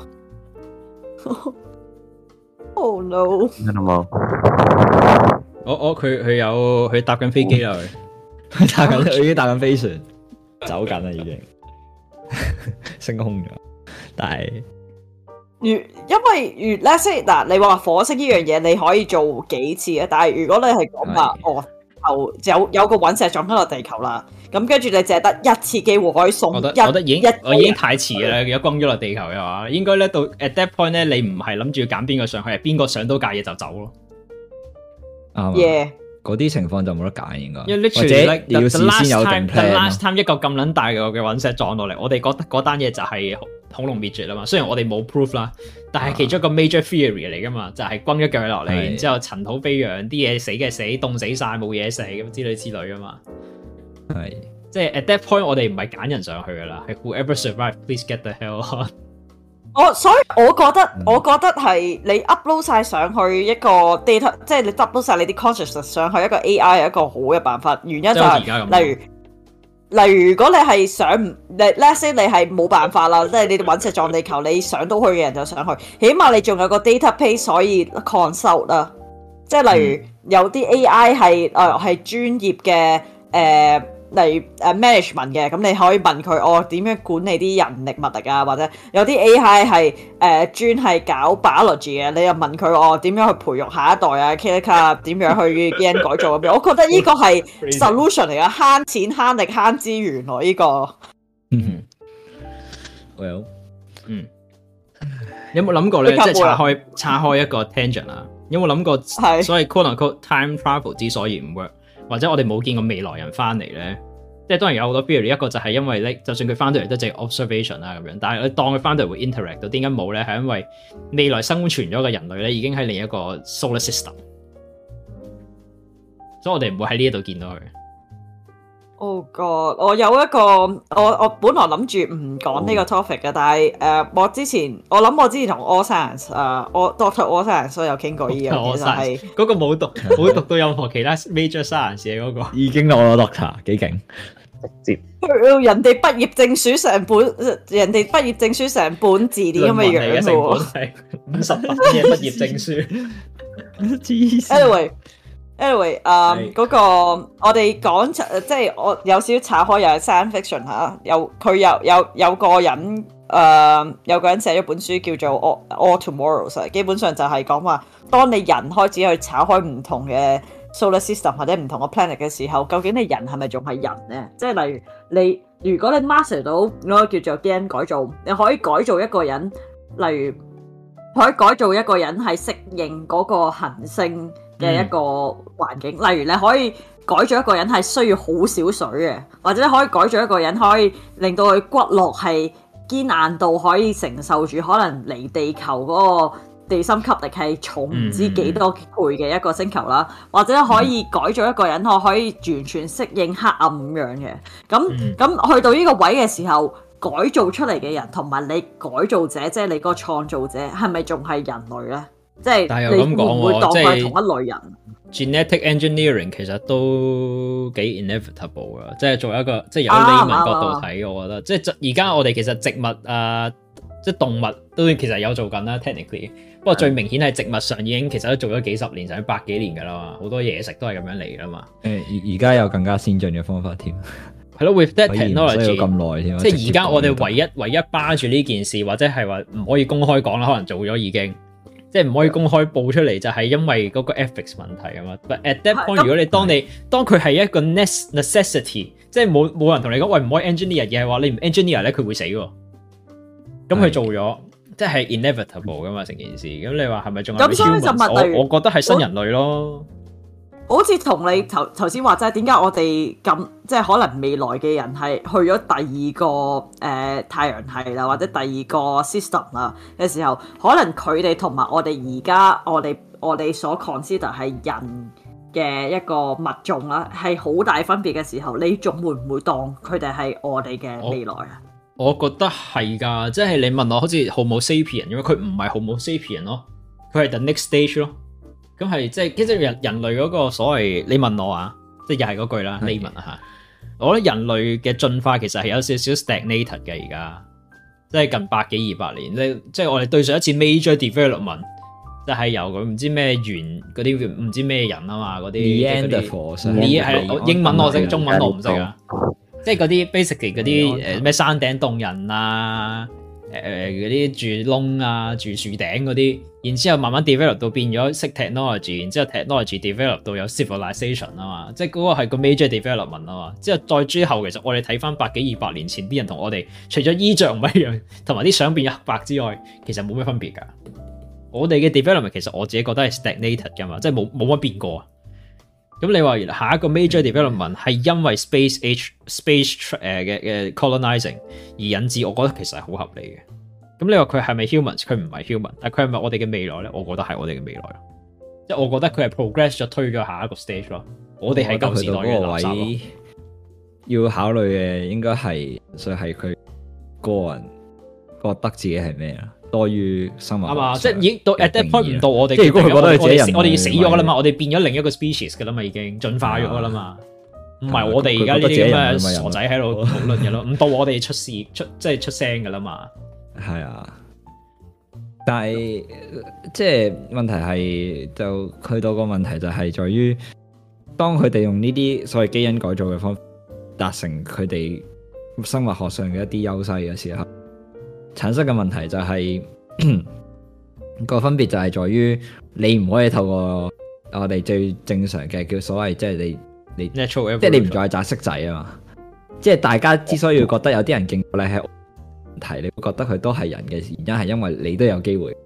？Oh no！聽到冇？我我佢佢有佢搭緊飛機啦，佢搭緊佢已經搭緊飛船，走緊啦已經，升空咗，但係。因為越咧先嗱，你話火星呢樣嘢，你可以做幾次咧？但係如果你係講埋，是是哦，頭有有個隕石撞翻落地球啦，咁跟住你淨係得一次機會可以送一，我得已經一我已經太遲啦，的如果轟咗落地球嘅話，應該咧到 at that point 咧，你唔係諗住要揀邊個上去，係邊個上到架嘢就走咯。啱啊，嗰啲情況就冇得揀，應該要事先有定 plan。last time 一個咁撚大嘅隕石撞落嚟，我哋覺得嗰單嘢就係、是。恐龍滅絕啦嘛，雖然我哋冇 proof 啦，但係其中一個 major theory 嚟㗎嘛，啊、就係轟一腳落嚟，是然之後塵土飛揚，啲嘢死嘅死，凍死晒，冇嘢死咁之類之類㗎嘛。係是，即係 at that point 我哋唔係揀人上去㗎啦，係 whoever survive please get the hell 我。我所以我覺得、嗯、我覺得係你 upload 晒上去一個 data，即係你 dump 晒你啲 conscious 上去一個 AI 係一個好嘅辦法，原因就係、是、例如。例如，如果你係上，你 l a s t i n 你係冇辦法啦，即係你揾隻撞地球，你上到去嘅人就上去。起碼你仲有個 database 所以 consult 啦、啊。即係例如、嗯、有啲 AI 係誒係專業嘅誒。呃嚟誒 management 嘅，咁你可以問佢我點樣管理啲人力物力啊？或者有啲 AI 係誒、呃、專係搞 biology 嘅，你又問佢我點樣去培育下一代啊？careful 點 care care，樣去基因改造咁、啊、樣？我覺得呢個係 solution 嚟噶，慳錢慳力慳資源、啊，我、這、呢個嗯，Well，嗯，有冇諗過咧？即係拆開拆開一個 tangent 啊？有冇諗過？係是，所以 quantum time travel 之所以唔 work。或者我哋冇見過未來人返嚟呢？即係當然有好多 theory。一個就係因為咧，就算佢返到嚟都只係 observation 啦咁樣，但係你當佢返到嚟會 interact 到，點解冇呢？係因為未來生存咗嘅人類咧，已經喺另一個 solar system，所以我哋唔會喺呢度見到佢。哦，個、oh、我有一個，我我本來諗住唔講呢個 topic 嘅，oh. 但係誒，uh, 我之前我諗我之前同 All Science 啊、uh,，我 Doctor All Science 都有傾過呢樣嘢，係嗰、oh, 個冇讀，冇 讀到任何其他 major science 嘅、那、嗰個， 已經攞咗 Doctor，幾勁直接，人哋畢業證書成本，人哋畢業證書成本字典咁嘅樣嘅喎，五十蚊嘅畢業證書 病，Anyway。Anyway，誒、um, 嗰 Hey.、那個我哋講即係我有少炒開又係 science fiction、啊、有佢有有有個人誒、啊、有個人寫咗本書叫做《All, All Tomorrows、啊》，基本上就係講話，當你人開始去炒開唔同嘅 solar system 或者唔同嘅 planet 嘅時候，究竟你人係咪仲係人呢？即係例如你如果你 master 到嗰、那個叫做 gene 改造，你可以改造一個人，例如可以改造一個人係適應嗰個行星。嘅、嗯、一個環境，例如你可以改造一個人係需要好少水嘅，或者可以改造一個人可以令到佢骨骼係堅硬度，可以承受住可能離地球嗰個地心吸力係重唔知幾多倍嘅一個星球啦，嗯嗯、或者可以改造一個人可可以完全適應黑暗咁樣嘅。咁咁、嗯、去到呢個位嘅時候，改造出嚟嘅人同埋你改造者，即、就、係、是、你個創造者，係咪仲係人類呢？即係，但係又咁講，即係同一類人。Genetic engineering 其實都幾 inevitable 噶，即係做一個即係由 layman、啊、角度睇，啊、我覺得即係而家我哋其實植物啊，即係動物都其實有做緊啦，technically。不過最明顯係植物上已經其實都做咗幾十年，成百幾年噶啦嘛，好多嘢食都係咁樣嚟噶嘛。誒，而家有更加先進嘅方法添。係咯，with technology，需要咁耐添。即係而家我哋唯一唯一巴住呢件事，或者係話唔可以公開講啦，可能做咗已經。即係唔可以公開報出嚟，就係因為嗰個 ethics 問題啊嘛。的 But at that point，的如果你當你是的當佢係一個 necessity，的即係冇冇人同你講，喂，唔可以 engineer 嘅，話你唔 engineer 咧，佢會死喎。咁佢做咗，是的即係 inevitable 噶嘛成件事。咁你話係咪仲有啲 human 我覺得係新人類咯。哦好似同你頭頭先話齋，點解我哋咁即係可能未來嘅人係去咗第二個誒、呃、太陽系啦，或者第二個 system 啦嘅時候，可能佢哋同埋我哋而家我哋我哋所 consider 係人嘅一個物種啦，係好大分別嘅時候，你仲會唔會當佢哋係我哋嘅未來啊？我覺得係㗎，即係你問我好似 Homo sapiens 因為佢唔係 Homo sapiens 咯，佢係 the next stage 咯。咁係即係即係人人類嗰個所謂，你問我啊，即係又係嗰句啦，的你問啊嚇。我覺得人類嘅進化其實係有少少 stagnated 嘅而家，即係近百幾二百年，你即係我哋對上一次 major development，就係由佢唔知咩原嗰啲唔知咩人啊嘛，嗰啲。係英文我識，中文我唔識啊。即係嗰啲 basically 嗰啲誒咩山頂洞人啊。誒嗰啲住窿啊，住樹頂嗰啲，然之後慢慢 develop 到變咗識 technology，然之後 technology develop 到有 civilization 啊嘛，即係嗰個係個 major development 啊嘛，之後再之後其實我哋睇翻百幾二百年前啲人同我哋，除咗衣着唔一樣，同埋啲相變咗黑白之外，其實冇咩分別噶。我哋嘅 development 其實我自己覺得係 stagnated 噶嘛，即係冇冇乜變過。咁你話原下一個 major development 係因為 space age space 誒、uh, 嘅、uh, 嘅 colonizing 而引致，我覺得其實係好合理嘅。咁你話佢係咪 humans？佢唔係 human，但佢係咪我哋嘅未來咧？我覺得係我哋嘅未來咯，即係我覺得佢係 progress 咗推咗下一個 stage 咯。我哋喺今次到嘅位置要考慮嘅應該係，所以係佢個人覺得自己係咩啦？多於生物，係嘛？即係已經到 adapt 唔到我哋，即係如果覺得係自己人，我哋要死咗啦嘛？我哋變咗另一個 species 噶啦嘛？已經進化咗噶啦嘛？唔係的我哋而家呢啲傻仔喺度討論嘅咯？唔 到我哋出事出即係出聲噶啦嘛？係啊，但係即係問題係就去到個問題就係在於，當佢哋用呢啲所謂基因改造嘅方法達成佢哋生物學上嘅一啲優勢嘅時候。產生嘅問題就係、個分別就係在於你唔可以透過我哋最正常嘅叫所謂即係你你 Natural Evolution. 即係你唔再係擲色仔啊嘛！即係大家之所以覺得有啲人勁過你係，提你會覺得佢都係人嘅原因係因為你都有機會，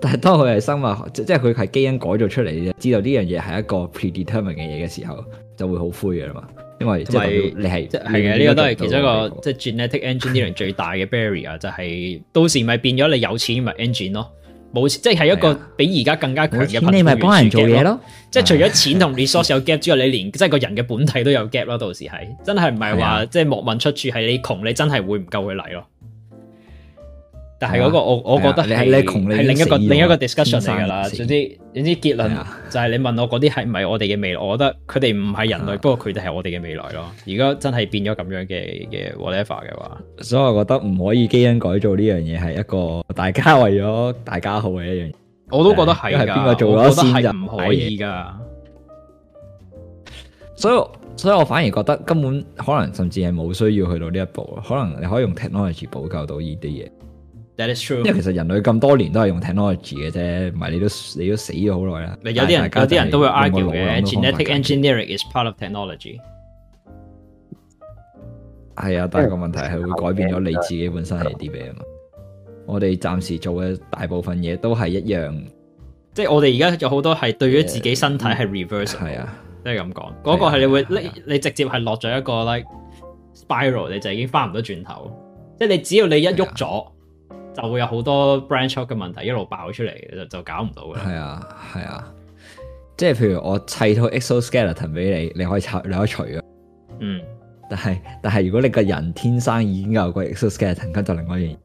但係當佢係生物即係佢係基因改造出嚟，嘅，知道呢樣嘢係一個 predetermined 嘅嘢嘅時候，就會好灰嘅啦嘛～因為同埋你係即係嘅呢個都係其中一個即係 genetic engineering 最大嘅 barrier 就係、是、到時咪變咗你有錢咪 engine 咯，冇錢即係一個比而家更加強嘅，冇錢你咪幫人做嘢咯，即係除咗錢同 resource 有 gap 之外，你連即係個人嘅本體都有 gap 咯，到時係真係唔係話即係莫問出處，係你窮你真係會唔夠佢嚟咯。但係嗰個我我覺得係係另一個另一個 discussion 嚟噶啦，總之總之結論就係你問我嗰啲係唔係我哋嘅未來，我覺得佢哋唔係人類，不過佢哋係我哋嘅未來咯。如果真係變咗咁樣嘅嘅 whatever 嘅話，所以我覺得唔可以基因改造呢樣嘢，係一個大家為咗大家好嘅一樣嘢。我都覺得係噶，邊個做我咗先就唔可以噶。所以所以我反而覺得根本可能甚至係冇需要去到呢一步咯。可能你可以用 technology 補救到呢啲嘢。That is true 因為其實人類咁多年都係用 technology 嘅啫，唔係你都你都死咗好耐啦。有啲人有啲人都會 argue 嘅，genetic engineering is part of technology。係啊，但係個問題係會改變咗你自己本身係啲咩啊嘛？我哋暫時做嘅大部分嘢都係一樣，即係我哋而家有好多係對咗自己身體係 reverse。係啊，即係咁講，嗰個係你會你直接係落咗一個 like spiral，你就已經翻唔到轉頭。即係你只要你一喐咗。就會有好多 branch out 嘅問題一路爆出嚟，就搞唔到嘅。係啊，係啊，即係譬如我砌套 exoskeleton 俾你，你可以拆，你可以除嘅。嗯，但係但係如果你個人天生已經有個 exoskeleton，咁就另外一回事。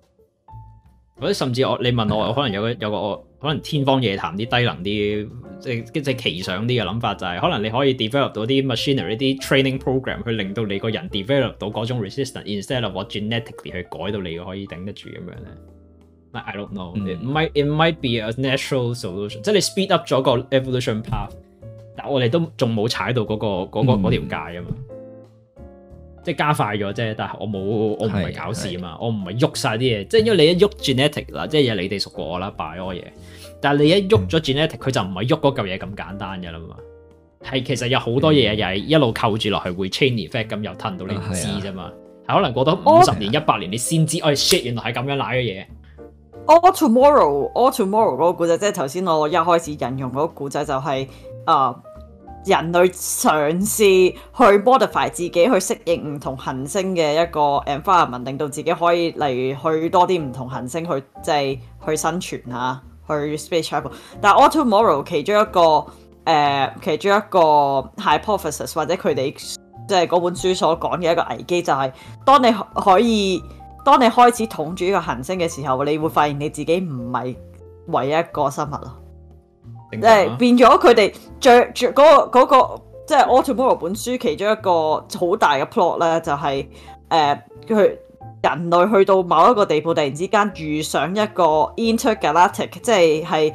或者甚至我你問我，啊、我可能有個有個可能天方夜譚啲低能啲，即係即係奇想啲嘅諗法就係、是，可能你可以 develop 到啲 machinery 啲 training program 去令到你個人 develop 到嗰種 resistance，instead of 我 genetically 去改到你可以頂得住咁樣咧。I don't know。It might it might be a natural solution，嗯、即係你 speed up 咗個 evolution path，但我哋都仲冇踩到嗰、嗰個嗰、嗯、條界啊嘛，即係加快咗啫。但係我冇我唔係搞事啊嘛，我唔係喐晒啲嘢。即係因為你一喐 genetic 啦，即係你哋熟過我啦，擺嗰嘢。但係你一喐咗 genetic，佢、嗯、就唔係喐嗰嚿嘢咁簡單嘅啦嘛。係其實有好多嘢又係一路扣住落去，會 chain effect 咁又吞到你唔知啫嘛。係、啊、可能過多五十年、一百、哦啊、年，你先知哦、哎、shit，原來係咁樣賴嘅嘢。All tomorrow, all tomorrow 嗰個古仔，即係頭先我一開始引用嗰個古仔，就係、呃、人類嘗試去 modify 自己去適應唔同行星嘅一個 environment，令到自己可以嚟去多啲唔同行星去即係去生存啊，去 space travel。但係 all tomorrow 其中一個誒、呃、其中一個 hypothesis 或者佢哋即係嗰本書所講嘅一個危機就係、是，當你可以。當你開始統住呢個行星嘅時候，你會發現你自己唔係唯一一個生物咯、啊嗰個嗰個，即係變咗佢哋嗰個即係《All Tomorrows》本書其中一個好大嘅 plot 咧，就係誒佢人類去到某一個地步，突然之間遇上一個 intergalactic，即係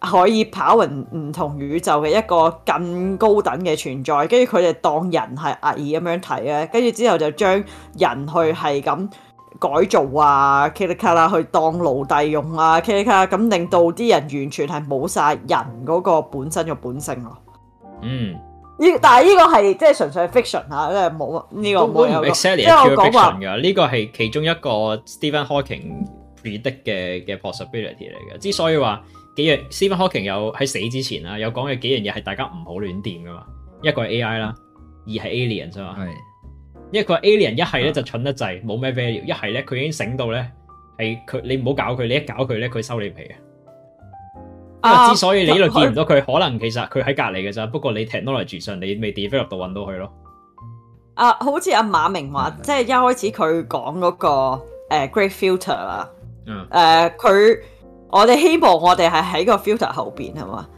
可以跑勻唔同宇宙嘅一個更高等嘅存在，跟住佢哋當人係異異咁樣睇咧，跟住之後就將人去係咁。改造啊 Kerikala 去當奴隸用啊 Kerikala 咁令到啲人完全係冇晒人嗰個本身嘅本性咯。嗯，依但係呢個係即係純粹 fiction 吓，即係冇呢個冇有，因為我講話呢個係其中一個 Stephen Hawking predict 嘅嘅 possibility 嚟嘅。之所以話幾樣 Stephen Hawking 有喺死之前啊，有講嘅幾樣嘢係大家唔好亂掂噶嘛。一個係 AI 啦，二係 aliens 啊，係。一個 alien 一係咧就蠢得滯，冇咩、uh, value，一係咧佢已經醒到咧，係，佢你唔好搞佢，你一搞佢咧佢收你皮啊！啊！Uh, 之所以你度見唔到佢，uh, 他可能其實佢喺隔籬嘅咋。不過你 technology 上你未 develop 到搵到佢咯。Uh, 啊，好似阿馬明話，uh, 即係一開始佢講嗰個誒、uh, great filter 啦、uh, uh,。嗯。誒，佢我哋希望我哋係喺個 filter 後邊係嘛？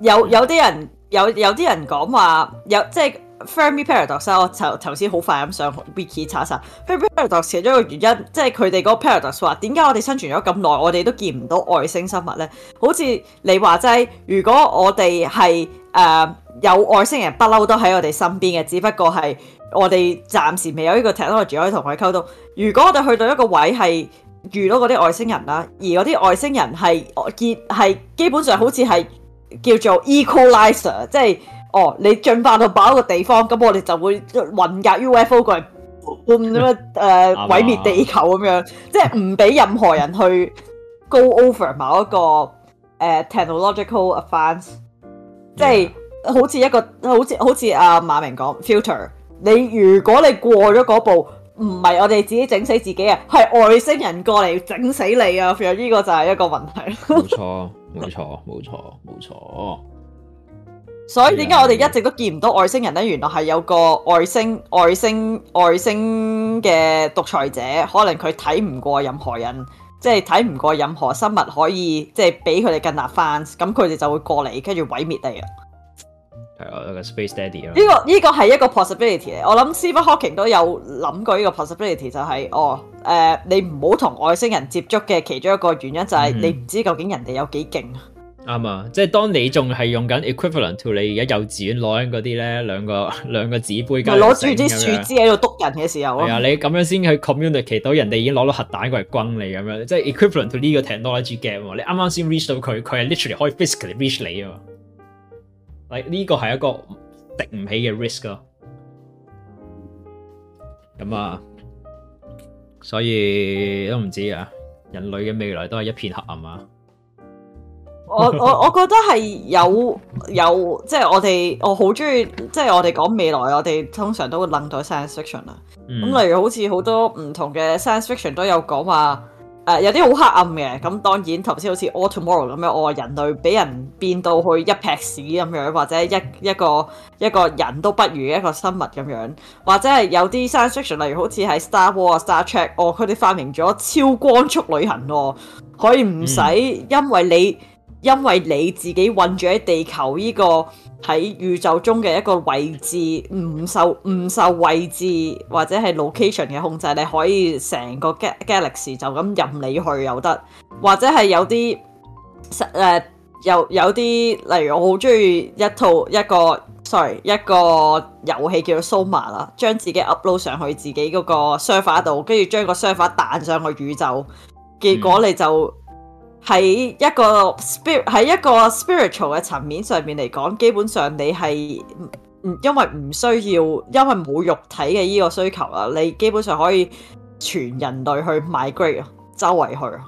有有啲人有有啲人講話有即係。Fermi paradox 我頭頭先好快咁上 wiki 查一查 Fermi paradox，其中一個原因，即係佢哋嗰個 paradox，話點解我哋生存咗咁耐，我哋都見唔到外星生物咧？好似你話齋，如果我哋係誒有外星人，不嬲都喺我哋身邊嘅，只不過係我哋暫時未有呢個 technology 可以同佢溝通。如果我哋去到一個位係遇到嗰啲外星人啦，而嗰啲外星人係結係基本上好似係叫做 equalizer，即係。哦，你進化到某一個地方，咁我哋就會混架 UFO 過嚟，換咩誒毀滅地球咁樣，即係唔俾任何人去 go over 某一個 technological advance，即係好似一個 好似好似阿、啊、馬明講 filter 你如果你過咗嗰步，唔係我哋自己整死自己啊，係外星人過嚟整死你啊，咁、這、呢個就係一個問題。冇錯冇錯，冇錯，冇錯。沒錯。所以點解我哋一直都見唔到外星人咧？原來係有個外星外星外星嘅獨裁者，可能佢睇唔過任何人，即係睇唔過任何生物可以即係比佢哋更 advanced，咁佢哋就會過嚟，跟住毀滅你啊！係啊，一個 space daddy 啊、這個！呢個呢個係一個 possibility 嚟、嗯。我諗 Stephen Hawking 都有諗過呢個 possibility，就係、是、哦誒、呃，你唔好同外星人接觸嘅其中一個原因就係、是嗯、你唔知究竟人哋有幾勁。啱啊！即係當你仲係用緊 equivalent to 你而家幼稚園攞緊嗰啲咧，兩個兩個紙杯咁，攞住支樹枝喺度篤人嘅時候、啊啊，你咁樣先去 communicate 到人哋已經攞到核彈過嚟轟你咁樣，即係 equivalent to 呢個 technology gap。你啱啱先 reach 到佢，佢係 literally 可以 physically reach 你啊嘛！呢、這個係一個抵唔起嘅 risk 咯。咁啊，所以都唔知啊，人類嘅未來都係一片黑暗啊！ 我我我覺得係有有即係、就是、我哋我好中意即係我哋講未來，我哋通常都會諗到 science fiction 啦。咁、嗯、例如好似好多唔同嘅 science fiction 都有講話、呃、有啲好黑暗嘅。咁當然頭先好似 all tomorrow 咁樣，我、哦、話人類俾人變到去一劈屎咁樣，或者一一個一個人都不如一個生物咁樣，或者係有啲 science fiction，例如好似喺 Star Wars、Star Trek，哦，佢哋發明咗超光速旅行喎、哦，可以唔使因為你。因為你自己困住喺地球呢個喺宇宙中嘅一個位置，唔受唔受位置或者係 location 嘅控制，你可以成個 galaxy 就咁任你去又得，或者係有啲、呃、有有啲例如我好中意一套一個 sorry 一個遊戲叫做 Soma 啦，將自己 upload 上去自己嗰個 server 度，跟住將個 server 彈上去宇宙，結果你就～、嗯喺一個 spirit 喺一個 spiritual 嘅層面上面嚟講，基本上你係唔因為唔需要，因為冇肉體嘅呢個需求啦，你基本上可以全人類去 migrate 啊，周圍去啊。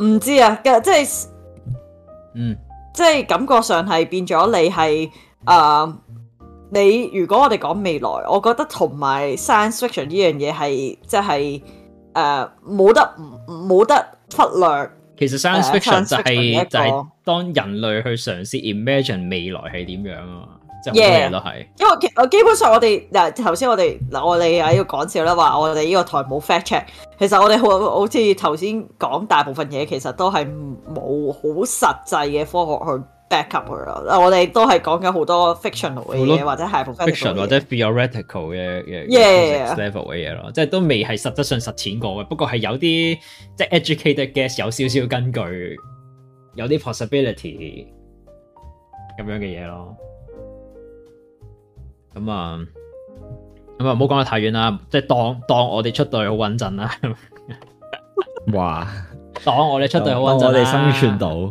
唔知啊，即係，嗯，即係感覺上係變咗你係啊、呃。你如果我哋講未來，我覺得同埋 science fiction 呢樣嘢係即係。誒，冇、uh, 得冇得忽略，其實 science fiction 就係、是 uh, 就係當人類去嘗試 imagine 未來係點樣啊，Yeah. 即係好多嘢都係。因為其基本上我哋嗱頭先我哋嗱我哋喺度講笑啦，話我哋呢個台冇 fact check，其實我哋好好似頭先講大部分嘢，其實都係冇好實際嘅科學去。我哋都係講緊好多 fictional 嘅嘢，Fiction 或者係 fiction 或者 theoretical 嘅嘅嘢咯，即係都未係實質上實踐過嘅，不過係有啲即係 educated guess 有少少根據，有啲 possibility 咁樣嘅嘢咯。咁啊，咁、嗯、啊，唔好講得太遠啦，即係當當我哋出隊好穩陣啦。哇！當我哋出隊好穩陣我哋、啊、生存到。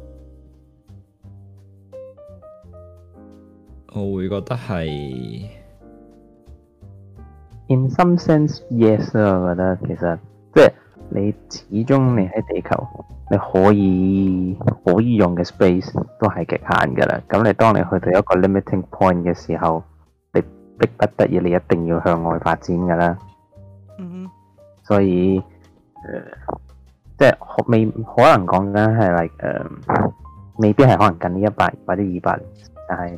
我會覺得係。In some sense, yes，我覺得其實即係你始終你喺地球，你可以可以用嘅 space 都係極限噶啦。咁你當你去到一個 limiting point 嘅時候，逼逼不得已，你一定要向外發展噶啦。Mm hmm. 所以，呃，即係未可能講緊係，嚟誒，未必係可能近呢一百或者二百，但係。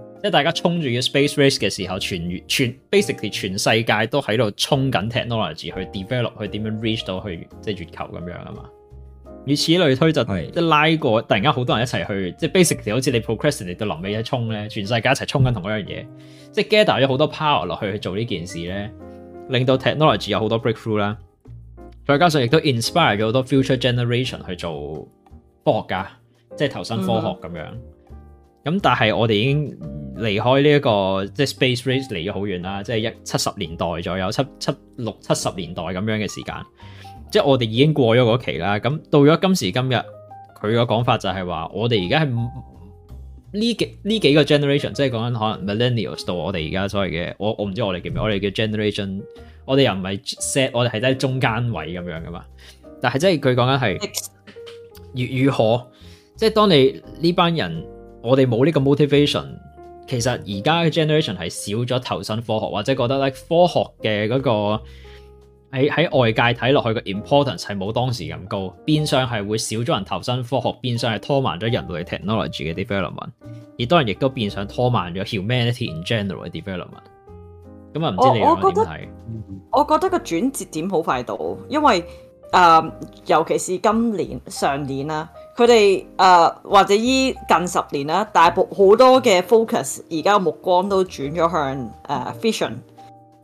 即大家衝住嘅 space race 嘅時候，全全 basically 全世界都喺度衝緊 technology 去 develop，去點樣 reach 到去即月球咁樣啊嘛。以此類推就係一的拉過，突然間好多人一齊去，即 basically 好似你 progress 嚟到臨尾一衝咧，全世界一齊衝緊同嗰樣嘢，即 gather 咗好多 power 落去去做呢件事咧，令到 technology 有好多 breakthrough 啦。再加上亦都 inspire 咗好多 future generation 去做科學家，即係投身科學咁樣。咁的、嗯、但係我哋已經，離開呢、這、一個即係 space race 嚟咗好遠啦，即係一七十年代左右，七七六七十年代咁樣嘅時間，即係我哋已經過咗嗰期啦。咁到咗今時今日，佢嘅講法就係話，我哋而家係呢幾呢幾個 generation，即係講緊可能 millennials 到我哋而家所謂嘅我我唔知我哋叫咩，我哋叫 generation，我哋又唔係 Z，我哋係喺中間位咁樣噶嘛。但係即係佢講緊係如如何，即係當你呢班人我哋冇呢個 motivation。其實而家嘅 generation 係少咗投身科學，或者覺得咧、like, 科學嘅嗰、那個喺喺外界睇落去嘅 importance 係冇當時咁高，變相係會少咗人投身科學，變相係拖慢咗人類 technology 嘅 development，而當然亦都變相拖慢咗 humanity in general 嘅 development。咁啊，唔知你點睇？我覺得、我覺得個轉折點好快到，因為、呃、尤其是今年上年啦、啊。佢哋誒或者依近十年啦，大部好多嘅 focus 而家嘅目光都轉咗向誒、呃、fission、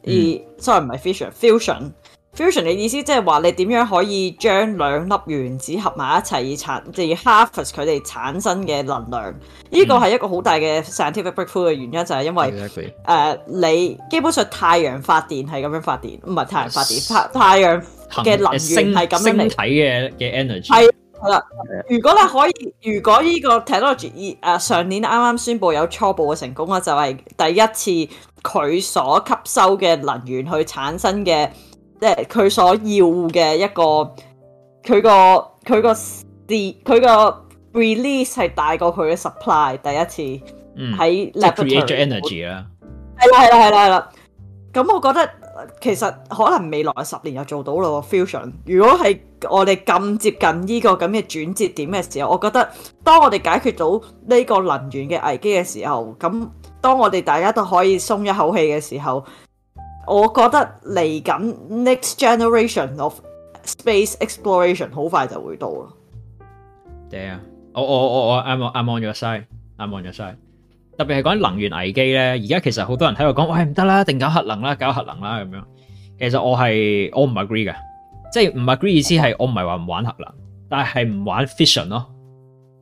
嗯、而 sorry 唔係 fission fusion fusion 嘅意思即係話你點樣可以將兩粒原子合埋一齊以產，即係 harvest 佢哋產生嘅能量。呢個係一個好大嘅 scientific breakthrough 嘅原因，就係、是、因為誒、嗯 uh, 你基本上太陽發電係咁樣發電，唔係太陽發電太、uh, 太陽嘅能源係咁樣嚟睇嘅嘅 energy。係啦，如果你可以，如果呢個 technology，誒、啊、上年啱啱宣布有初步嘅成功啦，就係、是、第一次佢所吸收嘅能源去產生嘅，即係佢所要嘅一個，佢個佢個佢個 release 係大過佢嘅 supply 第一次，喺、嗯、create energy 啦本，係啦係啦係啦係啦，咁我覺得。其實可能未來十年又做到咯。Fusion，如果係我哋咁接近呢個咁嘅轉折點嘅時候，我覺得當我哋解決到呢個能源嘅危機嘅時候，咁當我哋大家都可以鬆一口氣嘅時候，我覺得嚟緊 next generation of space exploration 好快就會到啦。Dear，我我我我 I'm I'm on your side，I'm on your side。特別係講能源危機咧，而家其實好多人喺度講，喂，唔得啦，定搞核能啦，搞核能啦咁樣。其實我係我唔 agree 嘅，即係唔 agree 意思係我唔係話唔玩核能，但係唔玩 fission 咯，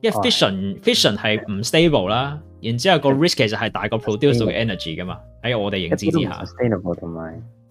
因為 fission、哎、fission 係唔 stable 啦，然之後個 risk 其實係大過 produce 嘅 energy 噶嘛，喺我哋認知之下。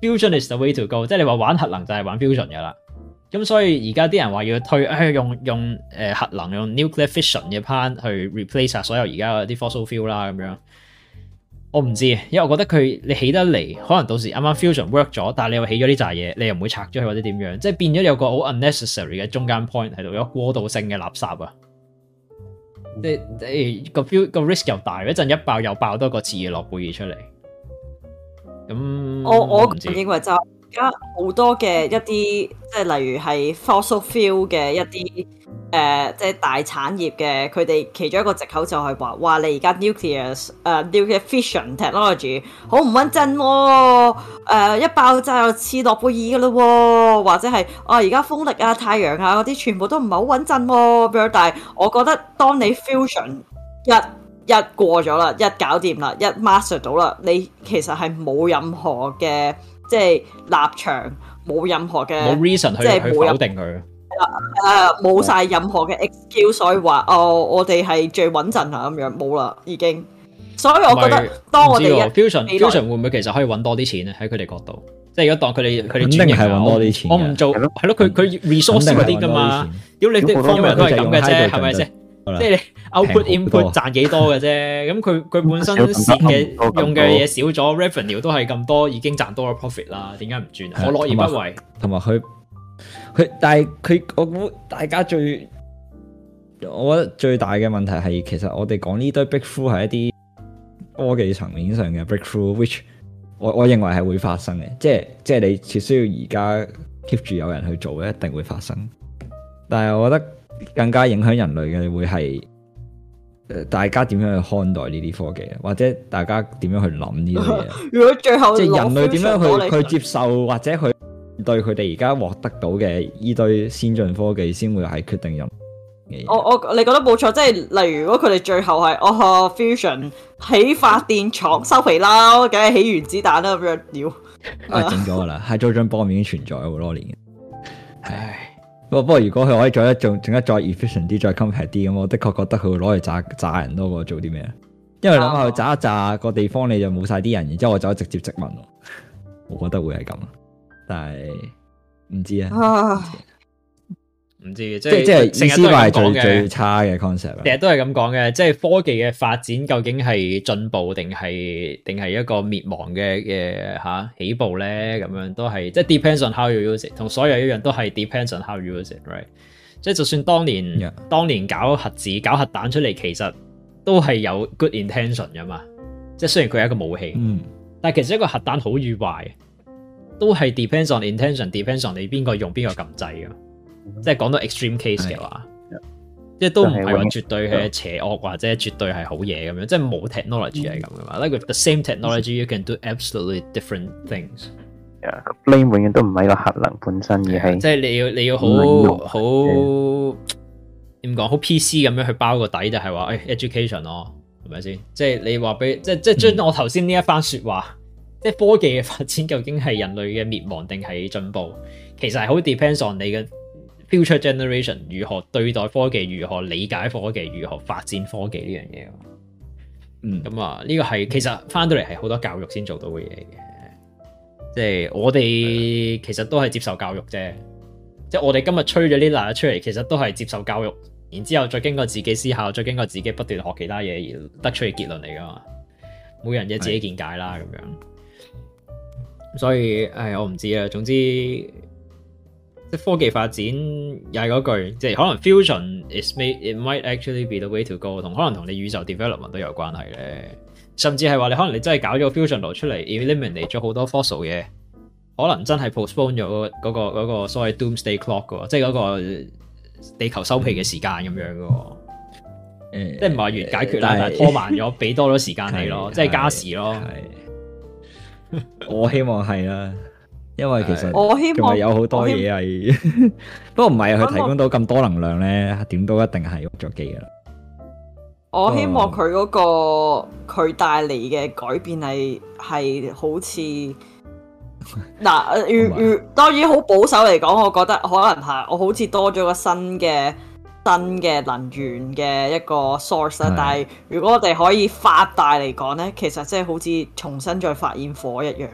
Fusion is the way to go，即係你話玩核能就係玩 fusion 噶啦，咁所以而家啲人話要推，誒、哎、用用誒、呃、核能用 nuclear fission 嘅 pan 去 replace 下所有而家嗰啲 fossil fuel 啦，咁樣我唔知，因為我覺得佢你起得嚟，可能到時啱啱 fusion work 咗，但係你又起咗呢扎嘢，你又唔會拆咗佢或者點樣，即係變咗有個好 unnecessary 嘅中間 point 喺度，有過渡性嘅垃圾啊！即係個個 risk 又大，一陣一爆又爆多個切爾諾貝爾出嚟。嗯、我我認為就而家好多嘅一啲、呃，即係例如係 fossil fuel 嘅一啲，誒即係大產業嘅，佢哋其中一個藉口就係話，話你而家、uh, nuclear 誒 nuclear fusion technology 好唔穩陣喎、呃，一爆炸又似諾貝爾噶啦喎，或者係啊而家風力啊太陽啊嗰啲全部都唔係好穩陣喎咁樣，但係我覺得當你 fusion 一一過咗啦，一搞掂啦，一 master 到啦，你其實係冇任何嘅即係立場，冇任何嘅冇 reason 去去否定佢，誒冇晒任何嘅 excuse，所以話哦，我哋係最穩陣啊咁樣，冇啦已經。所以我覺得、嗯、當我哋 fusion 來 fusion 會唔會其實可以揾多啲錢咧？喺佢哋角度，即係如果當佢哋佢哋專業係揾多啲錢，我唔做係咯，佢佢要 resource 少啲㗎嘛。要你啲方面都係咁嘅啫，係咪先？即係你 output input 賺幾多嘅啫，咁佢佢本身蝕嘅用嘅嘢少咗 ，revenue 都係咁多，已經賺多咗 profit 啦。點解唔轉？我樂而不為，同埋佢佢，但係佢我估大家最，我覺得最大嘅問題係，其實我哋講呢堆 breakthrough 係一啲科技層面上嘅 breakthrough which 我我認為係會發生嘅，即係即係你只需要而家 keep 住有人去做，一定會發生。但係我覺得。更加影響人類嘅你會係，誒，大家點樣去看待呢啲科技啊？或者大家點樣去諗呢啲嘢？ 如果最後即係人類點樣去你去接受，或者佢對佢哋而家獲得到嘅呢堆先進科技，先會係決定任。我我你覺得冇錯，即係例如如果佢哋最後係哦、oh，fusion 起發電廠收皮啦，梗係起原子彈啦咁樣屌， 啊，整咗噶啦，係做張波已經存在好多年嘅，唉不過、哦，不過如果佢可以做一，仲仲一,一再 efficient 啲，再 compact 啲咁，我的確覺得佢會攞嚟炸炸人多過做啲咩，因為諗下佢炸一炸個地方，你就冇晒啲人，然之後我就可以直接殖民，我覺得會係咁，但係唔知啊。唔知道即即係成日都係講最，最差嘅 concept，其實都係咁講嘅。即係科技嘅發展究竟係進步定係定係一個滅亡嘅嘅、啊、起步咧？咁樣都係即係 depends on how you use it，同所有一樣都係 depends on how you use it，right？即係就算當年 Yeah. 當年搞核子搞核彈出嚟，其實都係有 good intention 噶嘛。即係雖然佢係一個武器，mm. 但其實一個核彈好與壞都係 dep depends on intention，depends on 你邊個用邊個撳掣噶。即係講到 extreme case 嘅話，的即係都唔係話絕對係邪惡是的或者絕對係好嘢咁樣，即係冇 technology 係咁噶嘛、嗯、？k e、like、the same technology、嗯、you can do absolutely different things。Yeah, the blame 永遠都唔係個核能本身，嘅 Yeah, 是，係即係你要你要好好點講，好 PC 咁樣去包個底就係、是、話、哎、，education 咯，係咪先？即係你話俾，即係即係將我頭先呢一番說話，嗯、即係科技嘅發展究竟係人類嘅滅亡定係進步？其實係好 depends on 你嘅。Future generation 如何對待科技，如何理解科技，如何發展科技呢樣嘢？嗯，咁啊，呢個係其實翻到嚟係好多教育先做到嘅嘢嘅，即係我哋其實都係接受教育啫，即係我哋今日吹咗啲嗱出嚟，其實都係接受教育，然之後再經過自己思考，再經過自己不斷學其他嘢而得出嘅結論嚟噶嘛，每人嘅自己見解啦咁的樣，所以誒，我唔知啦，總之。科技發展又係嗰句，即係可能 fusion is made，it might actually be the way to go，同可能同你宇宙 development 都有關係咧。甚至係話你可能你真係搞咗個 fusion 爐出嚟，eliminate 咗好多 fossil 嘢，可能真係 postpone 咗嗰、嗰個嗰個所謂 doomsday clock 嘅，即係嗰個地球收皮嘅時間咁樣嘅。誒、嗯，即係唔係話完解決啦，但係是拖慢咗，俾多咗時間你咯， 對即係加時咯。係，我希望係啦、啊。 因為其實佢係有好多嘢係， 不過唔係佢提供到咁多能量呢，點都一定係用咗機嘅啦。我希望佢嗰、嗰個佢、oh. 帶嚟嘅改變係係好似嗱，如如當然好保守嚟講，我覺得可能係我好似多咗個新嘅新嘅能源嘅一個 source 是但係如果我哋可以發大嚟講呢，其實即係好似重新再發現火一樣。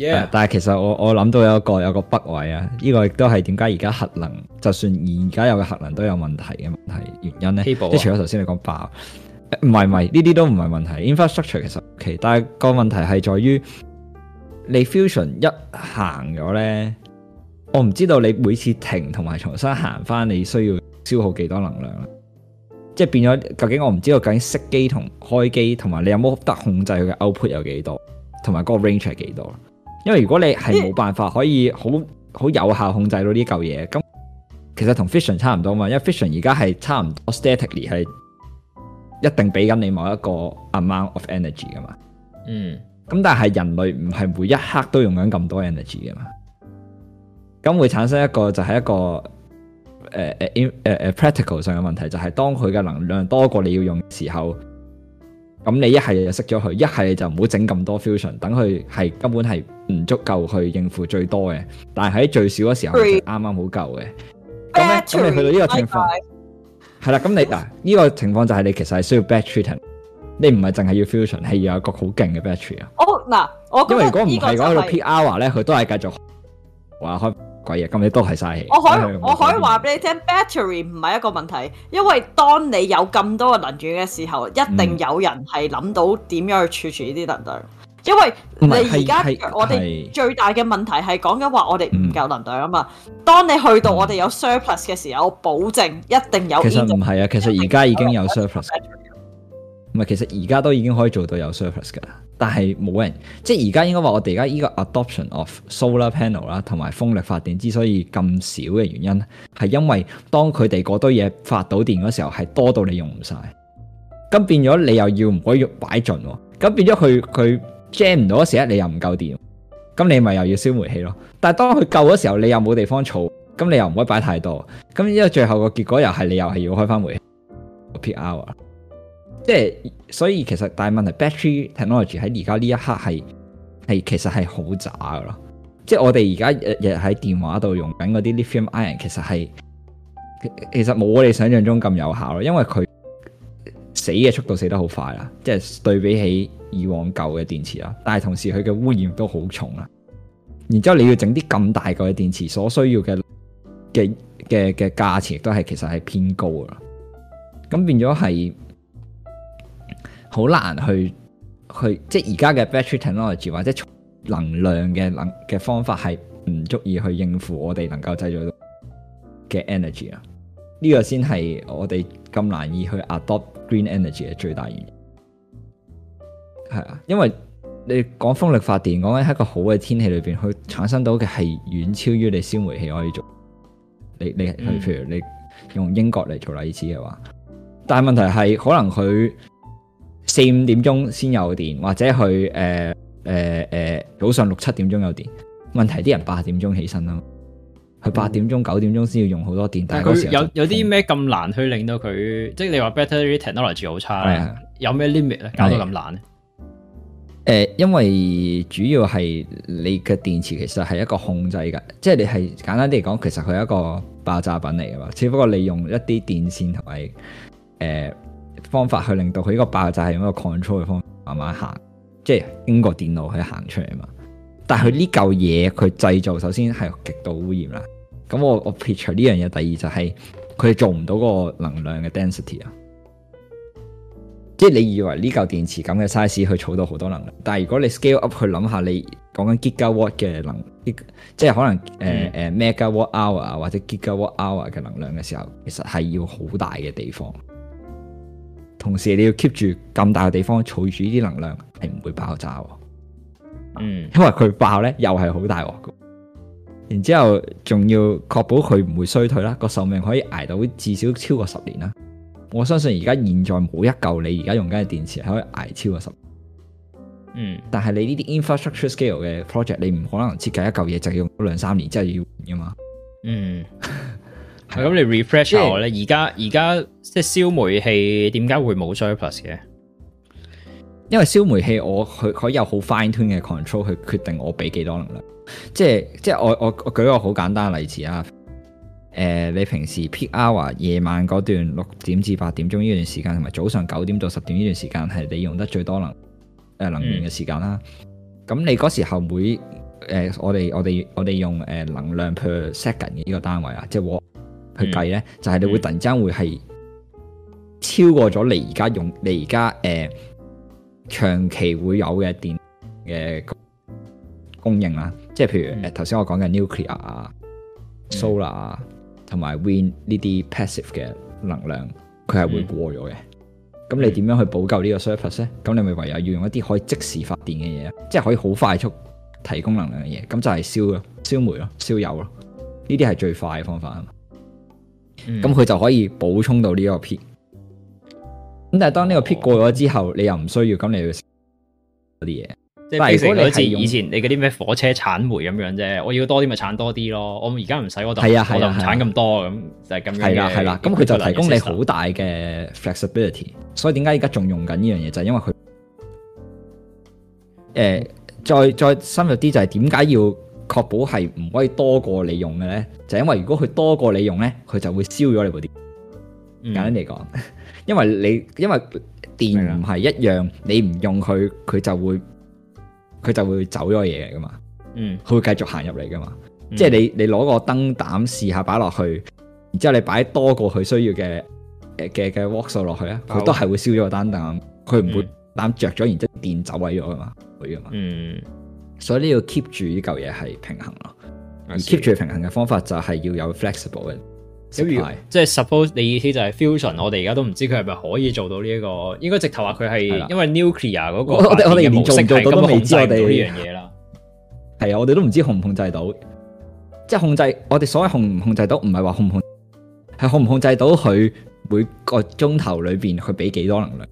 Yeah. 但係其實我我諗到有一個有個北位啊，呢個亦都係點解而家核能就算而家有個核能都有問題嘅問題原因咧，即 C able. 除咗頭先你講爆，唔係唔係呢啲都唔係問題，infrastructure 其實 OK，但係個問題係在於你 fusion 一行咗咧，我唔知道你每次停同埋重新行翻你需要消耗幾多能量啦，即係變咗究竟我唔知道究竟熄機同開機同埋你有冇得控制佢嘅 output 有幾多，同埋個 range 係幾多。因為如果你係冇辦法可以好好有效控制到呢嚿嘢，咁其實同 fission 差唔多嘛，因為 fission 而家係差唔多 statically 係一定俾緊你某一個 amount of energy 噶嘛。嗯。咁但係人類唔係每一刻都用緊咁多 energy 噶嘛，咁會產生一個就係一個誒誒誒 practical 上嘅問題，就係，是，當佢嘅能量多過你要用嘅時候。咁你一係就熄咗佢，一係就唔好整咁多 fusion，等佢係根本係唔足夠去應付最多嘅。但喺最少嘅時候，就啱啱好夠嘅。咁咧 Battery.，因為去到呢個情況，係啦 My guy.，咁你嗱呢 個情況就係你其實係需要 battery 嘅，你唔係淨係要 fusion，係要有一個好勁嘅 battery 啊。Oh, nah, 我嗱，我因為如果唔係講到 PR 咧，佢都係繼續話開。咁你都係嘥氣。我可以我可以話俾你聽，battery 唔係一個問題，因為當你有咁多嘅能源嘅時候，一定有人係諗到點樣去儲存呢啲能量。因為你而家我哋最大嘅問題係講緊話我哋唔夠能量啊嘛。當你去到我哋有 surplus 嘅時候，我保證一定有。其實唔係啊，其實而家已經有 surplus。唔係，其實而家都已經可以做到有 surplus 噶。但係冇人，即係而家應該話我哋而家依個 adoption of solar panel 啦，同埋風力發電之所以咁少嘅原因，係因為當佢哋嗰堆嘢發到電嗰時候係多到你用唔晒。咁變咗你又要唔可以擺盡，咁變咗佢佢 jam 唔到嗰時候，你又唔夠電，咁你咪又要燒煤氣咯。但係當佢夠嘅時候，你又冇地方儲，咁你又唔可以擺太多，咁呢個最後個結果又係你又係要開翻煤 peak hour 即係，所以其實大問題，battery technology 喺而家呢一刻係係其實係好渣噶咯。即係我哋而家日日喺電話度用緊嗰啲 lithium ion，其實係其實冇我哋想象中咁有效咯。因為佢死嘅速度死得好快啦，即係對比起以往舊嘅電池啦。但係同時佢嘅污染都好重啦。然之後你要整啲咁大嚿嘅電池，所需要嘅嘅嘅嘅價錢亦都係其實係偏高噶啦。咁變咗係。好難去去，即係而家嘅 battery technology 或者能量嘅能嘅方法係唔足以去應付我哋能夠製造到嘅 energy 啊！呢個先係我哋咁難以去 adopt green energy 嘅最大原因。係啊，因為你講風力發電，講緊喺一個好嘅天氣裏面，佢產生到嘅係遠超於你燒煤氣可以做。你，你譬如你用英國嚟做例子嘅話，嗯、但係問題係可能佢。四五點鐘先有電，或者佢誒誒誒早上六七點鐘有電。問題啲人八點鐘起身啦，佢八點鐘九點鐘先要用好多電。嗯、但係佢有有啲咩咁難去令到佢，即係你話 battery technology 好差，的有咩 limit 咧？搞到咁難咧？誒、呃，因為主要係你嘅電池其實係一個控制嘅，即係你係簡單啲嚟講，其實佢係一個爆炸品嚟嘅嘛。只不過你用一啲電線同埋誒。呃方法去令到佢呢個爆炸係用一個 control 嘅方法慢慢行，即係經過電腦去行出嚟嘛。但係佢呢嚿嘢佢製造首先係極度污染啦。咁我我 picture 呢樣嘢，第二就係、是、佢做唔到個能量嘅 density 啊。即係你以為呢嚿電池咁嘅 size 去儲到好多能量，但係如果你 scale up 去諗下，你講緊 gigawatt 嘅能，giga, 即係可能誒誒、嗯呃、megawatt hour 或者 gigawatt hour 嘅能量嘅時候，其實係要好大嘅地方。同時，你要 keep 住咁大嘅地方儲住呢啲能量係唔會爆炸，嗯，因為佢爆呢又係好大鑊，然之後仲要確保佢唔會衰退啦，個壽命可以挨到至少超過十年啦。我相信而家現在冇一嚿你而家用緊嘅電池係可以挨超過十年！嗯、但係你呢啲 infrastructure scale 嘅 project，你唔可能設計一嚿嘢就要用兩三年之後，就是、要換噶嘛，嗯。係咁，你 refresh 下我咧。而家而家即係燒煤氣，點解會冇 surplus 嘅？因為燒煤氣，我佢佢有好 fine tune 嘅 control 去決定我俾幾多能量。即係即係我我我舉個好簡單例子啊。誒、呃，你平時 peak hour 夜晚嗰段六點至八點鐘呢段時間，同埋早上九點到十點呢段時間，係你用得最多能誒、呃、能源嘅時間啦。咁、嗯、你嗰時候每誒、呃、我哋我哋我哋用誒能量 per second 嘅呢個單位啊，即係嗯、去計咧，就係、是、你會突然之間會係超過咗你而家用你而家誒長期會有嘅電嘅供應啦。即係譬如誒頭先我講嘅 nuclear 啊、嗯、solar 啊同埋 wind 呢啲 passive 嘅能量，佢係會過咗嘅。咁、嗯、你點樣去補救這個呢個 surface 咧？咁你咪唯有要用一啲可以即時發電嘅嘢，即、就、係、是、可以好快速提供能量嘅嘢。咁就係燒咯，燒煤咯，燒油咯，呢啲係最快嘅方法。咁佢、嗯、就可以補充到呢一個 peak，咁但係當呢個 peak 過咗之後，哦、你又唔需要咁你要嗰啲嘢。即係如果你好似以前你嗰啲咩火車鏟煤咁樣啫，我要多啲咪鏟多啲咯。我而家唔使我就係啊係啊唔鏟咁多咁、啊、就係咁樣嘅係啦。咁佢、啊啊、就提供你好大嘅 flexibility。所以點解而家仲用緊呢樣嘢就係、是、因為佢誒、呃，再再深入啲就係點解要？確保係唔可以多過你用嘅咧，就係、因為如果佢多過你用咧，佢就會燒咗你部電。嗯、簡單嚟講，因為你因為電唔係一樣，你唔用佢，佢就會佢就會走咗嘢嚟噶嘛。嗯，佢會繼續行入嚟噶嘛。嗯、即係你你攞個燈膽試下擺落去，然之後你擺多過佢需要嘅誒嘅嘅 work 數落去啊，佢都係會燒咗個燈膽。佢唔會膽着咗，然之後電走位咗啊嘛，佢啊嘛。嗯。所以你要 keep 住呢嚿嘢係平衡咯，而 keep 住平衡嘅方法就係要有 flexible 嘅。咁即係 suppose 你意思就係 fusion，我哋而家都唔知佢係咪可以做到呢一個應該直頭話佢係，因為 nuclear 嗰個的我哋我哋連做唔做到都未知我哋到呢樣嘢啦。係啊，我哋都唔知控唔控制到，即係控制我哋所謂控唔控制到，唔係話控唔控，係控唔控制到佢每個鐘頭裏邊去俾幾多能量。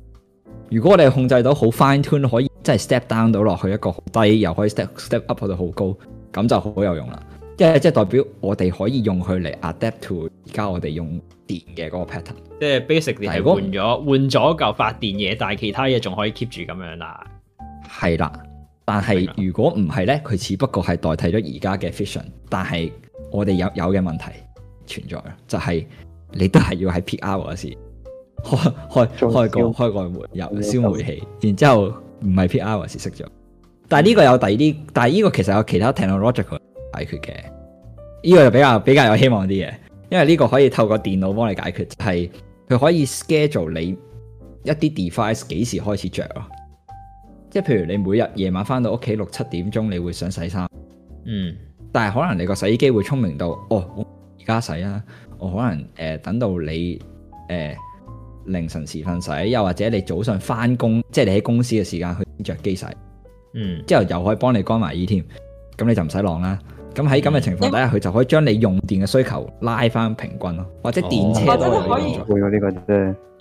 如果我哋控制到好 fine tune 可以。即係 step down 到落去一個好低，又可以 step step up 到好高，咁就好有用啦。即係即係代表我哋可以用佢嚟 adapt to 而家我哋用電嘅嗰個 pattern，即係 basically 係換咗換咗嚿發電嘢，但係其他嘢仲可以 keep 住咁樣啦。係啦，但係的如果唔係咧，佢只不過係代替咗而家嘅 fission，但係我哋有有嘅問題存在，就係、是、你都係要喺 pick up 嗰時開開開個開個煤油，又燒煤氣，然之後。唔係 P.R. 還是識咗，但係呢個有第二啲，但係呢個其實有其他 technological 解決嘅，呢、這個就比較比較有希望啲嘅，因為呢個可以透過電腦幫你解決，係、就、佢、是、可以 schedule 你一啲 device 幾時開始着咯，即譬如你每日夜晚返到屋企六七點鐘，你會想洗衫，嗯，但係可能你個洗衣機會聰明到，哦，我而家洗啊，我可能、呃、等到你誒。呃凌晨時分洗，又或者你早上翻工，即係你喺公司嘅時間去着機洗，嗯，之後又可以幫你乾埋衣添，咁你就唔使晾啦。咁喺咁嘅情況底下，佢、嗯、就可以將你用電嘅需求拉翻平均咯，或者電車都可以。我覺得可以。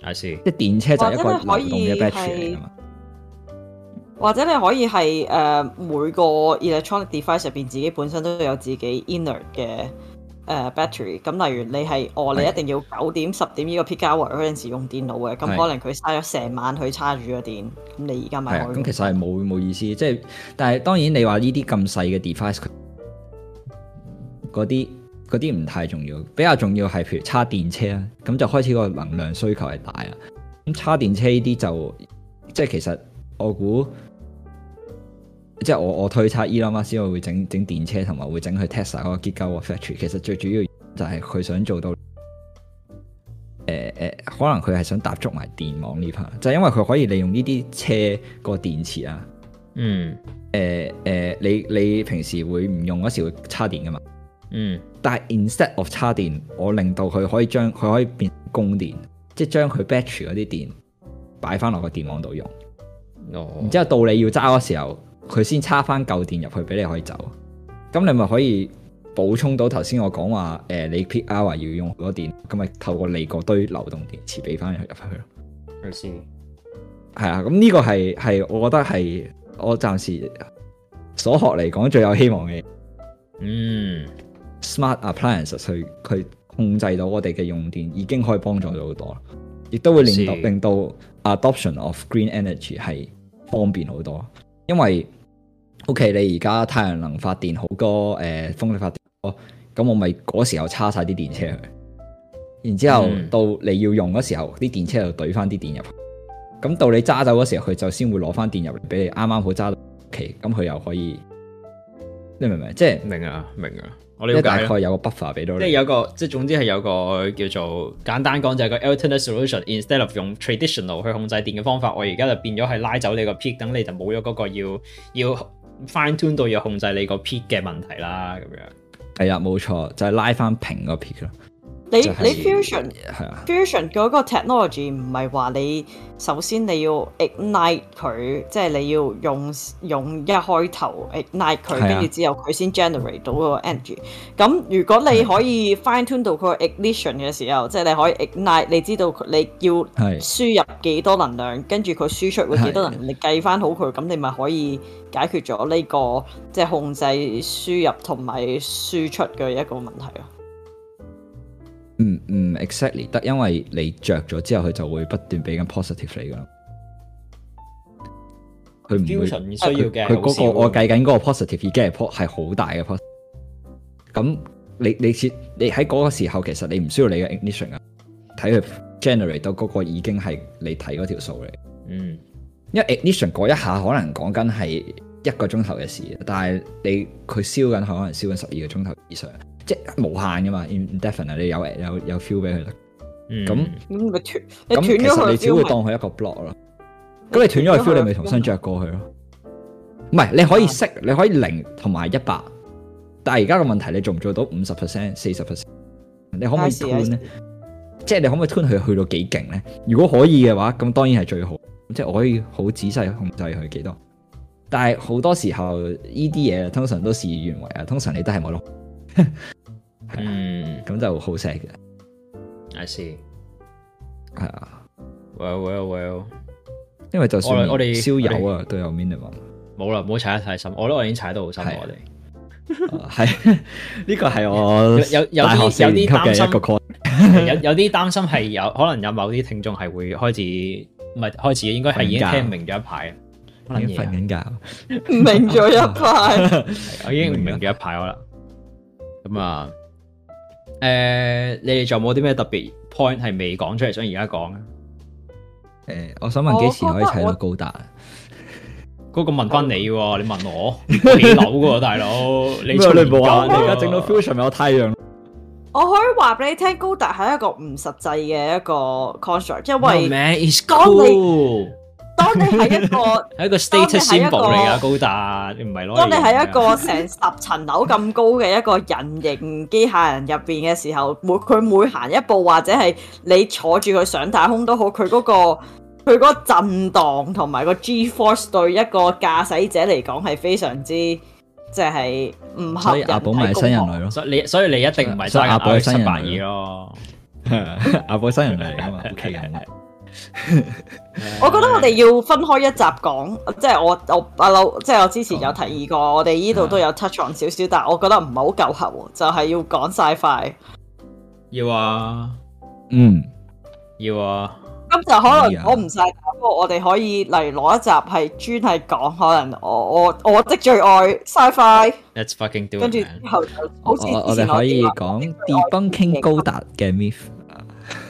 嗰即係電車就係一個移動嘅 battery 嚟啊嘛。或者你可以係誒、呃、每個 electronic device 入邊自己本身都有自己 inner 嘅。誒、uh, battery，咁例如你係，哦，你一定要九點十點呢個 peak hour 嗰陣時用電腦嘅，咁可能佢嘥咗成晚去插住個電，咁你而家咪開？係咁其實係冇冇意思，即係，但係當然你話呢啲咁細嘅 device，嗰啲嗰啲唔太重要，比較重要係譬如叉電車啊，咁就開始個能量需求係大啊，咁叉電車呢啲就即係其實我估。即係我我推測 Elon Musk 會整整電車同埋會整去 Tesla 嗰個結構個 battery，其實最主要就係佢想做到，誒、呃、誒、呃，可能佢係想踏足埋電網呢 part，就是、因為佢可以利用呢啲車個電池啊，嗯，誒誒、呃呃，你你平時會唔用嗰時會插電㗎嘛，嗯，但係 instead of 插電，我令到佢可以將佢可以變供電，即、就、係、是、將佢 battery 嗰啲電擺返落個電網度用，哦，然之後到你要揸嗰時候。佢先插翻舊電入去俾你可以走，咁你咪可以補充到頭先我講話誒，你 peak hour 要用好多電，咁咪透過你個堆流動電池俾翻入去咯，先 I see.？係啊，咁呢個係係，我覺得係我暫時所學嚟講最有希望嘅。嗯，smart appliance 佢佢控制到我哋嘅用電已經可以幫助到好多，亦都會令到 I see. 令到 adoption of green energy 係方便好多，因為。O.K. 你而家太陽能發電好多，誒、呃，風力發電哦。咁我咪嗰時候叉晒啲電車去，然之後到你要用嗰時候，啲、嗯、電車又懟翻啲電入，咁到你揸走嗰時候，佢就先會攞翻電入嚟，俾你剛剛，啱啱好揸到，O.K. 咁佢又可以，你明唔明？即係明啊，明啊，我了解。大概有個 buffer 俾到你，了了即係有個，即係總之係有個叫做簡單講就係個 alternative solution instead of 用 traditional 去控制電嘅方法，我而家就變咗係拉走你個 peak，等你就冇咗嗰個要要。fine tune 到要控制你個 peak 嘅問題啦，咁樣係啊，冇、哎、錯，就係、是、拉翻平個 peak 咯。你你 fusion fusion 嗰個 technology 唔係話你首先你要 ignite 佢，即係你要用用一開頭 ignite 佢，跟住之後佢先 generate 到個 energy。咁，啊，如果你可以 fine tune 到佢 ignition 嘅時候，即係你可以 ignite，你知道你要輸入幾多能量，跟住佢輸出會幾多能量，是你計翻好佢，咁你咪可以解決咗呢個即係控制輸入同埋輸出嘅一個問題咯。唔 exactly 得，mm, exactly, 因為你着咗之後，佢就會不斷俾緊 positive 你噶啦。佢唔需要嘅。佢嗰、啊那個我計緊嗰個 positive 已經係 o 係好大嘅 positive。咁你你似你喺嗰個時候，其實你唔需要你嘅 ignition 啊，睇佢 generate 到嗰個已經係你睇嗰條數嚟。嗯，因為 ignition 嗰一下可能講緊係一個鐘頭嘅事，但係你佢燒緊佢可能燒緊十二個鐘頭以上。即係無限噶嘛，indefinite, 你有有有 feel 俾佢啦，咁咁、嗯、那其實你只會當佢一個 block 咯，咁你斷咗個 feel，你咪重新着過去咯，唔係你可以識，你可以零同埋一百，但係而家個問題你做唔做到五十 percent、四十 percent，你可唔可以 tune 咧？即係、啊啊啊、你可唔可以 tune 佢去到幾勁咧？如果可以嘅話，咁當然係最好，即、就、係、是、我可以好仔細控制佢幾多，但係好多時候呢啲嘢通常都事與願違啊，通常你都係冇咯。 嗯，咁就好錫嘅。I see。係啊。Well, well, well。因為就算我哋燒油啊，都有 minimum。冇啦，唔好踩得太深。我都我已經踩得好深我哋。係呢個係我有有啲有啲心個有啲擔心係有可能有某啲聽眾係會開始唔係開始，應該係已經聽唔明咗一排。可能瞓緊覺。唔明咗一排。我已經唔明咗一排我啦。咁啊。誒、呃，你哋仲有冇啲咩特別 point 係未講出嚟，想而家講啊？誒，我想問幾時可以睇到高達？嗰 個問翻你喎，你問我，我幾樓嘅 大佬，你衝唔夠？你而家整到 fusion 有太陽？我可以話俾你聽，高達係一個唔實際嘅一個 concept，因為。No man, 當你係一個，係 一個 status symbol 嚟噶，高達你唔係咯。當你係一個成十層樓咁高嘅一個人形機械人入邊嘅時候，每佢每行一步，或者係你坐住佢上太空都好，佢嗰個佢嗰個震盪同埋個 g force 對一個駕駛者嚟講係非常之即係唔合。所以阿寶咪新人類咯，所以你所以你一定唔係真阿寶新人類咯，類 阿寶新人類嚟噶嘛， 人嚟。 我覺得我哋要分開一集講，即係我我阿老，即係我之前有提議過，oh. 我哋呢度都有 touch on 少少，但係我覺得唔係好夠喉，就係、是、要講晒快。要啊，嗯，要啊。咁就可能我唔晒，不過我哋可以嚟攞一集係專係講，可能我我我的最愛晒快。Let's fucking do。跟住之後就好之，似，我哋可以講 debunking 高達嘅 myth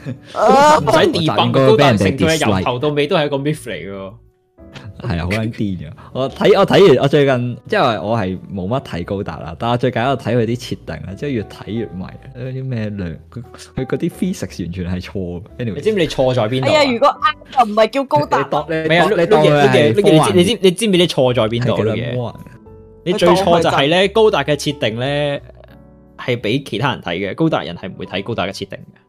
唔使跌崩個高達設定係由頭到尾都係一個 myth 嚟嘅，係啊，好鬼癲嘅。我睇我睇完我最近，即係我係冇乜睇高達啦。但係我最近喺度睇佢啲設定啊，即係越睇越迷。嗰啲咩量佢嗰啲 physics 完全係錯嘅。你知唔知你錯在邊度？哎呀，如果啱就唔係叫高達，你當你當你你知唔知你錯在邊度？你最錯就係咧高達嘅設定咧係俾其他人睇嘅，高達人係唔會睇高達嘅設定嘅。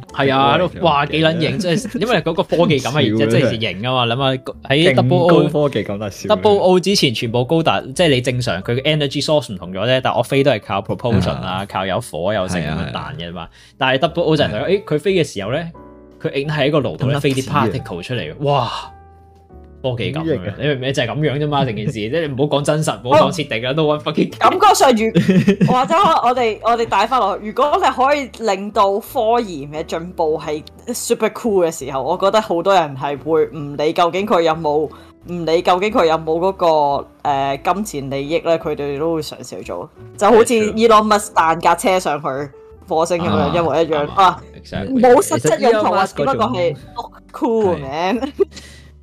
係 啊，都哇幾撚型，即係 因為嗰個科技感啊，而即係真係型啊嘛，諗下喺 Double O 科技 Double O 之前全部高達，即係你正常佢 energy source 唔同咗啫，但我飛都係靠 propulsion 啊，靠有火有成彈嘅嘛，係啊係啊、但係 Double O 就係誒佢飛嘅時候咧，佢影係一個爐度飛啲 particle 出嚟 part 哇！科技感，你明明就係咁樣啫嘛，成件事即係你唔好講真實，唔好講設定啦。No one fucking 感覺上，如或者我哋我哋帶翻落去，如果我哋可以令到科研嘅進步係 super cool 嘅時候，我覺得好多人係會唔理究竟佢有冇唔理究竟佢有冇嗰個金錢利益咧，佢哋都會嘗試去做，就好似 Elon Musk 彈架車上去火星咁樣一模一樣啊，冇實質用途啊，只不過係 cool man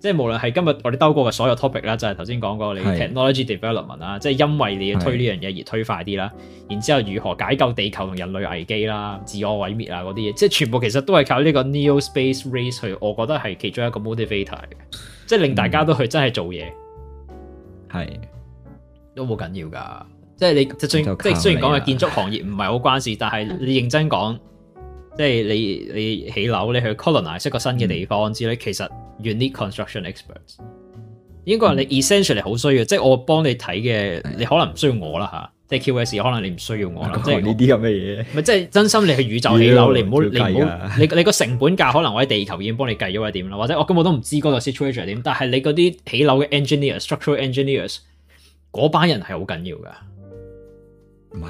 即係無論係今日我哋兜過嘅所有 topic 啦，就係頭先講過你 technology development 啦是，即係因為你推呢樣嘢而推快啲啦，是然之後如何解救地球同人類危機啦、自我毀滅啊嗰啲嘢，即係全部其實都係靠呢個 neo space race 去，我覺得係其中一個 motivator，、嗯、即係令大家都去真係是都係做嘢，係都好緊要噶。即係使你即係雖然講嘅建築行業唔係好關事， 但係你認真講，即係你你，你起樓你去 colonize 個新嘅地方、嗯、之類，其實。Unique construction experts，應該、嗯、你 essentially 好需要，即係我幫你睇嘅，你可能唔需要我啦吓，即係的 QS 可能你唔需要我啦，即係呢啲咁嘅嘢。唔係即係真心你係宇宙起樓， 你唔好你唔好你你個成本價可能我喺地球已經幫你計咗，或者點啦，或者我根本都唔知嗰個 situation 係點。但係你嗰啲起樓嘅 engineer、structural engineers 嗰班人係好緊要噶。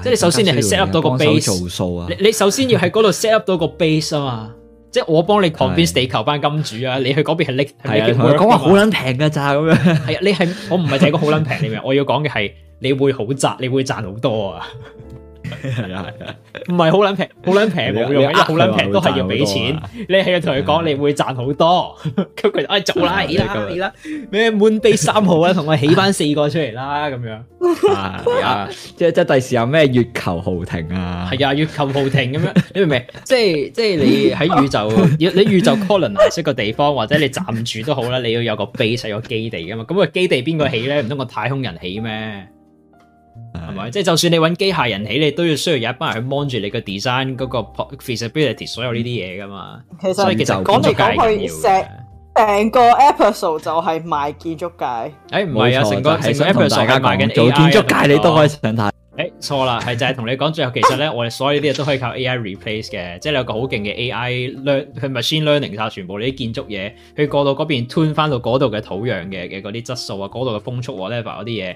是即係首先你係 set up 到個 base 數啊你，你首先要喺嗰度 set up 到個 base 啊嘛。 即係我幫你旁邊地球班金主啊，你去嗰邊係拎係啊，幾多？我講話好撚平㗎咋咁樣？係啊， 你係我唔係第一個好撚平你明唔明？我要講嘅係你會好賺，你會賺好多啊！係啊，係啊，唔係好捻平，好捻平冇用，因為好捻平都係要俾錢。你係要同佢講，你會賺好多。咁佢 就哎做啦，起啦，起啦，咩滿地三號啊，同 我起翻四個出嚟啦，咁樣。 啊，即係即係第時有咩月球豪庭啊？係 啊，月球豪庭咁樣，你明唔明？即係即係你喺宇宙， 你宇宙 colonise 嘅地方，或者你站住都好啦，你要有個 base 個基地噶嘛？咁 個基地邊、那個、個起咧？唔通個太空人起咩？係咪？即係、就是、就算你揾機械人起，你都要需要有一班人去幫住你的 design，個 design 嗰個 feasibility，所有呢啲嘢噶嘛。其實講嚟講去，成成個 episode 就係賣建築界。誒、哎，唔係啊，成、就是、個 episode 同大家講，啊、做建築界你都可以想睇。誒、哎，錯啦，係就係同你講，最後其實咧， 我哋所有呢啲嘢都可以靠 AI replace 嘅，即係有一個好勁嘅 AI learn 佢 machine learning 晒全部你啲建築嘢，去過那邊到嗰邊 tune 翻到嗰度嘅土壤嘅嘅嗰啲質素啊，嗰度嘅風速 level 嗰啲嘢。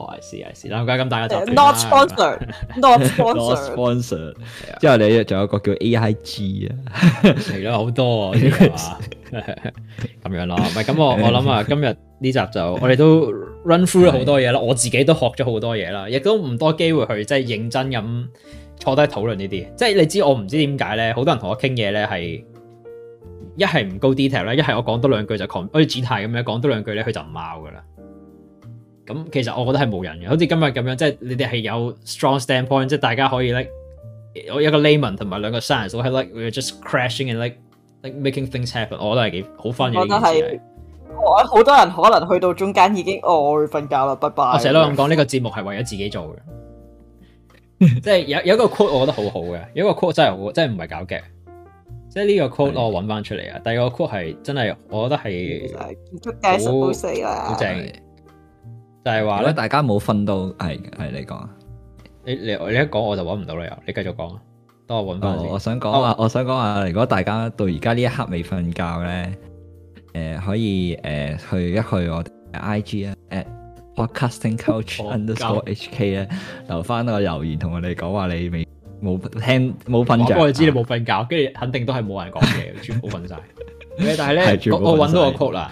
是係、啊、是、啊，難怪咁大、啊、 Not sponsor, s p o 嗎 Not sponsor，Not sponsor， 助、啊、之後你仲有個叫 AIG 啊，係咯好多，咁樣咯。唔係咁我我諗啊，今日呢集就我哋都 run through 咗好 多嘢啦，我自己都學咗好多嘢啦，亦都唔多機會去即係認真咁坐低討論呢啲。即係你知我唔知點解咧，好多人同我傾嘢咧係一係唔高 detail 啦一係我講多兩句就講好似姿態咁樣講多兩句咧，佢就唔拗噶啦。咁其實我覺得係冇人嘅，好似今日咁樣，即係你哋係有 strong standpoint，即係大家可以 like。我有一個 layman 同埋兩個 science，我係 like we're just crashing and like like making things happen。我覺得係幾好 fun 嘅。我覺得係，我好多人可能去到中間已經哦，瞓覺啦，拜拜。成日都咁講呢個節目係為咗自己做嘅， 即係有有一個 quote 我覺得好好嘅，有一個 quote qu 真係好，真係唔係搞嘅。即係呢個 quote 我揾翻出嚟啊！的第二個 quote 係真係我覺得係好正。就係話咧，大家冇瞓到，係係你講，你你你一講我就揾唔到理由，你繼續講，等我揾翻。我想講我想講下。如果大家到而家呢一刻未瞓覺咧，誒可以誒去一去我 IG 啊，at podcasting coach HK 咧，留翻個留言同我哋講話你未冇聽冇瞓覺，我知你冇瞓覺，跟住肯定都係冇人講嘢，全部瞓晒。但係咧，我揾到個曲啦。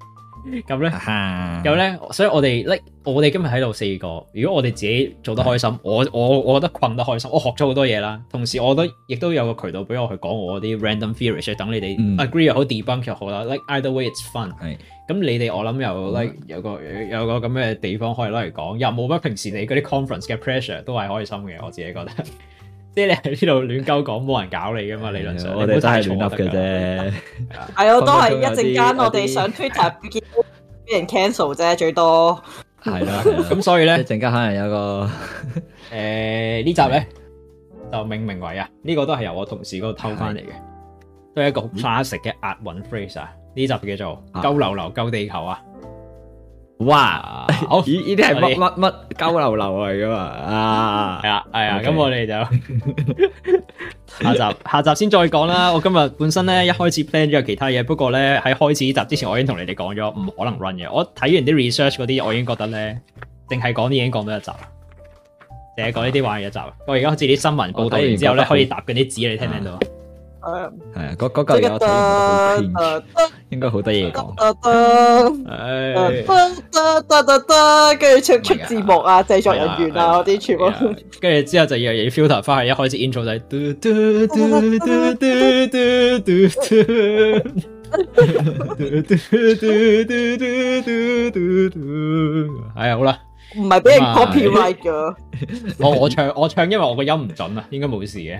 咁咧，咁咧、啊哈，所以我哋 like 我哋今日喺度四個，如果我哋自己做得開心，係。我我我覺得困得開心，我學咗好多嘢啦，同時我覺得亦都有個渠道俾我去講我啲 random theory，等你哋 agree 又好、嗯，debunk 又好啦，like either way it's fun。係。咁你哋我諗又 like 有個有個咁嘅地方可以攞嚟講，又冇乜平時你嗰啲 conference 嘅 pressure 都係開心嘅，我自己覺得。即係你喺呢度亂鳩講，冇人搞你噶嘛？理論上，我哋都係亂噏嘅啫。係咯，都係一陣間，我哋上 Twitter 俾人 cancel 啫，最多。係啦，咁所以咧一陣間可能有一個誒呢集咧就命名為啊，呢個都係由我同事嗰度偷翻嚟嘅，都係一個 classic 嘅押韻 phrase 啊。呢集叫做鳩流流鳩地球啊。哇，呢啲係乜乜乜交流流嚟噶嘛？啊，係啊，係啊，咁我哋就 下集下集先再講啦。我今日本身咧一開始 plan 咗其他嘢，不過咧喺開始這集之前我已經同你哋講咗唔可能 run 嘅。我睇完啲 research 嗰啲，我已經覺得咧淨係講啲已經講到一集，淨係講呢啲玩嘅一集。 我而家好似啲新聞報道，看完之後咧 可以答緊啲紙，你聽唔聽到？啊係、 哎、呀 啊，嗰嚿嘢我睇應該好 c l 多嘢講。跟住、嗯哎、出出字幕啊，製、啊、作人員啊嗰啲全部、哎呀。跟住 之後就要 filter 翻去一開始 i n t r 嘟、就、嘟、是。係啊、 哎，好啦。唔係俾人 copy r i g 我我唱我唱，我唱因為我個音唔準啊，應該冇事嘅。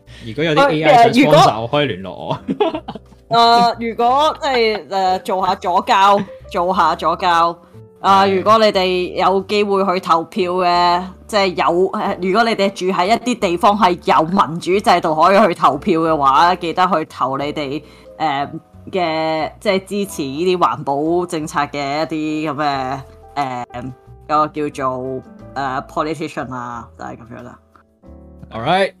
如果有啲 AI 想幫手，啊、可以聯絡我。誒、 啊，如果即係誒做下左交，做下左交。 啊，如果你哋有機會去投票嘅，即係有誒，如果你哋住喺一啲地方係有民主制度可以去投票嘅話，記得去投你哋誒嘅即係支持呢啲環保政策嘅一啲咁嘅誒一個叫做誒、呃、politician 啊，就係、是，咁樣啦。All right.